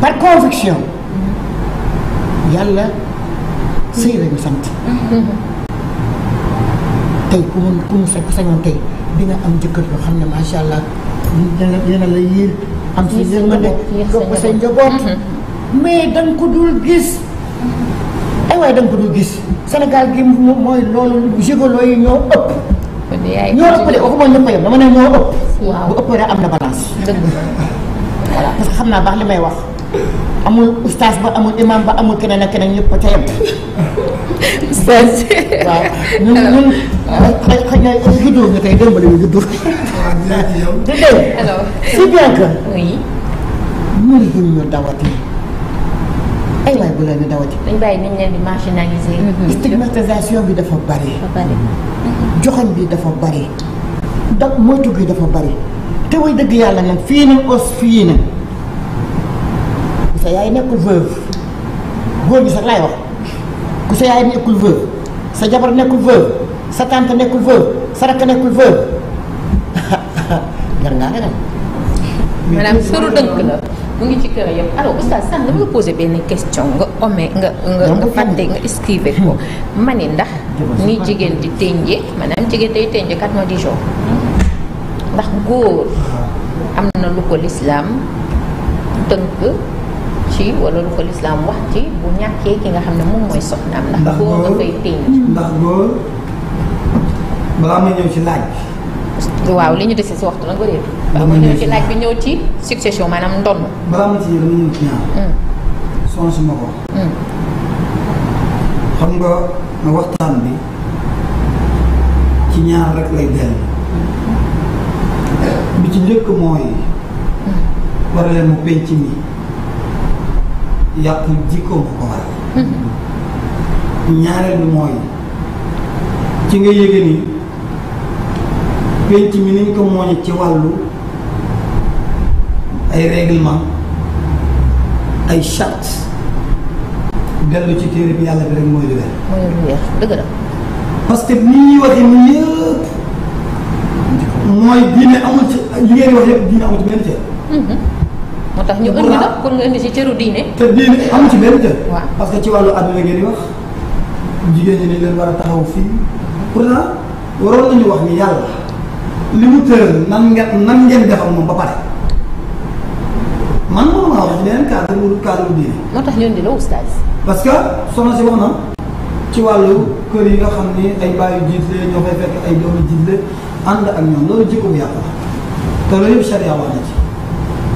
par conviction. Mm-hmm. yàlla sëy lañu sant. tey ku mu ku mu sa ku sañoon tey. dina am jëkkër yoo xam ne macha allah dina la yiir am si yërmande jox ko sa njaboot mm-hmm. mais da ko dul gis ay waay da nga ko dul gis Sénégal gi mooy loolu gigolo yi ñoo ëpp ñoo ëppale waxuma ñëpp yem dama ne ñoo ëpp bu ëpp rek am na balance voilà parce xam naa baax li may wax amul ustaas ba amul imam ba amul keneen a keneen ñëpp a ca yem. ustaas. waaw ñun ñun xëy na juddoo nga tey démb dawati. ay bu la dawati. dañ bàyyi nañ leen di marginaliser. Mm-hmm. stigmatisation bi dafa bari. dafa bari. Mm-hmm. joxoñ bi dafa bari. daf moytu gi dafa bari. te way dëgg yàlla nag fii nii os fii nii. sa yaay nekkul veuve góor ñi sax laay wax ku sa yaay nekkul veuve sa jabar nekkul veuve sa tante nekkul veuve sa rakk nekkul veuve jar ngaa dënk la mu ngi ci kër yëpp alors oustaz sànq dama la posé benn question nga omee nga nga fàtte nga esquivé ko ma ndax ni jigéen di ténje maanaam jigéen day ténje quatre mois dix ndax góor am na lu ko lislaam tënk ci wala lu ko lislaam wax ci bu ñàkkee ki nga xam ne moom mooy soxnaam ndax góor nga koy téñ ndax góor balaa ma ñëw ci laaj bi waaw li ñu defee si waxtu nag bëreetu balaa ñëw ci laaj bi ñëw ci maanaam ndonn balaa ma ci ñëw ci ñaar hmm. son suma ko hmm. xam nga na waxtaan bi ci ñaar rek lay dellu hmm. bi ci njëkk mooy war mu penc mi yàqu jikko moo ko waral ñaareel mooy ci nga yége nii penc mi niñ ko mooñe ci wàllu ay règlement ay charte dellu ci téere bi yàlla bi rek mooy lu dëgg la. parce que ni ñuy waxee nii yëpp. mooy diine amul ci li ngeen wax yëpp diine amul ci benn ceeb. moo tax ñu indi la pour nga indi ci cëru diine. te diine amu ci benn cër. waaw parce que ci wàllu àdduna ngeen di wax jigéen ñi dañ leen war a taxaw fii pourtant waroon nañu wax ni yàlla li mu tëral nan ngeen nan ngeen defar moom ba pare man moom maa wax leneen cadre wu cadre wu diine. moo tax ñu indi la oustaz. parce que soxna si wax na ci wàllu kër yi nga xam ni ay bàyyi jiitle ñoo fay fekk ay doomu jiitle ànd ak ñoom loolu jikko bu yàlla te loolu yëpp charia wax na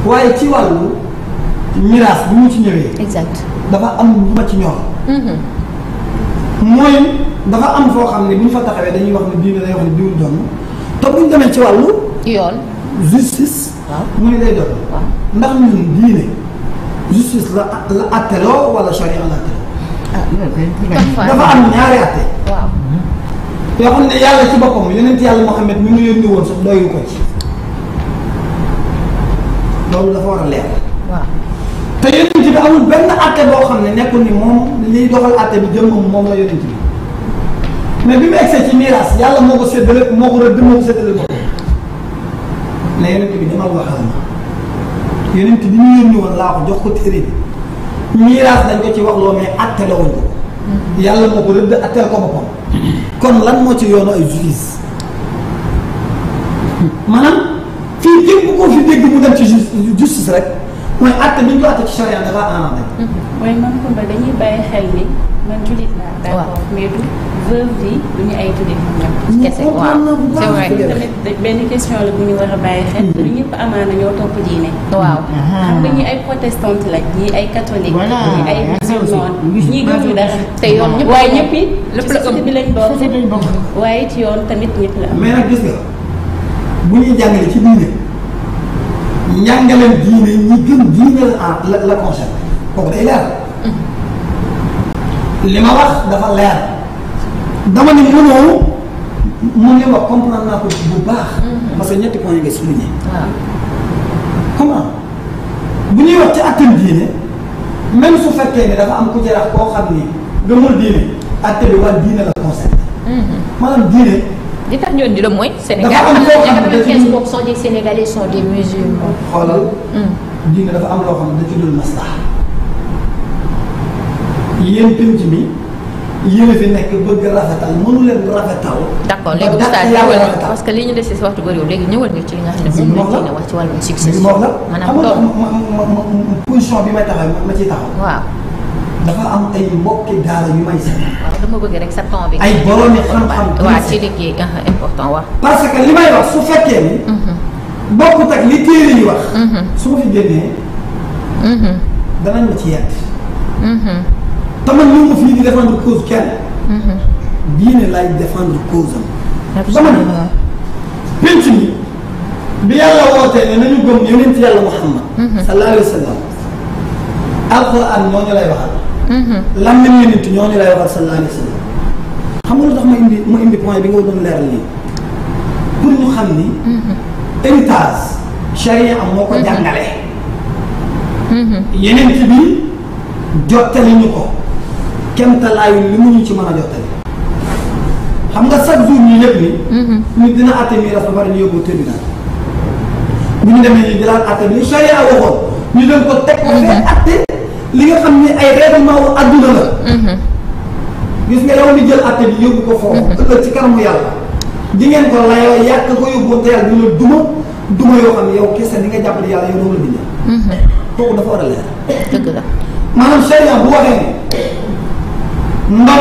waaye ci wàllu miraas bi mu ci ñëwee. exact dafa am lu ma ci ñor. Mm-hmm. mooy dafa am foo xam ne bu ñu fa taxawee dañuy wax ne diine day wax ne diwul doon te bu ñu ci wàllu. yoon justice. waaw mu ngi lay doon. ndax diine justice la la atteloo wala charia la atteloo. ah dafa am ñaari atte. waaw yoo xam ne yàlla ci boppam yonent yàlla Muhammad mi ngi yónni woon sax doyul ko ci. loolu dafa war a leer. waaw te yonent bi amul benn atte boo xam ne nekkul ni moom liy doxal atte bi jëmmam moom la yonent bi mais bi mu egsee ci miraas yàlla moo ko séddale moo ko rëdd moo ko séddale ko bi demal waxal bi ñu yónni laa ko jox ko téere bi miraas dañ ko ci wax loo mais atte la woon ko mm-hmm. yàlla moo ko rëdd atteel ko boppam kon lan moo ci yoonu ay justice maanaam fii képp koo fi dégg mu dem ci justice rek mooy man ko mhm. ba dañuy bàyyi xel ni man jullit laa. d'accord mais du veuve bi du ñu ay jullit ñoom. kese waaw c'est vrai tamit benn question la bu ñu war a mhm. ñëpp amaana ñoo topp diine. waaw xam nga ñi ay ay catholique. ñi ay musulman ñi gëmuñu dara. te yoon ñëpp waaye ñëpp yi. lépp la bi waaye ci yoon tamit ñëpp la am. mais nag gis nga bu ñuy jàngale ci diine njàngaleen diine ñi gën diine la la la concerné kooku leer mm-hmm. li ma wax dafa leer dama ni mënoo mun li wax naa ko bu baax mm-hmm. parce que ñetti points nga souligné comment bu ñuy wax ci attem diine même su fekkee ni dafa am ku jarax koo xam ni gëmul diine atte bi waa diine la concerné mm-hmm. maanaam diine di tax ñoon di la mooy. Sénégal quatre-vingt-quinze pour cent des Sénégalais sont xoolal. Hmm. diine dafa da ci dul maslaha. yéen pénc mi yéen fi nekk bëgg rafetal mënu leen rafetal. d' accord léegi oustaz ñëwal parce que li ñu dese si léegi ñëwal ñu ci li nga xam ne moom la diine wax ci wàllum succession. maanaam tool bi may taxaw ma ci taxaw. waaw dafa am ay mbokki daara yu may seet. ko bëggee rek sa temps bi. ay boroomi xam-xam waaw ci liggéey ah, important waaw. parce que li may wax su fekkee ni. Mm-hmm. bokkut ak li téere yi wax. Mm-hmm. su ma fi génnee. Mm-hmm. danañ ma ci yàq. te man ñu ngi fi di défendre cause kenn. diine laay défendre cause am. absolument dama ne penc mi bi yàlla wootee ne nañu gëm yonent yàlla Muhammad. sallallahu alayhi wa sallam. alquran moo ñu lay waxal. lan lañ leen nit ñoo ñu lay waxal sallallahu alayhi xam nga lu tax ma indi ma indi point bi nga doon leeral nii pour ñu xam ni. Mm-hmm. héritage charia moo ko mm-hmm. jàngale. Mm-hmm. yeneen ci bi jottali ñu ko kemtalaayu li mu ñu ci mën a jottali. xam nga chaque jour ñu yëpp ni. nit dina àtte miiras ba pare ñu yóbbu tribunal. bu ñu demee nii di daan àtte ni charia waxoon ñu doon ko teg ko fee àtte. li nga xam ne ay règlement wu adduna la. Mhm. gis nga yow mi jël atte bi yóbbu ko foofu. Mhm. ëllëg ci kanamu yàlla. di ngeen ko layoo yàq ko yóbbuwoon te yàlla dina duma duma yoo xam ne yow kese ni nga jàpp ne yàlla yow doo la mhm. kooku dafa war a leer. bu waxee ñu ci war a yàlla ni ma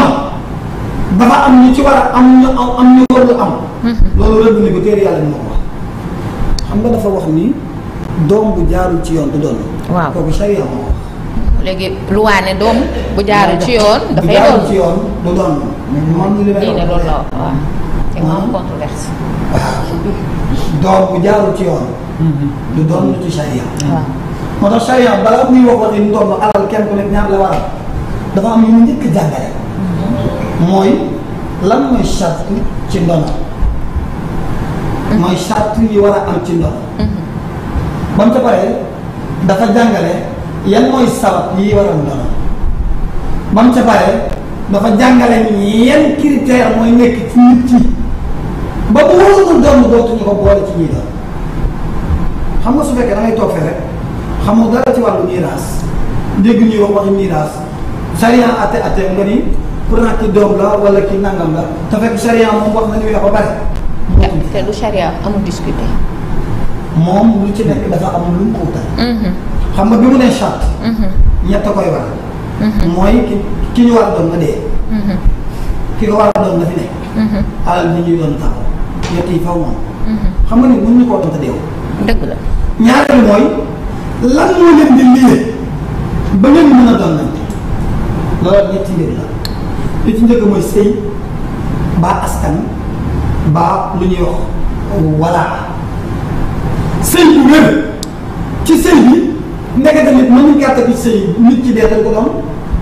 wax. xam nga dafa wax ni doom bu jaarul ci yoon du doon. waaw kooku sharia moo wax. léegi luwaa ne doom bu jaarul ci yoon. dafay doon bu jaarul ci yoon du doon diine loolu la waaw mmh. doom bu jaarul ci yoon. Mmh. du doon ci charia. Mmh. waaw moo tax charia balaa muy waxoon ni doon alal kenn ku nekk ñaar la waral dafa am lu mu njëkk jàngale. mooy lan mooy charte ci ndono. mooy charte yi war a am ci ndono. ba ca paree dafa jàngale. yan mooy sabab yi waral loolu ba mu ca paree dafa jàngale ni yan critère mooy nekk ci nit ba bu wóorul doon dootuñu ko boole ci ñuy doon xam nga su fekkee da ngay toog fee rek xamoo dara ci wàllu miraas dégg ñuy wax waxi miraas sariya atte atte nga ni pourtant ki doom la wala ki nangam la te fekk sariya moom wax na ni wax ba pare. te lu sariya amul discuter. moom lu ci nekk dafa am lu mu xam nga bi mu nee charte. Mhm. ñett a koy waral. Mhm. mooy ki ki ñu war a doon dee. Mhm. ki ko war a doon fi nekk. alal bi ñuy doon taxaw ñett yi faw moom. xam nga ni mën ñu koo doon te dëgg la ñaareel mooy lan moo leen di liggéey ba ngeen mën a doon nañ loolu ñetti mbir la li ci njëkk mooy sëy baa askan baa lu ñuy wax walla sëy bu wér ci sëy bi nekk tamit mënuñ gàttal ci sëy nit ci dee dañ ko doon.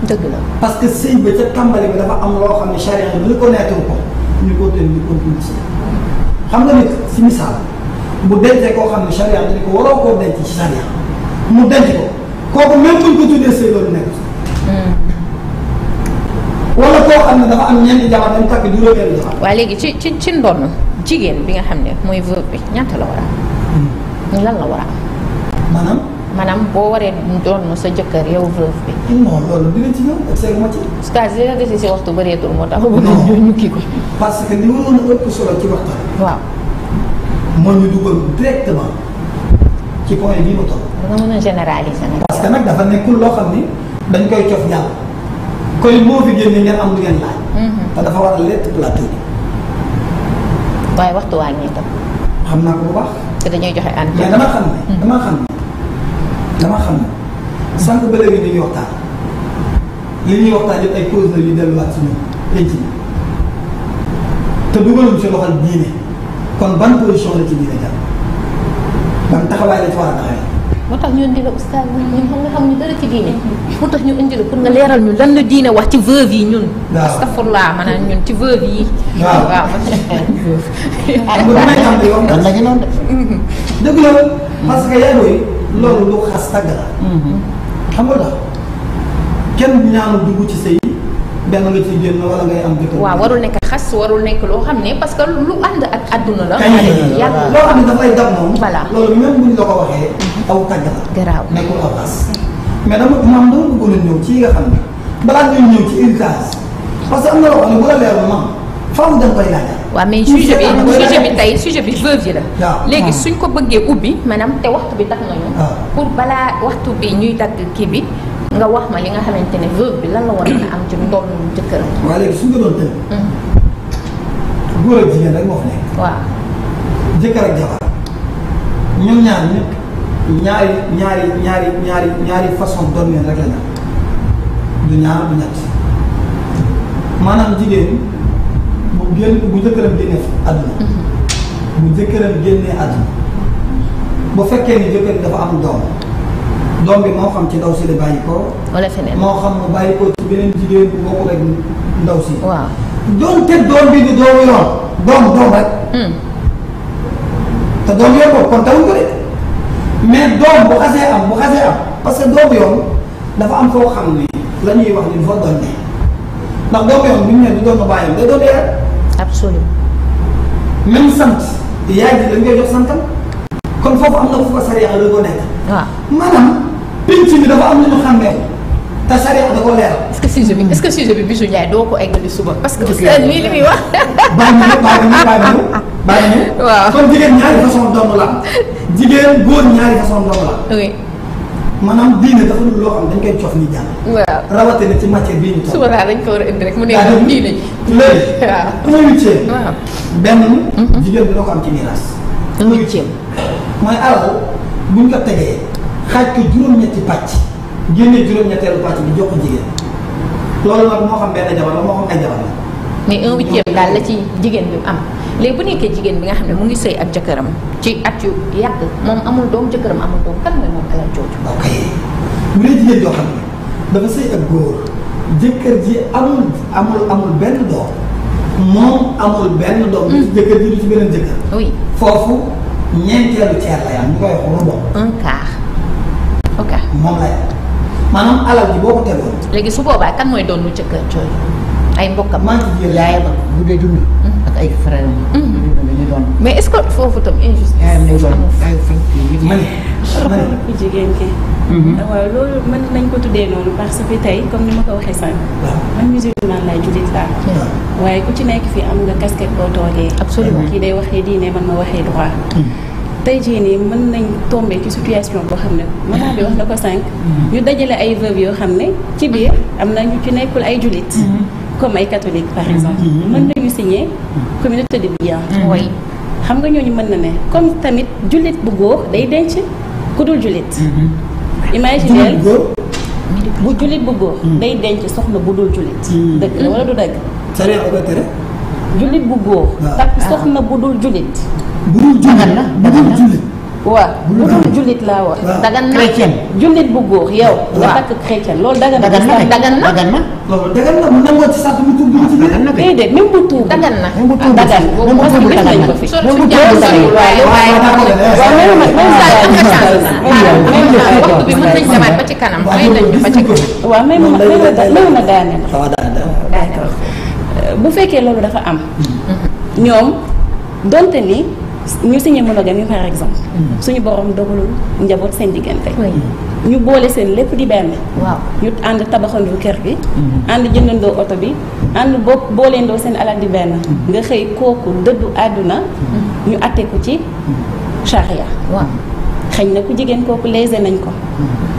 dëgg la parce que sëy ba ca tàmbali bi dafa am loo xam ne charia bi ko ñu ko teel xam nga nit si bu koo xam ne charia dañ ko waroo koo mu denc ko kooku hmm. koo xam ne dafa am ñeenti jabar dañ takk juróomeelu jabar. waaw léegi ci ci ci ndonn jigéen bi nga xam ne mooy veuve bi ñaata la war a am. Hmm. lan la war a am. maanaam. maanaam boo waree doon sa jëkkër yow veuve bi. non loolu dina ci ñëw seeg ma ci. oustaz dina dese si waxtu bëreetul moo tax. non ñu kii ko. parce que li ma mën solo ci waxtaan. waaw. ñu dugal directement ci point bii ma toll. da nga a généraliser parce que nag dafa nekkul loo xam ni dañ koy cof jàll. koy moo fi génne ngeen am lu ngeen laaj. Mm-hmm. te dafa war a lett plateau waaye waxtu waa ngi tam. xam naa ko bu baax. te dañuy joxe antenne. mais dama xam ne mm-hmm. dama xam ne. dama xam ne sànq ba léegi dañuy waxtaan li ñuy waxtaan yëpp ay cause la yu delluwaat suñu penc mi te dugalum si loxol diine kon ban position la ci diine jàpp ban taxawaay la ci war a taxawee. moo tax ñu indi la oustaz ñun xam nga xam ñu dara ci diine mm-hmm. moo tax ñu indi la pour nga leeral ñu lan la diine wax ci veuve yi ñun. waaw astafurlaa a ñun ci veuve yi. waaw waaw. am na lu may xam ne yow. Mm-hmm. dëgg la parce que yaa ngi loolu lu xas tagg la mhm. xam nga tax kenn ñaanu dugg ci sëy benn nga ciy génn wala ngay am jëkkër waaw warul nekk xas warul nekk loo xam ne parce que lu ànd ak àdduna la yàgg loo xam ne dafay dab moom voilà loolu même buñ la ko waxee aw tagg la garaaw nekkul aw xas mais dama maam dama bëggoon a ñëw ci yi nga xam ne balaa ñuy ñëw ci héritage parce que am na loo xam ne bu la leerul maam faaw da nga koy laajal waaw mais sujet bi sujet bi tey sujet bi veuve la. Ah. léegi ah. suñ ko bëggee ubbi maanaam te waxtu bi tax nañu. Ah. pour balaa waxtu bi ñuy dagg kii bi nga wax ma li nga xamante ne veuve bi lan la war am ci ndoom jëkkër. waaw léegi suñ ko doon tënk. Hmm. góor jigéen rek moo fi nekk. waaw. jëkkër ak jabar ñoom ñaar ñëpp ñaari ñaari ñaari ñaari ñaari façon dormir rek la ñu am du ñaar du ñett maanaam jigéen. bu génn bu jëkkëram génnee àdduna mhm. bu jëkkëram génnee àdduna bu fekkee ni jëkkër dafa am doom doom bi moo xam ci ndaw si la bàyyi ko wala feneen moo xam mu bàyyi ko ci beneen jigéen bu bokkul rek ndaw si waaw doonte doom bi doom doom rek hmm. te doom yoon ko de mais doom bu xasee que doomu yoon dafa am koo xam ni la wax ni dafa doon ne ndax doomu yoon bu ñu ne du doon bàyyam day doon dee rek absolument. même sant yaay ji dañ ngay jox santam. kon foofu am na fu ko sariya reconnaître. waaw maanaam pénc bi dafa am lu ñu xàmmee te sariya da koo leeral. est-ce que sujet bi est-ce que sujet bi bisu Ndiaye doo ko eggali suba. parce que ustaz mii li muy wax. bàyyi ñu bàyyi ñu bàyyi ñu bàyyi ñu. waaw kon jigéen ñaari façon dong la jigéen góor ñaari façon dong la. dañ koy jox ni jàng. waaw rawatina ci matière bii ñu toog. suba daal dañ ko war a rek mu nekk diine ji. léegi. waaw un huitième. waaw ah. benn. jigéen bi doo ko am ci miiras. un huitième. mooy alal buñ ko tegee xaaj ko juróom-ñetti pàcc génne juróom-ñetteelu pàcc bi jox ko jigéen loolu nag moo xam benn jabar la moo xam ay jabar la. mais un huitième daal la ci jigéen bi am léegi bu nekkee jigéen bi nga xam ne mu ngi sëy ak jëkkëram ci at yu yàgg moom amul doom jëkkëram amul doom kan mooy moom alal jooju. ok bu dee jigéen joo xam ne dafa sëy ak góor. jëkkër ji amul amul amul benn doom moom amul benn doom. Mm. jëkkër ji du ci beneen jëkkër. oui foofu ñeenteelu ceer la yam ñu koy wax rubo. un quart. ok moom la yam alal ji boo ko tegoon. léegi su boobaa kan mooy doon lu jëkkër jooju ay mbokkam. maa ngi jël yaayam bu dee dund. Mm. ak ay frères mais est-ce que foofu tam injustice. man ku jigéen ki. Mhm. Ah, waaw mën nañ ko tuddee noonu parce que tey comme ni ma ko waxee sànq. man musulman laa jullit laa. waaye ku ci nekk fii am nga casquette boo toogee. absolument kii day waxee diine man ma waxee droit. Mhm. tey jii nii mën nañ tombé ci situation boo xam ne maman bi wax na ko sànq. Mhm. ñu dajale ay veuve yoo xam ne ci biir am na ñu ci nekkul ay jullit. comme ay catholique par exemple. mën nañu signer communauté de biens. xam nga ñooñu mën na ne comme tamit jullit bu góor day denc ku dul jullit. Mhm. imagineel bu jullit bu góor. Mhm. day denc soxna bu dul jullit. Mhm. dëgg la wala du dëgg. sariya ko tere. jullit bu góor. takk soxna bu dul jullit. bu dul jullit bu dul jullit. waaw bu dul jullit laa wax. dagan na chrétien jullit bu góor yow. nga takk chrétien loolu dagan na. dagan na dagan na dagan na. loolu dagan na bu tuub dagan na. même bu tuub dagan boobu parce que def ko fi. même bu tuub dagan na waaye waaye ci kanam. may nañu ba ci kanam. waaw même ma même ma daane ma. d'accord bu fekkee loolu dafa am. Hmm. ñoom donte ni. ñu signé monogame yi par exemple. Mm-hmm. suñu boroom dogalul njaboot seen diggante. ñu boole seen lépp di benn. waaw ñu ànd tabaxandoo kër gi. Mm-hmm. ànd jëndandoo oto bi. ànd boo booleendoo seen alal di benn. Mm-hmm. nga xëy kooku dëddu àdduna. ñu atte ko ci charia. waaw xëy na ku jigéen kooku lésé nañ ko.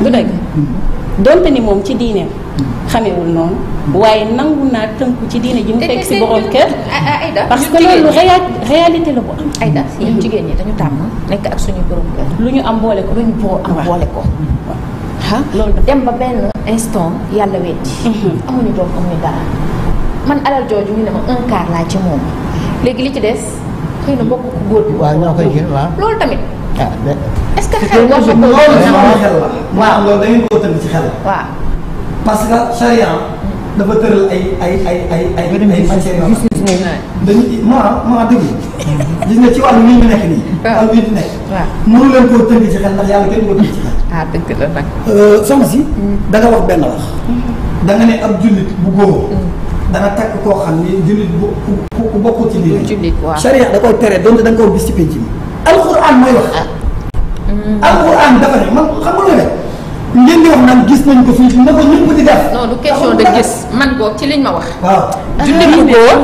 du dëgg. donte ni moom ci diineem xamewul noonu hmm. waaye nangu naa tënku ci diine ji mu fekk si borom kër parce que loolu réalité la bu am Aïda ñun hmm. jigéen ñi dañu tàmm nekk ak suñuy borom kër lu ñu am boole ko lu boo am boole ko ah loolu dem ba benn instant yàlla weddi amuñu doom amuñu dara man alal jooju ñu ne ma un quart laa ci moom léegi li ci des xëy na mbokk góor bi waaw ñoo koy jël loolu tamit ah, est-ce que xel war na ko xel la. waaw loolu da ngeen ko tënk ci xel. waaw parce que charia dafa tëral ay ay ay ay ay ay matières yoo xam ne dañuy maa maa déglu. Mhm. gis nga ci wàllu nii ñu nekk nii. waaw wàllu nekk. waaw mënu leen koo tënk ci xel ndax yàlla kenn du ko tënk ci xel. ah dëgg la nag. Euh, soxna si. Mm. da nga wax benn wax. Mm. da nga ne ab jullit bu góor. Mm. dana takk koo xam ni jullit bu ku ku bokkul ci biir. jullit waaw charia da koy tere donte da nga koo gis ci penc mi. alxuraan mooy wax. Ah. alxuraan dafa ne man xam nga ne ngeen di wax naan gis nañ ko fii na ko ñëpp di def. non du question de gis man boog ci liñ ma wax. waaw jullit bu góor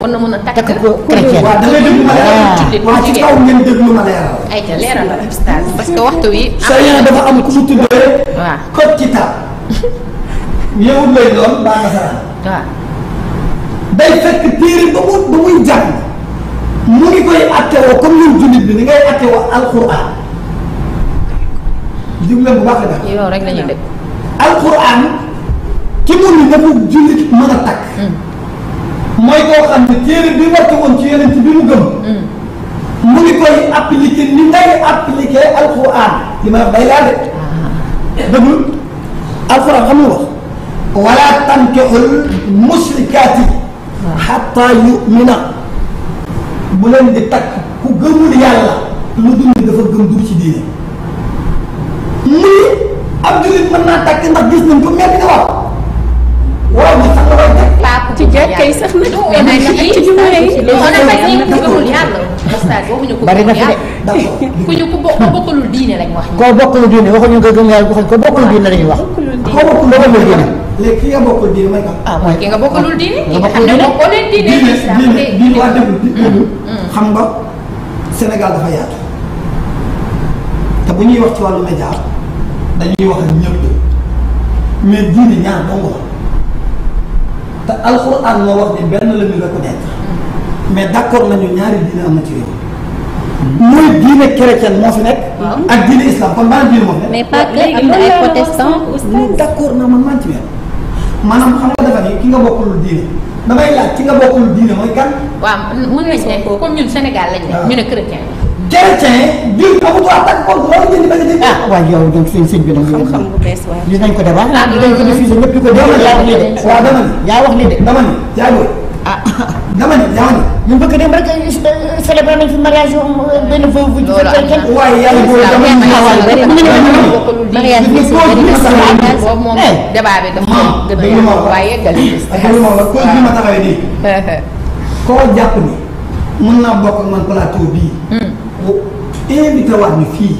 war na mën a takk ko chrétien. waaw ma leeral ah. waaw ci kaw ngeen ay ca la parce que waxtu wi. am dafa am ku mu tuddee. waaw code ci taal. yewut fekk téere ba mu ba muy jàng mu ngi koy attewoo comme ñun jullit bi ni ngay attewoo alxuraan. déglu leen bu baax la baax. yow rek la ñuy dégg. ki mu ni dafa jullit mën a takk. Mm. mooy koo xam ne téere bi wàcce woon ci yeneen bi mu gëm. Mm. mu ngi koy appliquer ni ngay appliquer alquran li ma bay laa de. Ah. déglu alquran xam nga wax. wala tankihul musrikaati xataa ah. yumina bu leen di takk ku gëmul yàlla lu dund dafa gëm dugg ci diine. lii ab jullit mën naa takk ndax gis nañ ko metti na wax waaw man sax la koy teg. waaw ci jàkkay sax nag. mais nag ci jumaa yi bari na fi de. ku ñu ko bokkalul diine lañ wax. koo bokkalul diine waxuñu ko gëm yàlla waxuñ ko bokkalul diine lañuy wax. koo bokkalul diine. léegi ki nga bokkal diine mooy kan. ah mooy ki nga bokkalul diine. ki nga xam ne bokkoo leen diine. diine diine waa déglu xam nga Sénégal dafa yaatu te bu ñuy wax ci wàllu média dañuy wax ak ñëpp mais diine ñaar dong la te alxuraan moo wax ni benn la ñu reconnaître mais d'accord nañu ñaari diine am na ci réew mooy diine chrétienne moo fi nekk. ak diine islam kon maanaam diine moo fi nekk. mais pas que am na ay protestants aussi. d'accord na man man ci weer maanaam xam nga dafa ni ki nga bokkul diine damay laaj ki nga bokkul diine mooy kan. waaw mën nañu ne lañu ne ah. ñu ne chrétien. chrétien bi amul waa tànk kooku war ngeen di bañ a dégg. ah waaw yow donc sëñ sëñ bi nag. xam-xam bu bees waay. dinañ ko def ah. dinañ ko diffusé ñëpp di ko déglu. yaa wax lii de waaw dama ni. yaa wax lii de dama ni yaa ngi ah dama ni yaa ngi. ñun bëgg dem rek célébré nañ fi mariage benn foofu. loolu am na waaye yàlla booy dama ni. waaw mariage bi si bëri na si mariage boobu moom eh. débat bi dafa ah. gën a yàgg waaye yeggali gis. ak lu ma wax cause bi ma taxawee nii. koo jàpp ni mën naa bokk ak man plateau bii. Hmm. invité wax ñu fii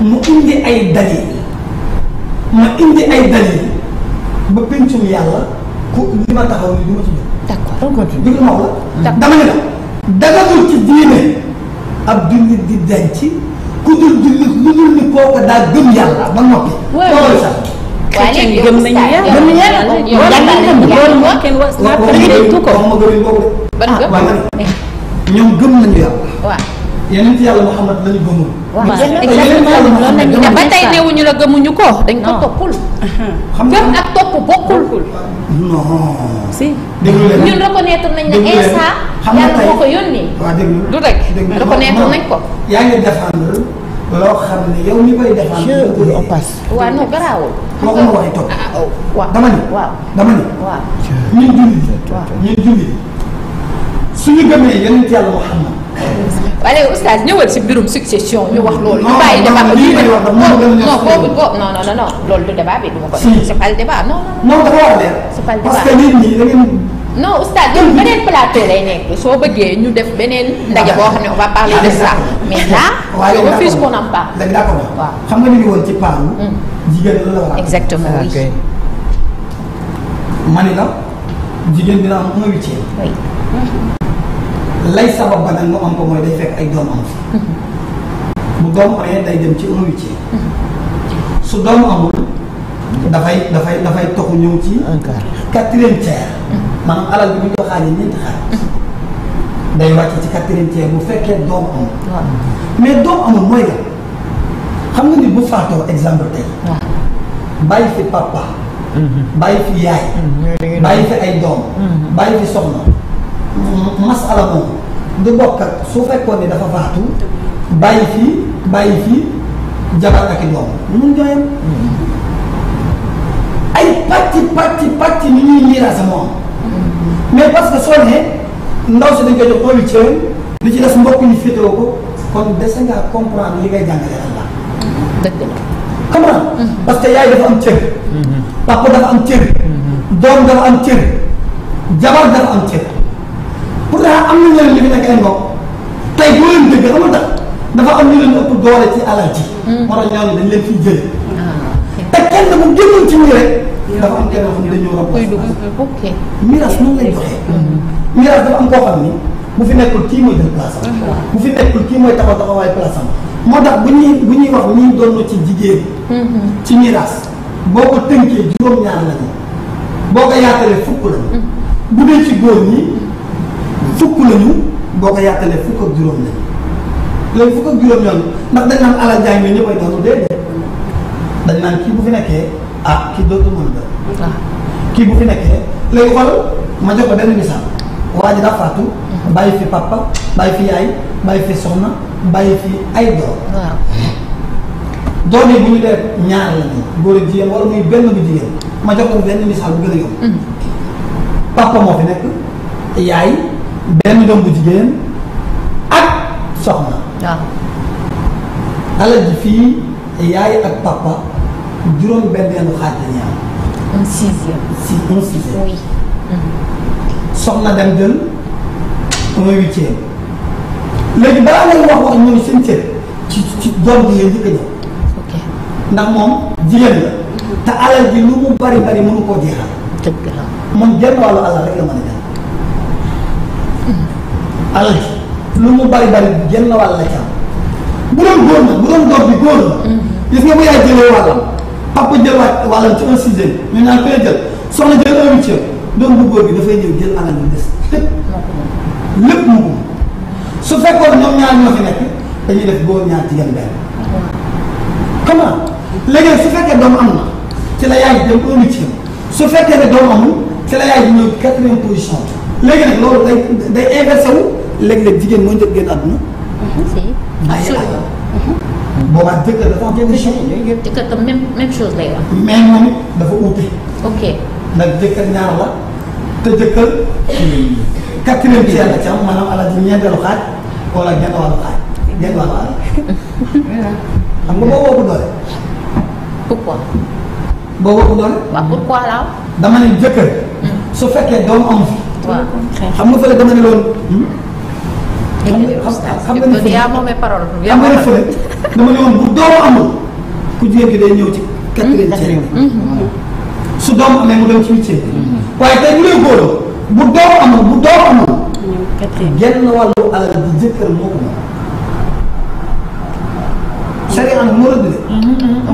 mu indi ay dalil ma indi ay dalil ba pencum yàlla ku li ma taxaw ni li ma ci jóg. d'accord continue li ma wax la. dama ne la. daganul ci diine ab jullit di denc ku dul jullit lu dul ni kooku daa gëm yàlla ba noppi. loolu sax. waa gëm nañu yàlla. yeneen ci yàlla Muhammad lañu gëmul. waaw exactement loolu la ñuy def ba tey newuñu la gëmuñu ko dañ ko toppul. xam nga gëm ak topp bokkul. non. si ñun reconnaître nañ ne Insa. xam nga tey yàlla moo ko yónnee. waaw dégg nga du rek reconnaître nañ ko. yaa ngi défendre loo xam ne yow mi koy défendre. je le passe. waaw non garaawul. kooku ma waxi topp. Ah, ah, oh, waaw dama ni. waaw dama ni. waaw. ñun jullit. waaw ñun jullit. suñu gëmee yeneen ci yàlla Muhammad wala oustaz ñëwal si mbirum succession ñu wax loolu. ñu bàyyi débat bi non non non non loolu du débat bi du ma ko. c'est pas le débat non non. non c'est pas le débat parce que nit ñi da ngeen. non oustaz loolu beneen plateau lay nekk soo bëggee ñu def beneen ndaje boo xam ne on va parler de ça mais là. waaye je refuse qu'on en parle. dëgg la waaw xam nga ñu ngi woon ci PAM. Hmm. jigéen la la exactement oui. ma ne la jigéen dina am un huitième. lay sabab ba nag mu am ko mooy day fekk ay doom am bu doom day dem ci umu ci su doom amul dafay dafay dafay toxu ñëw ci quatrième tiers maanaam alal bi bu ñu ko xaajee ñeenti day wàcc ci quatrième tiers bu fekkee doom amul mais doom amul mooy la xam nga nit bu faatoo exemple tey bàyyi fi papa mhm. bàyyi fi yaay mhm. bàyyi fi ay doom mhm. bàyyi fi soxna masala boobu du bokk ak su fekkoon ne dafa faatu bàyyi fii bàyyi fii jabar ak i doom mun jooyam ay pàcc pàcc pàcc ni ñuy miiraas moom mais parce que soo ne ndaw si dañ koy jox un li ci des mbokk ñu féetewoo ko kon dese ngaa comprendre li ngay jàngale lan la dëgg la mm-hmm. parce que yaay dafa am cër mm-hmm. papa dafa am cër mm-hmm. doom dafa am cër jabar dafa am cër pourtant am na leen li fi nekk ay mbokk tey boo leen dëgg amul tax dafa am ñu leen ëpp doole ci alal ji. Mm. moo tax leen fiy jël. Ah, te kenn bu jëloon ci ñi rek. dafa am kenn xam dañoo rab. ok miiras nan lay doxee. miiras mm-hmm. dafa koo xam ni bu fi nekkul kii mooy jël place uh-huh. bu fi nekkul kii mooy taxaw taxawaay moo tax bu ñuy bu ñuy wax ñuy doon ci jigéen. Mm-hmm. ci miiras boo ko tënkee juróom-ñaar la ñu. boo ko yaatalee fukk la. Mm-hmm. bu dee ci góor ñi. fukk lañu boo ko yàttalee fukk ak juróom lañu yooyu fukk ak juróom yoon ndax dañ naan alal jaay mi ñëpp ay tasu déedéet dañ naan kii bu fi nekkee ah kii dootul mën da kii bu fi nekkee léegi xool ma jox ko benn misaal waa ji daa faatu bàyyi fi papa bàyyi fi yaay bàyyi fi soxna bu ñu dee ñaar la ñu góor ak ma jox ko benn misaal bu gën a yomb mm. papa moo fi nekk yaay benn doom bu jigéen ak soxna. waaw. alal ji fii yaay ak papa juróom benneelu xaaj la ñu un sixième. si un sixième. oui. Mhm. dem jël un huitième. léegi balaa ngay wax wax ñu seen cër ci ci doom bi njëkk a ñëw. ok ndax moom jigéen la. Mhm. te alal ji lu mu bari bari mënu koo jeexal. dëgg la moom jenn wàllu alal rek la mën a jël. alal ji lu mu bari bari genn wàll la ca am bu doon góor nag bu doon góor bi góor la gis nga bu yaay jëlee wàllam papa jël waat wàllam ci un sixième ñu naan koy jël soxna jël un huitième doom bi dafay ñëw jël alal bi des lépp lépp mu ko su fekkoon ñoom ñaar ñoo fi nekk dañuy def góor ñaar jigéen benn comment léegi su fekkee doom am na ci la yaay jël un huitième su fekkee ne doom amul ci la yaay ji ñëw quatrième position léegi nag loolu day day inversé wu léeg-léeg jigéen moo njëkk génn àdduna. Mhm, si ay ah. jëkkër dafa am yenn jëkkër tam même même chose lay wax. moom dafa uute. ok ndax jëkkër ñaar la te jëkkër quatrième tiers la ci am maanaam alal ji ñeenteelu xaaj wala genn wàllu xaaj genn wàllu alal xam nga boo woo ko doole. pourquoi. boo woo ko doole. waaw pourquoi la. dama ne jëkkër. Hmm. su fekkee doomu am fi. waaw xam nga fële dama ne loolu. Hmm? xam nga ne fële yaa moomee parole. yaa moomee parole dama ne woon bu doomu amul ku jigéen ki day ñëw ci. Hmm? quatrième ci hmm? su doomu amee mu dem ci huitième. waaye tey ñu lay góoroo bu doomu amul bu doomu amul. ñëw quatrième genn wàllu alal bi jëkkër moo ko moom. sariya nag moo rëdd de.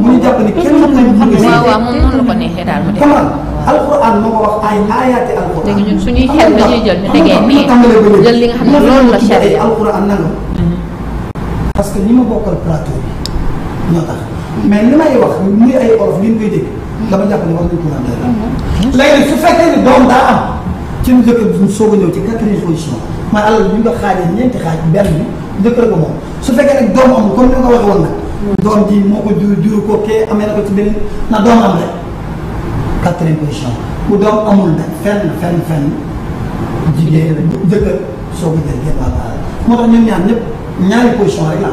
bu ñu jàpp ni kenn ku nekk mu ngi. waaw waaw moom noonu la ko neexee daal mu def. xam nga alxuraan moo ko wax ay aayaati alxuraan. léegi ñun suñuy xel dañuy jël ñu tegee nii jël li nga xam ne loolu la sariya. alxuraan nangam. Mm-hmm. parce que ñi ma bokkal plateau bi ñoo tax mais li may wax muy ay olof li ñu koy dégg. dama jàpp ne war nañu ko naan dara. léegi su fekkee ni doom daa am. ci lu jëkk bi soog a ñëw ci quatrième position maa alal bi ñu ko xaajee ñeenti xaaj benn bi jëkkër ko moom su fekkee nag doom amul comme ni nga ko waxee woon nag doom ji moo ko jur juru ko kee amee na ko ci beneen na doom am rek quatrième position bu doom amul nag fenn fenn jigéen jëkkër soo ko jël départage moo tax ñaar ñëpp ñaari position rek la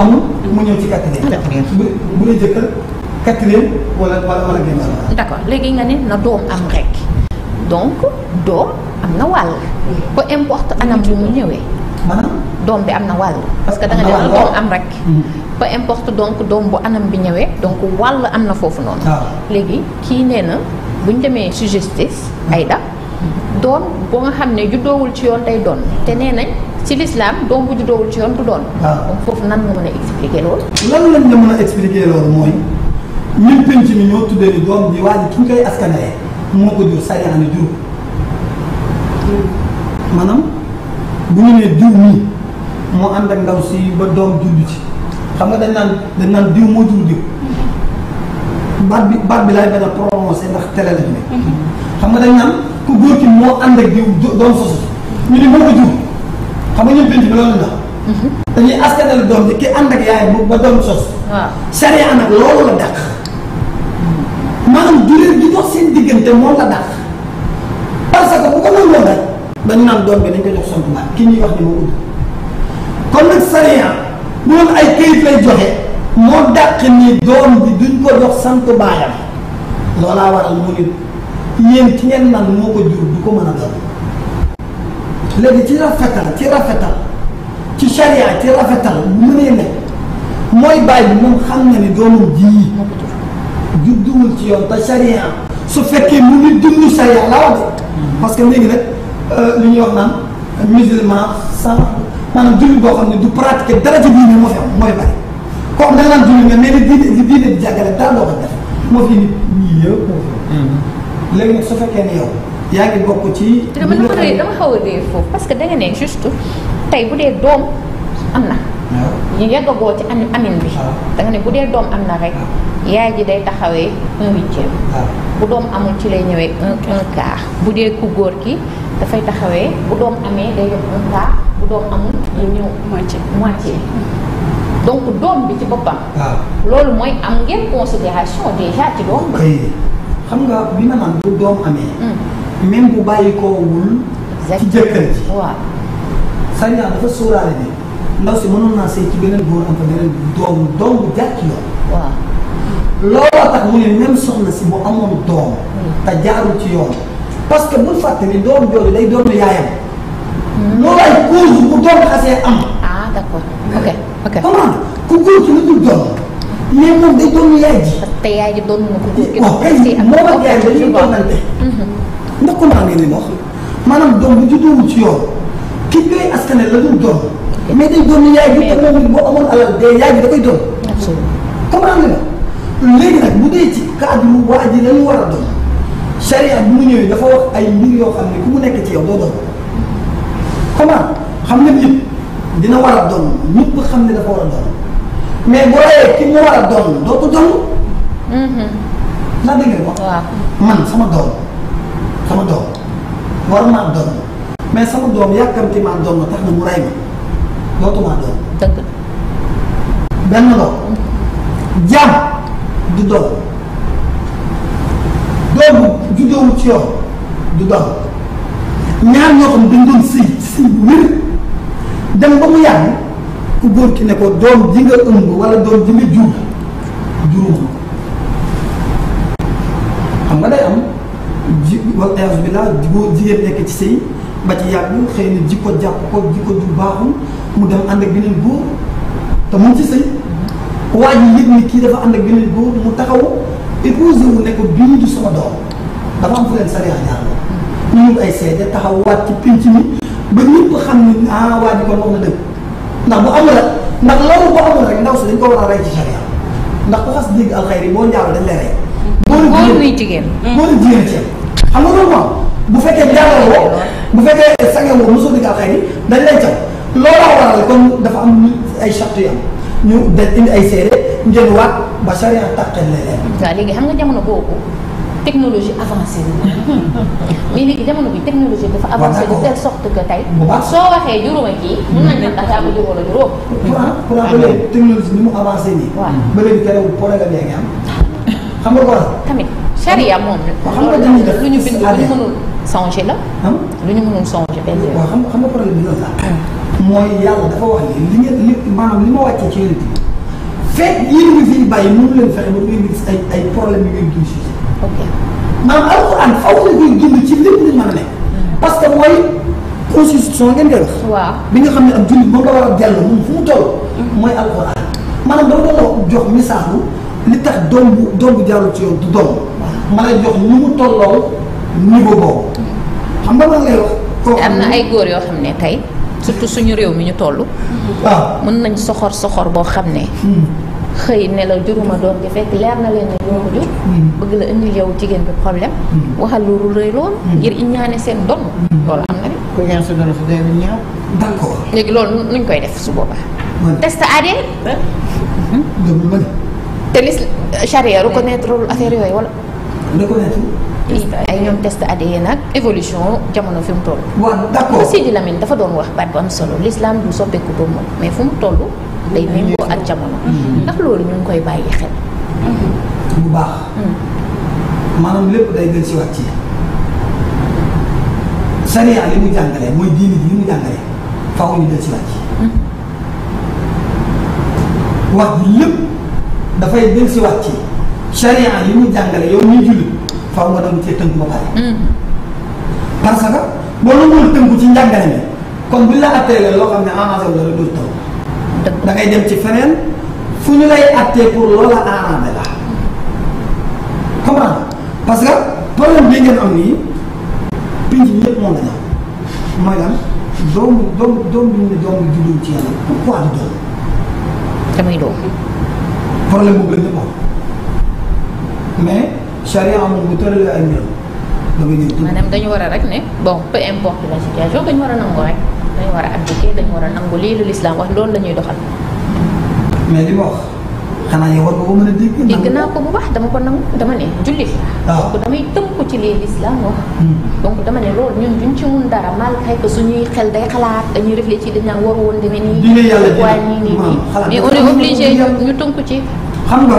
am mu ñëw ci quatrième bu bu dee jëkkër quatrième wala wala wala génn d'accord léegi nga ne na doom am rek donc doom am na wàll peu importe anam bi mu ñëwee maanaam doom bi am na wàll parce que da nga ne doom am rek peu mm-hmm. importe donc doom bu anam bi ñëwee donc wàll am na foofu noonu ah. léegi kii nee na bu ñu demee ci justice ah. Aïda doon boo nga xam ne ju doowul ci yoon tey doon te nee nañ ci lislaam doom bu doowul ci yoon du doon ah. foofu nan nga mën a expliquer la mën a expliquer mi ñoo tuddee ni doom bi waa ji ki ñu koy askanalee moo ko jur sariya ne jur maanaam bu ñu nee diw nii moo ànd ak ndaw si ba doom dund ci xam nga dañ naan dañ naan diw moo jur diw baat bi baat bi laay bañ a prononcé ndax télé lañ ne xam nga dañ naan ku góor ki moo ànd ak diw doom sosu ñu ne moo ko jur xam nga ñun pénc bi loolu dañuy askanal doom bi ki ànd ak ba doom sos waaw sariya nag loolu la dàq maanaam duréer bi dox seen diggante moom la dàq parce que bu ko nangoon rek dañ naan doom bi dañ ko jox sant baay ki ñuy wax ni moo nag sariya ay kayit lay joxe moo dàq ko ngeen naan du ko mën a doon léegi ci rafetal ci rafetal ci sariya ci rafetal bu mënee ne mooy baay bi moom xam na ni doomam ji judduwul ci yoon te sariya su fekkee mu ngi dund sariya la wax parce que léegi nag Euh, lu ñuy wax naan musulman sans maanaam jullit boo xam ne du pratiquer dara ci diine moo fi am mooy bari koo xam da nga naan jullit nga mais li diine li diine di jàngale dara loo ko def moo fi nit ñi yëpp moo fi mm-hmm. léegi su fekkee ne yow yaa ngi bokk ci. dama dama dama xaw a réer foofu parce que da nga ne juste tey bu dee doom am na. ñu yàggagoo ci amin amin bi. da nga ne bu dee doom am na rek. yaay ji day taxawee un hmm. huitième ah. bu doom amul ci lay ñëwee un un car bu dee ku góor ki dafay taxawee bu doom amee day yor un quart doom donc doom bi ci boppam ah. loolu mooy am ngeen considération déjà ci doom bi xam nga bi na man bu doom amee hmm. même bu bàyyi ci jëkkër ji waaw Sanja dafa sóoraale ne ndaw si mënoon naa sëy ci beneen góor am fa beneen doom doom bu jàkk yoon looloo tax mu ne même soxna si bu amoon doom te jaarul ci yoon parce que bul fàtte ni doom jooju day doon yaayam loolu ay cause bu doom xasee am ah d'accord ok ok ku góor ci lu doom mais moom day doon te yaay ji doon na ko eh, waaw kay moom dañuy doonante mhm. ndax comprendre ngeen li ma wax maanaam doom bu juddoowul ci yoon ki koy askane la dul doom mais day doon yaay ji da koy doon comprendre nga léegi nag bu dee ci cadre waa ji lañu war a doon charia bi mu ñëwee dafa ay mbir yoo xam ne ku mu nekk ci yow doo doon comment xam nga nit dina war a doon ñëpp xam ne dafa war a doon mais boo ki mu war a doon doo ko doon. Mm-hmm. ndax dégg nga man sama doom sama doom war a doon mais sama doom yàkkamti maa doon na tax na mu rey ma dootumaa doon. dëgg benn doom jàmm. du dox doom juddoowul ci yow du dox ñaar ñoo xam dañ doon sëy sëy wér dem ba mu yàgg ku góor ci ne ko doom ji nga ëmb wala doom ji nga jur juróom xam nga day am ji wala ayas bi laa boo jigéen nekk ci sëy ba ci yàgg xëy na jikko jàpp ko jikko ju baaxul mu dem ànd ak beneen góor te mu ngi ci sëy waa ji yëg kii dafa ànd ak beneen góor mu taxaw épousé wu ne ko bii du sama doom dafa am fu leen sariya ñaar la ñu ay seede taxaw waat ci pénc mi ba ñëpp xam ni ah waa kon wax na dëgg ndax bu amul rek ndax loolu bu amul rek dañ ko war a rey ci ndax ku xas dégg alxayri boo njaaru dañ lay rey. góor yi jigéen góor yi jigéen ci xam nga moom bu fekkee njaaru woo bu fekkee sange woo mosoo dégg alxayri dañ lay caw looloo waral kon dafa am ay charte yu ñu de indi ay seere ñu jël ba charia tàqal la leen. waaw léegi xam nga jamono boobu technologie avancée la mais léegi jamono bi technologie dafa avancé de telle sorte que tey. soo waxee juróoma kii. mun nañu naan dafa am juróom la juróom. pour pour ba léegi ni mu avancé nii. waaw ba léegi terewul problème yaa ngi am. xam nga ko tamit charia moom la. lu ñu bind lu ñu mënul changer la. lu ñu mënul changer benn yoon. waaw xam nga problème bi loolu la. Hmm. mooy yàlla dafa wax ne li ngeen li maanaam li ma wàccee ci yéen bi fekk yéen a ngi fi bàyyi mënu leen fexe ba ngeen gis ay ay problème yu ngeen dund si. ok maanaam alquran faw nga koy dund ci lépp luñ mën a ne. Hmm. parce que mooy constitution ngeen koy wax. bi nga xam ne ab jullit moom war a dellu moom fu mu hmm. mooy alquran maanaam dama doon jox misaalu li tax doom bu doom bu ci yow du doom. Hmm. ma lay jox ni mu tolloo niveau boobu. xam nga man lay wax. am na ay góor yoo xam ne tey. surtout suñu réew mi ñu toll. waaw ah. mën nañ soxor soxor boo xam ne. Hmm. xëy ne la juruma doom ji fekk leer na leen ne ñoo ko jur. Hmm. bëgg la indil yow jigéen bi problème. Hmm. waxal lu rëy lool. ngir ñaane seen don. loolu am na de. ku ñaan sa doon su dee ñaaw. d'accord léegi loolu nuñ koy def su boobaa. test ADN. te lis charia reconnaître affaire yooyu wala. reconnaître. ay ñoom test ADN ak évolution jamono fi mu toll. waaw d' accord dafa doon wax baat bu am solo l' islam du soppeeku ba mais fu mu toll. day méngoo ak jamono. Mm-hmm. ndax loolu ñu ngi koy bàyyi xel. bu mm-hmm. baax. Mm. maanaam lépp day gën si waat ci sariya li mu jàngalee mooy diini ji li mu jàngalee faaw ñu gën si waat ci. Mm-hmm. wax ji lépp dafay gën si waat ci. charia yi ñu jàngale yow ñuy julli faaw nga doon cee tënku ba pare. Mm. parce que boo nanguwul tënku ci njàngale mi kon buñ la attee loo xam ne arrangé la rek da ngay dem ci feneen fu ñu parce que problème bi ngeen am nii la ñu mooy lan doomu doomu bi ñu ne doomu juddu ci yàlla pourquoi du doom. damay doom. problème bu gën a mais charia moom bu tëralee ay mbir da maanaam dañu war a rek ne bon peu importe la situation dañu war a nangu rek dañu war a abdiquer dañu war a nangu lii lu lislaam wax loolu la ñuy doxal. mais li ma wax xanaa yow war ko ko mën a dégg. naa ko bu baax dama ko nangu dama ne jullit. waaw ah. donc damay tënku ci lii lislaam wax. Hmm. donc dama ne loolu ñun duñ ci mun dara malgré que suñuy xel day xalaat dañuy réfléchir dañ naan war woon deme nii. dinañ yàlla dinañ waaye nii nii nii mais on est ñu tënku ci. xam nga.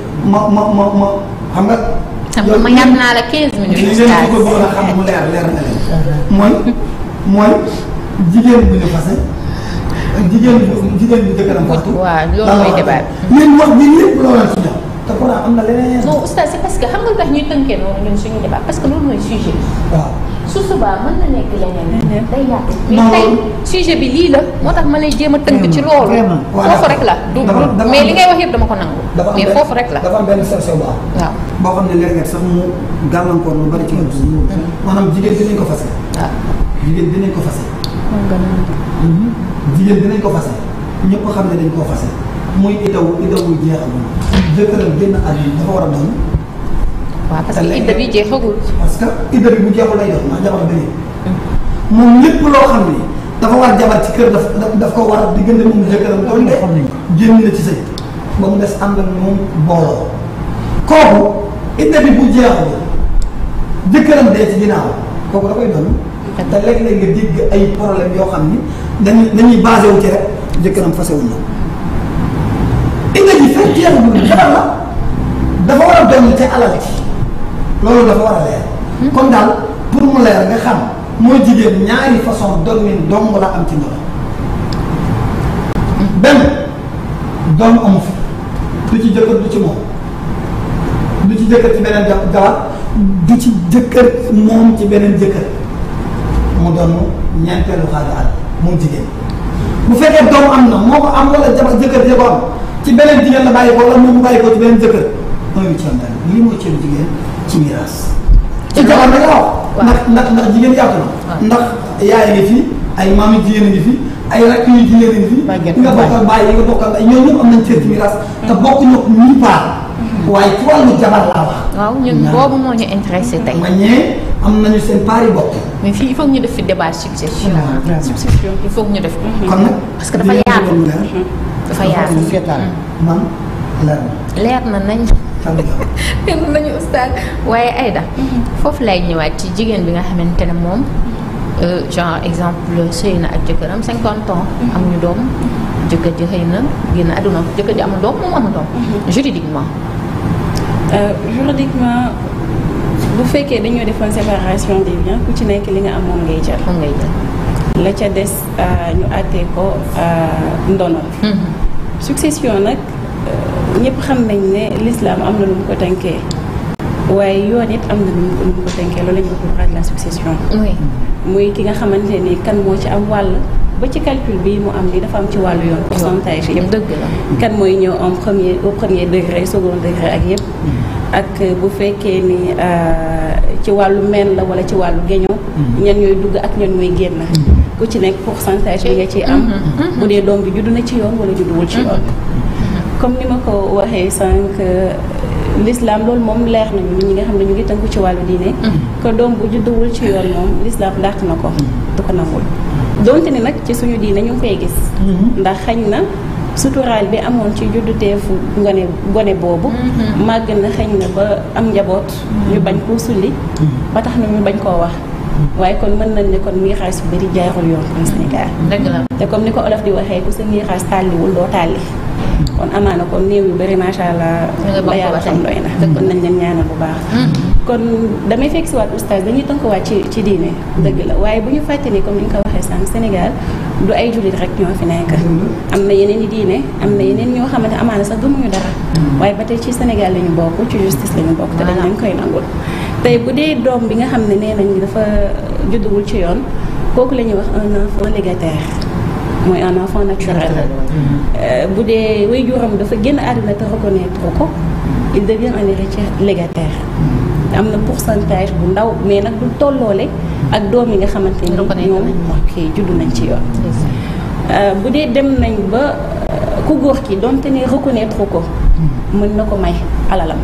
ma ma ma ma xam nga. yow ma ñam naa la 15 minutes. li ngeen ko bëggoon a xam mu leer leer na leen. mooy mooy jigéen bu ñu fase jigéen bu jigéen bu loolu mooy débat bi. yéen wax bi lépp loo leen si jox te pourtant am na parce que parce que loolu na nekk leneen. Mm-hmm. day yaatu mais tey sujet la moo tax ma lay jéem a tënk la du mais wax yëpp dama ko nangu. dafa am benn mais foofu rek la. dafa am benn sew sew bu xam ne léeg-léeg sax mu gàllankoor lu bari ci kër gi. Mm-hmm. maanaam jigéen dinañ ko fase. waaw jigéen dinañ ko fase. Mm-hmm. jigéen dinañ ko fase ñëpp xam ne dañ koo fase muy itaw itaw bu jeexagul jëkkëram génn àddina dafa war a doon waaw parce que idda bi jeexagul. bu jeexul lay def ndax jabar bi moom lépp loo xam ni dafa war jabar ci kër daf daf ko war a diggante moom jëkkëram doon de génn na ci sëy ba mu des kooku idda bu jeexul jëkkëram dee ci ginnaaw kooku da koy doon te léeg-léeg nga dégg ay problème yoo xam ni dañuy dañuy basé wu ci rek jëkkëram fasewuñ la idda fekk jeexagul jabar la dafa war a doon te alal ci loolu dafa war a leer. Hmm? kon daal pour mu leer nga xam mooy jigéen ñaari façon dormin dong la am ci ndox hmm? benn doom amu fi du ci jëkkër du ci moom du ci jëkkër ci beneen jabar du ci jëkkër moom ci beneen jëkkër mu doon ñeenteelu xaaju at moom jigéen bu fekkee doom am na moo ko am wala jabar jëkkër ja ko am ci beneen jigéen la bàyyi ko wala moom mu bàyyi ko ci beneen jëkkër mooy wu ci am daal lii mooy ceeb jigéen. ci miiras. ci jabar da nga wax. ndax ndax ndax jigéen yàgg na. Ah. ndax yaay ngi fi ay maam yu jigéen ngi fi ay rakk yu jigéen ngi fi. nga bokkal bàyyi yi am nañ cër ci bokk ñoo ñu paar. waaye ci wàllu jabar laa wax. waaw ñun boobu moo ñu intéressé tey. ma ñee am nañu seen paar yu bokk. mais fii il ñu def fi débat succession. Ah, il faut ñu def ko. kon nag parce que dafa yaatu. dafa yaatu mm. man. leer na nañ leer nañu ustaas waaye ayda mhm. foofu lay ñëwaat ci jigéen bi nga xamante ne moom euh, genre exemple sëy ak jëkkëram cinquante ans mhm. amuñu doom mhm. jëkkër ji xëy na génn àdduna jëkkër ji amul doom moom amul doom juridiquement euh, juridiquement bu fekkee dañoo defoon séparation des biens ku ci nekk li nga am moom ngay jël moom ngay jël la ca des euh, ñu àttee ko ndono succession nag ñëpp xam nañ ne lislaam am na lu mu ko tënkee waaye yoon it am na lu mu ko lu mu ko tënkee loolu la ñuy wax la succession. oui muy ki nga xamante ni kan moo ci am wàll. ba ci calcul bii mu am ni dafa am ci wàllu yoon. pourcentage yëpp dëgg la. kan mooy ñëw en premier au premier degré second degré ak yëpp. Mm-hmm. ak euh, bu fekkee ni euh, ci wàllu meen la wala ci wàllu géño mm-hmm. ñan ñooy dugg ak ñan ñooy génn. Mm-hmm. ku ci nekk pourcentage yi nga ci am. bu dee doom bi juddu na ci yoon wala judduwul ci yoon. comme ni ma ko waxee sànq euh, lislaam loolu moom leer nañu ñi nga xam ne ñu ngi tënku ci wàllu diine. ko mm-hmm. doom bu judduwul ci yoon moom l'islam dàq na ko. Mm-hmm. du ko nangul donte ni nag ci suñu diine ñu ngi koy gis. Mm-hmm. ndax xañ na. suturaal bi amoon ci judduteefu ngone gone boobu màgg na xëñ na ba am njaboot ñu bañ koo sulli ba tax na ñu bañ koo wax waaye kon mën nañ ne kon miiraas bu bari jaarul yoon kon Sénégal dëgg la te comme ni ko olof di waxee ku sa miiraas tàlliwul doo tàlli kon amaana kon néew yu bëri macha allah. la yàlla xam doy na. kon nañ leen ñaanal bu baax. Hmm. kon damay fekk si waat oustaz dañuy tënkuwaat ci ci diine. dëgg la waaye bu ñu fàtte ni comme ni nga ko waxee sànq Sénégal du ay jullit rek ñoo fi nekk. am na yeneen yi diine am na yeneen ñoo xamante amaana sax gëmuñu dara. waaye ba tey ci Sénégal la ñu bokk ci justice la ñu bokk. te dañ leen koy nangul. tey bu dee doom bi nga xam ne nee nañ dafa judduwul ci yoon kooku la ñuy wax un enfant légataire. mooy un enfant naturel euh, bu dee waajuram dafa génn àddina te reconnaître ko il devient un héritier légataire am na pourcentage bu ndaw mais nag du tolloole ak doom yi nga xamante ni ñoom ok juddu nañ ci yoon euh, bu dee dem nañ ba euh, ku góor ki donte ne reconnaître ko mën na ko may alalam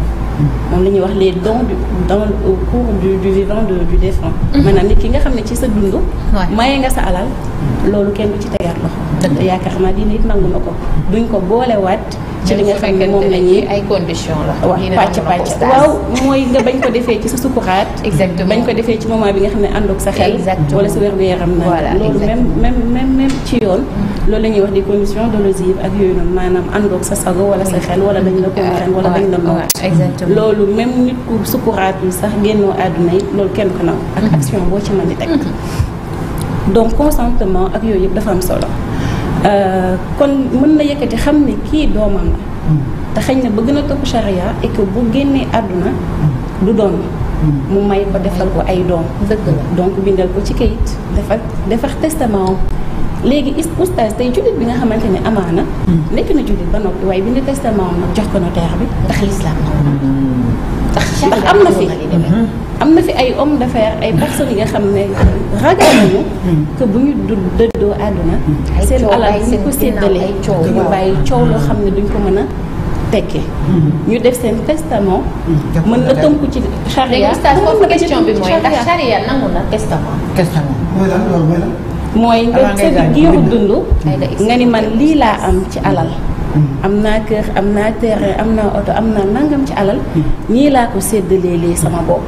moom la ñuy wax les dons du dans au cours du du vivant de du défunt. Mhm. maanaam nit ki nga xam ne ci sa dund. maye nga sa alal. loolu kenn du ci tegaat loxo. yaakaar ma di nit nangu na ko duñ ko boolewaat. ci li nga xam ne moom la ñuy ay conditions la. waaw pàcc pàcc waaw bañ ko defee ci sa sukuraat. exactement bañ ko defee ci moment bi nga xam ne àndul sa xel. wala sa wér-gu-yaram na voilà loolu même même même mm-hmm. loolu la ñuy wax di condition de lesive ak yooyu noonu maanaam àndul sa sago wala sa xel wala dañ la ko maran wala dañ la noot. loolu même nit ku sukuraatul sax génnoo àdduna yi loolu kenn ko naw ak mm-hmm. action boo ci mën di teg. Mm-hmm. donc consentement ak yooyu yëpp dafa am solo. Euh, kon mën na yëkkati xam ne kii doomam la te xëy na bëgg na topp charia et que bu génnee àdduna du doon mu may ko defal ko ay doom dëgg la donc bindal ko ci kayit defar defar testament léegi oustaz tey jullit bi nga xamante ne amaana hmm. nekk na jullit ba noppi waaye bind testament nag jox ko notaire bi ndax lislaam tax ndax am na fi am na fi ay hommes d'affaires ay personnes nga xam ne ragal nañu que bu ñu du dëddoo àdduna seen alal bu ñu ko séddalee ñu bàyyi coow loo xam ne duñ ko mën a tekke mm-hmm. ñu def seen testament mën na tënku ci charia foofu bi mooy ndax charia nangu na testament testament nga sa giiru dund mm-hmm. nga ni man lii laa am ci alal mm-hmm. am naa kër am naa terrain am naa oto am naa nangam ci alal nii laa ko séddalee lée sama bopp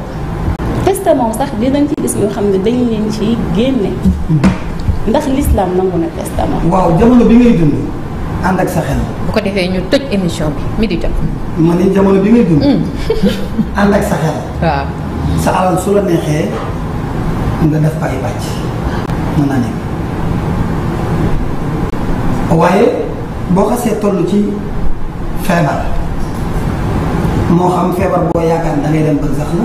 testament sax dinañ ci gis yoo xam ne dañ leen ci génne ndax l'islam nangu na testament waaw jamono bi ngay dund ànd ak sa xel bu ko defee ñu tëj émission bi mi di bi ngay dund mm. ànd ak sa xel waaw sa alal su la neexee nga def ko bàcc mën naa nekk waaye boo xasee tollu ci feebar moo xam feebar boo yaakaar da ngay dem bëgg sax la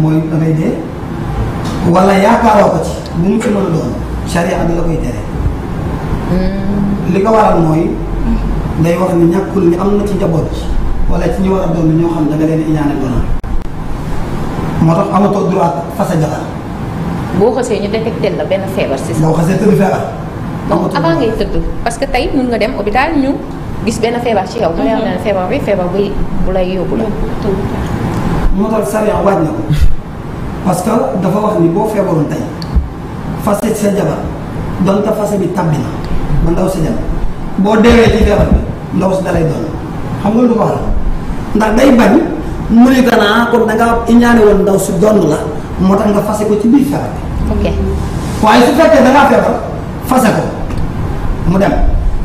mooy da ngay dee wala yaakaaroo ko ci bu mu ci mën a doon charia bi la koy tere hmm. li ko waral mooy hmm. day wax ni ñàkkul ni am na ci njaboot ci wala ci ñu war a doon ñoo xam da nga leen iñaane doona moo tax amatoo droit fasa jabar boo xasee ñu détecté la benn feebar si boo xasee tëdd feebar non avant ngay tëdd parce que tey mun nga dem hôpital ñu gis benn feebar ci yow. nga yaakaar ne feebar bi feebar bi bu lay yóbbu la. moo tax sariya que dafa wax boo feebaroon tey sa jabar donte fase bi tabbi ndaw sa jabar boo deewee ci feebar nga lu ko waral ndax day bañ mu ne gannaaw kon da ngaa ñaane woon ndaw si doon la moo tax nga fase ci biir feebar bi. waaye su fekkee da feebar fase ko. mu dem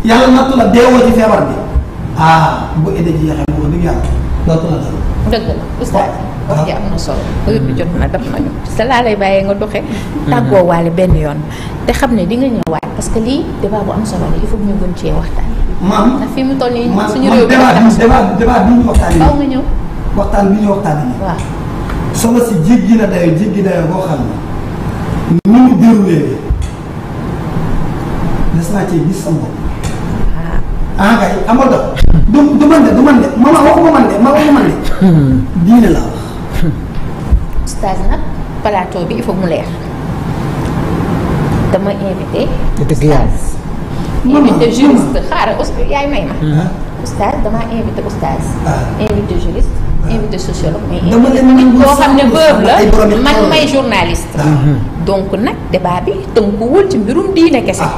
yàlla nattu la deewoo ci feebar bi ah bu aide ji jeexee mu dëgg la dal. bi jot na def nañu sa nga doxe mm-hmm. tàggoo benn yoon te xam ne di nga ñëwaat parce que lii débat bu am solo la il cee waxtaan maam fi mu toll nii suñu réew bi débat débat boo xam ne ni mu déroulé naa cee gis sama bopp. ah kay ah, du man de du man de man de ma laa wax. oustaz nag plateau bi il mu leer dama invité. dëgg yàlla invité juriste xaaral yaay may ma. Ah. oustaz damaa invité oustaz. Ah. invité juriste. invité sociologue mais nit boo xam ne boobu la man may journaliste ah. mhm. donc nag débat bi tënkuwul ci mbirum diine kese ah,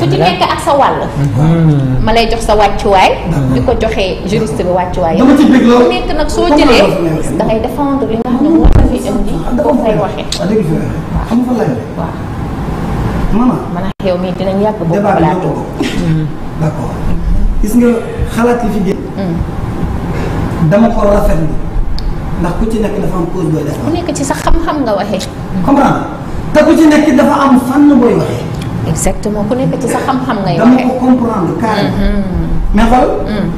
ku ci nekk ak sa wàll mhm. ma lay jox sa wàccuwaay di ko joxee juriste bi wàccuwaay ku nekk nag soo jëlee da ngay défendre li nga xam ne moom la fi indi boo ah, dinañ yàgg boobu plateau dama ko rafetlu ndax ku ci nekk dafa am cause booy defar. ku nekk ci sa xam-xam nga waxee. comprendre te ku ci nekk dafa am fànn booy waxee. exactement ku nekk ci sa xam-xam ngay waxee. dama ko comprendre carrément. Mm-hmm. mais mm.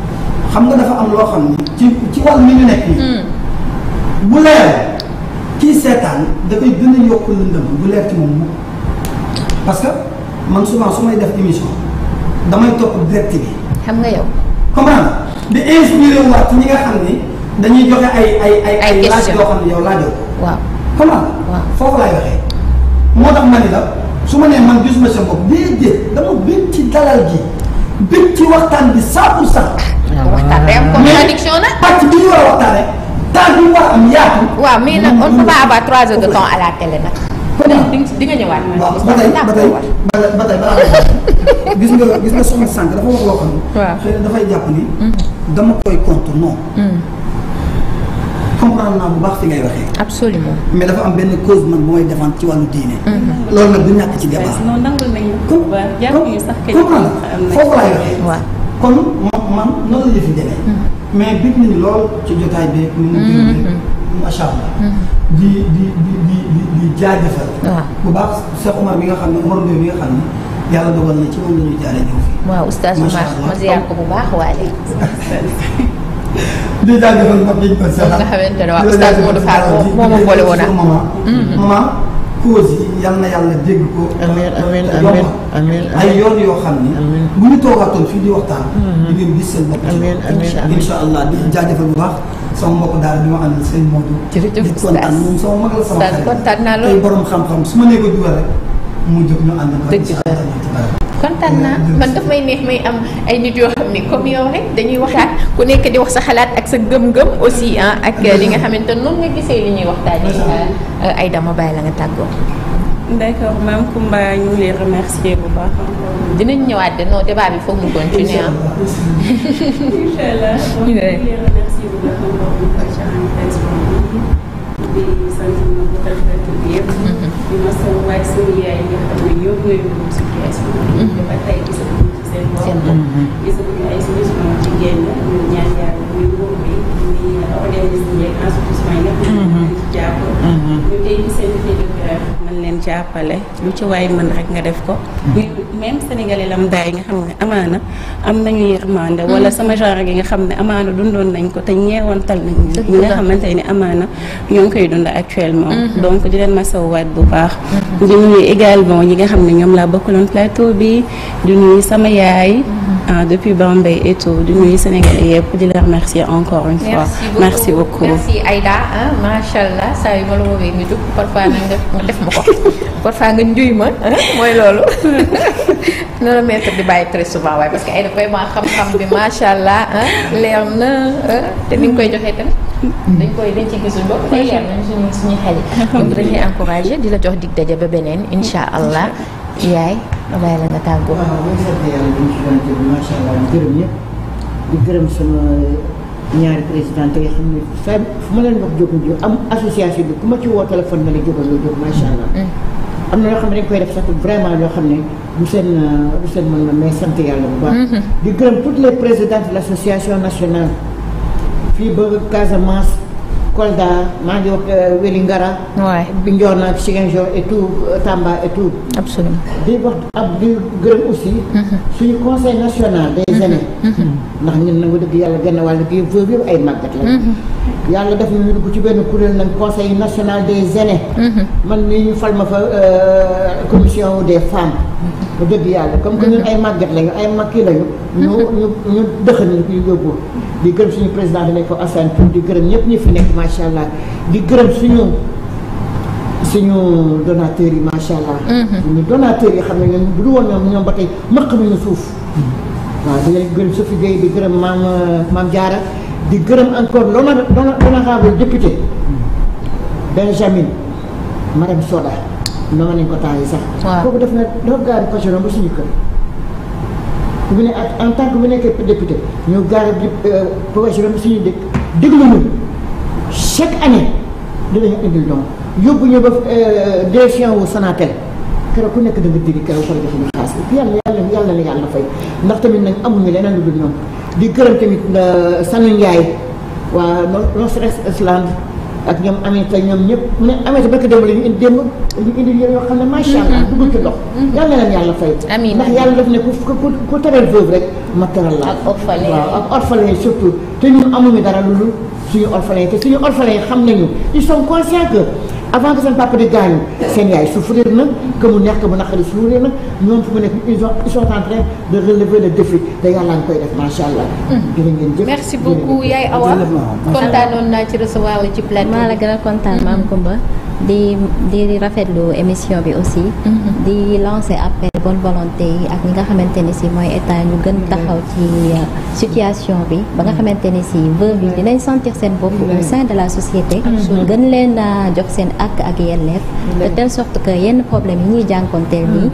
xam nga dafa am loo xam ne. ci ci wàll mi ñu nekk nii. Mm. bu leer kii seetaan dafay gën a yokk lëndëm bu leer ci moom parce que man souvent su may def émission damay topp direct bi. xam nga yow. comprendre. di inspiré waat ci ñi nga xam ni dañuy joxe ay ay ay ay laaj yoo xam ne yow laajoo ko foofu laay waxee moo tax ma ni la su ma nee man gisuma sa bopp déedéet dama bëgg ci dalal gi bëgg ci waxtaan bi cent pour cent ah, waxtaan day am contradiction nag pàcc bi ñu war a waxtaanee temps bi war am yaatu waaw mais nag on peut pas avoir trois heures de temps à la télé nag di nga ñëwaat ba tey ba tey ba tey gis nga gis nga soxna sànq dafa wax xam ne. waaw xëy dafay jàpp ni. Mm. dama koy contre mm. naa bu baax fi ngay waxee. absolument mais dafa am benn cause man bu may défendre ci wàllu diine. Mm-hmm. loolu nag du ñàkk ci débat. non nangul nañu ko ba jàppuñu foofu laay waxee. kon man noonu la ñu fi mm. mais bit nañu lool ci jotaay bi. ni mu gën a mm-hmm. macha allah. Mm-hmm. di di di di di jaajëfal. bu baax Cheikh bi nga xam ne Omar Ndoye bi nga xam ne. yàlla dogal na ci moom la ñu jaaree ñëw fi. waaw oustaz bu baax ma ziar ko bu baax waale. di jaajëfal Fatou Ndiaye Fatou Ndiaye. nga xamante ne waaw oustaz Modou Fall moo ma boole woon ak. maman cause yi yal na yàlla dégg ko. amiin amiin amiin amiin ay yoon yoo xam ni. amiin bu ñu toogaatoon fii di waxtaan. Mm-hmm. di ngeen gis seen bopp. amiin amiin incha allah di jaajëfal bu baax. sama mbokk daal bi ma àndal seen Modou. jërëjëf oustaz di kontaan moom sama mag la sama xarit. kontaan naa loolu tey borom xam-xam su ma nee ko dugal rek. mu jóg kontaan naa man daf may neex may am ay nit yoo xam ne comme yow rek dañuy waxaat ku nekk di wax sa xalaat ak sa gëm-gëm aussi ah ak li nga xamante noonu nga gisee li ñuy waxtaanee. ay dama bàyyi la nga tàggoo. d'accord maam Koumba ñu dinañ ñëwaat de non débat di ma sa waaj suñu yaay yi nga xam ne ñoo koy yóbbu si kees bi. ba tey gis seen bopp. gis nañu ci génn mm-hmm. jàppale lu ci waay mën rek nga def ko. Mm-hmm. même sénégalais lam daay nga xam ne amaana am nañu yërmande wala mm-hmm. sama genre gi nga xam ne amaana dundoon nañ ko te ñeewantal nañ ñi nga xamante ne amaana ñoo ngi koy dund actuellement donc di leen masawaat bu baax di nuyu également ñi nga xam ne ñoom laa bokkaloon plateau bi di nuyu sama yaay euh, depuis Bambey et tout di nuyu Sénégalais yëpp di la remercier encore une fois. merci beaucoup merci Aïda macha allah saa yu ma la woowee nga jóg parfois nga def ma def ma ko parfois nga njuy ma mooy loolu. noonu la maître di bàyyi très souvent waaye parce que Aïda vraiment xam-xam bi macha allah leer na te ni nga koy joxee tamit. dañ koy dañ ci gisul bopp tey leer nañ suñu suñu xel yi. donc dañ lay di la jox dig daje ba beneen incha allah. yaay ah, eh, ma la nga tàggoo. waaw mooy sant yàlla di ñu si doon déglu allah di gërëm ñëpp gërëm sama ñaari présidente yi xam ne fa ma leen wax jógul jóg am association bi ku ma ci woo téléphone ma la jógal loo jóg macha allah. am na yoo xam ne dañ koy def sax vraiment yoo xam ne du seen du seen mën na mais sant yàlla bu baax. di gërëm toutes les présidentes de l' association nationale fii ba Casamance. Kolda maa ngi euh, wax Wélingara. waay Bignona ak Ziguinchor et tout euh, Tamba et tout. absolument di wax ab di gërëm aussi. Mhm. suñu conseil national des mhm. aînés. Mhm. ndax ñun nag dëgg yàlla genn wàll kii veuve yëpp ay màggat la. yàlla def ñu dugg ci benn kuréel nag conseil national des aînés. man mii ñu falma ma fa euh, commission des femmes. dëgg yàlla comme que ñun ay màgget lañu ay mag kii lañu. ñu ñu ñu dëxën ñu ñu yóbbu. di gërëm suñu président bi nekk ko Assane di gërëm ñëpp ñu fi nekk macha allah di gërëm suñu suñu donateurs yi macha allah. Mhm. ñu donateurs yi xam ne ñoom bu du woon ñoom ñoom ba tey mëq ñu suuf. waaw di leen gërëm Sophie Gueye di gërëm maam maam Diarra di gërëm encore l'honorable député Benjamin Marème Soda. noonu nañ ko temps yi sax. kooku def na dafa gaari cochon ba suñu kër. bu ne ak en tant que bu nekkee député ñu gaari cochon ba suñu dëkk déglu ñu chaque année dinañu indil donc yóbbu ñu ba direction wu Sonatel keroog ku nekk da nga dégg keroog war a jox ñu xaalis bi yàlla yàlla yàlla la yàlla fay ndax tamit nag amuñu leneen lu dul ñoom di gërëm tamit Sanu Ndiaye waa non non stress ak ñoom ameta ñoom ñëpp mu ne ameta barka démb la ñu indi démb ñu indi yéen yoo xam ne macha allah mm-hmm. dugg ci ndox mm-hmm. yal na leen yàlla fay amiin ndax yàlla daf ne ku ku teral veuve rek ma teral la ak orphelin surtout te ñun amuñu dara lu dul suñu orphelin te suñu orphelin xam ne ils sont conscients que avant que seen papa di gaañu seen yaay souffrir na que mu neex que naqari souffrir na ñoom fu mu nekk ils ont ils sont de relever le défi te yàlla ngi koy def macha allah. Hmm. merci beaucoup yaay Awa kontaanoon naa ci recevoir la ci plateau. maa la gën a kontaan maam Kumba. di di rafetlu émission bi aussi. Mm-hmm. di lancer appel bonne volonté ak ñi nga xamante ni si mooy état ñu gën taxaw ci euh, situation bi ba nga mm-hmm. xamante ni si veuve yi dinañ sentir seen bopp au sein de la société. Mm-hmm. gën leen a jox seen ak ak yelleef. de telle sorte que yenn problème yi ñuy jànkonteel nii.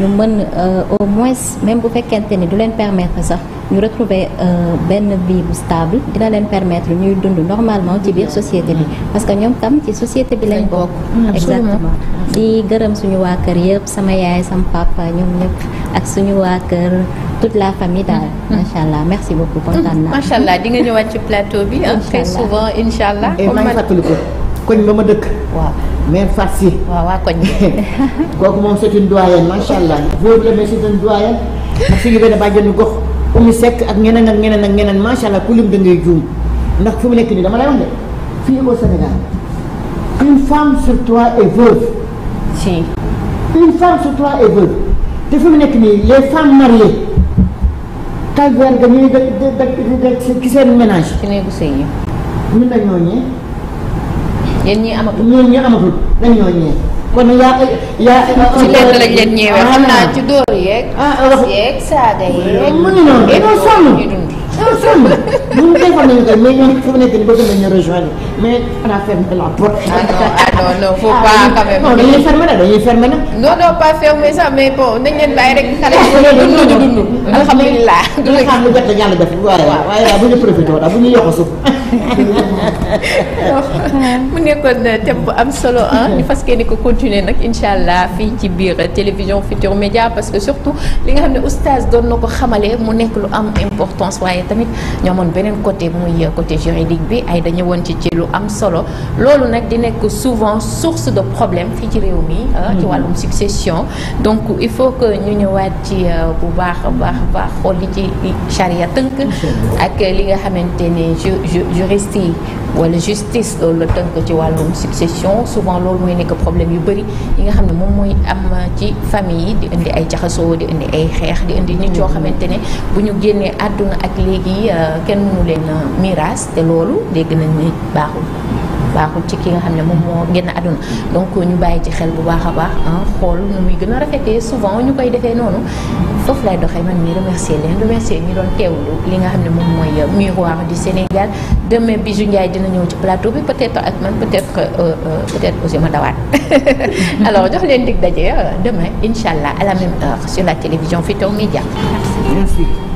ñu mën euh, au moins même bu fekkente ni du leen permettre sax. ñu retrouver euh, benn vie bu stable dina leen permettre ñuy dund normalement ci biir société bi parce que ñoom tam ci société bi lañ bokk mm, exactement di gërëm suñu waa kër yëpp sama yaay sama papa ñoom ñëpp ak suñu waa kër toute la famille daal mm. macha allah merci beaucoup mm, kontaan macha allah di nga bi très souvent incha allah eh, maa ngi ba ma dëkk waaw mère Farsi waaw waa koñ kooku moom c'est une doyenne macha allah góor la mais c'est une doyenne ak suñu benn bàjjenu gox Oumy Seck ak ñeneen ak ñeneen ak ñeneen macha allah ku lim da ngay juum ndax fi mu nekk nii dama lay wax de fii au Sénégal une femme sur trois est veuve. si. une femme sur trois est veuve te fi mu nekk nii les femmes mariées calvaire ga ñuy dëkk ci seen ménage. ci néegu sëy yi. ñun na ñëwee. yéen ñii amatul ñun ñii amatul dañoo ñëwee. kon yaa yaa. ci lenn lañ leen ñeewee. xam naa ci dóor yeeg. ah wax ah, ah. saaga yeeg. mu ngi noonu dañoo ensemble ñun defoon nañu ko mais ñoom fu mu nekk nii bëgg nañu a fermé la porte. dañuy fermé nag dañuy fermé pas fermé sax mais bon nañ leen bàyyi rek. xale yi dund ñu dund. alhamdulilah du la xam lu a jàll def. waaye waaye bu mu nekkoon thème am solo ah ñu fas yéene ko continuer nag incha allah fii ci biir télévision Futur Média parce que surtout li nga xam ne oustaz doon na ko xamale mu nekk lu am importance waaye. tamit ñoomoon beneen côté muy euh, côté juridique bi ay dañu woon ci ci lu am solo loolu nag di nekk souvent source de problème fii ci réew mi euh, ci mhm. wàllum succession donc il faut que ñu ñëwaat ci euh, bu baax baax baax xool li ci charia tënk ak li nga xamante ne juriste yi wala justice loolu la tënk ci wàllum succession souvent loolu mooy nekk problème yu bëri yi nga xam ne moom mooy am ci famille yi di indi ay jaxasoo di indi ay xeex di indi nit yoo xamante ne bu ñu génnee àdduna ak li léegi euh, kenn mënu leen miraas te loolu dégg nañ ne baaxul baaxul ci ki nga xam ne moom moo génn àdduna donc ñu bàyyi ci xel bu baax a baax xool nu muy gën a rafetee souvent ñu koy defee noonu foofu lay doxee man mi remercier leen remercier ñu doon teewlu li nga xam ne moom mooy euh, miroir du Sénégal demain Bijou Ndiaye dina ñëw ci plateau bi peut-être ak man peut-être euh, peut-être aussi ma dawaat alors jox leen dig daje demain incha allah à la même heure sur la télévision Futurs Médias merci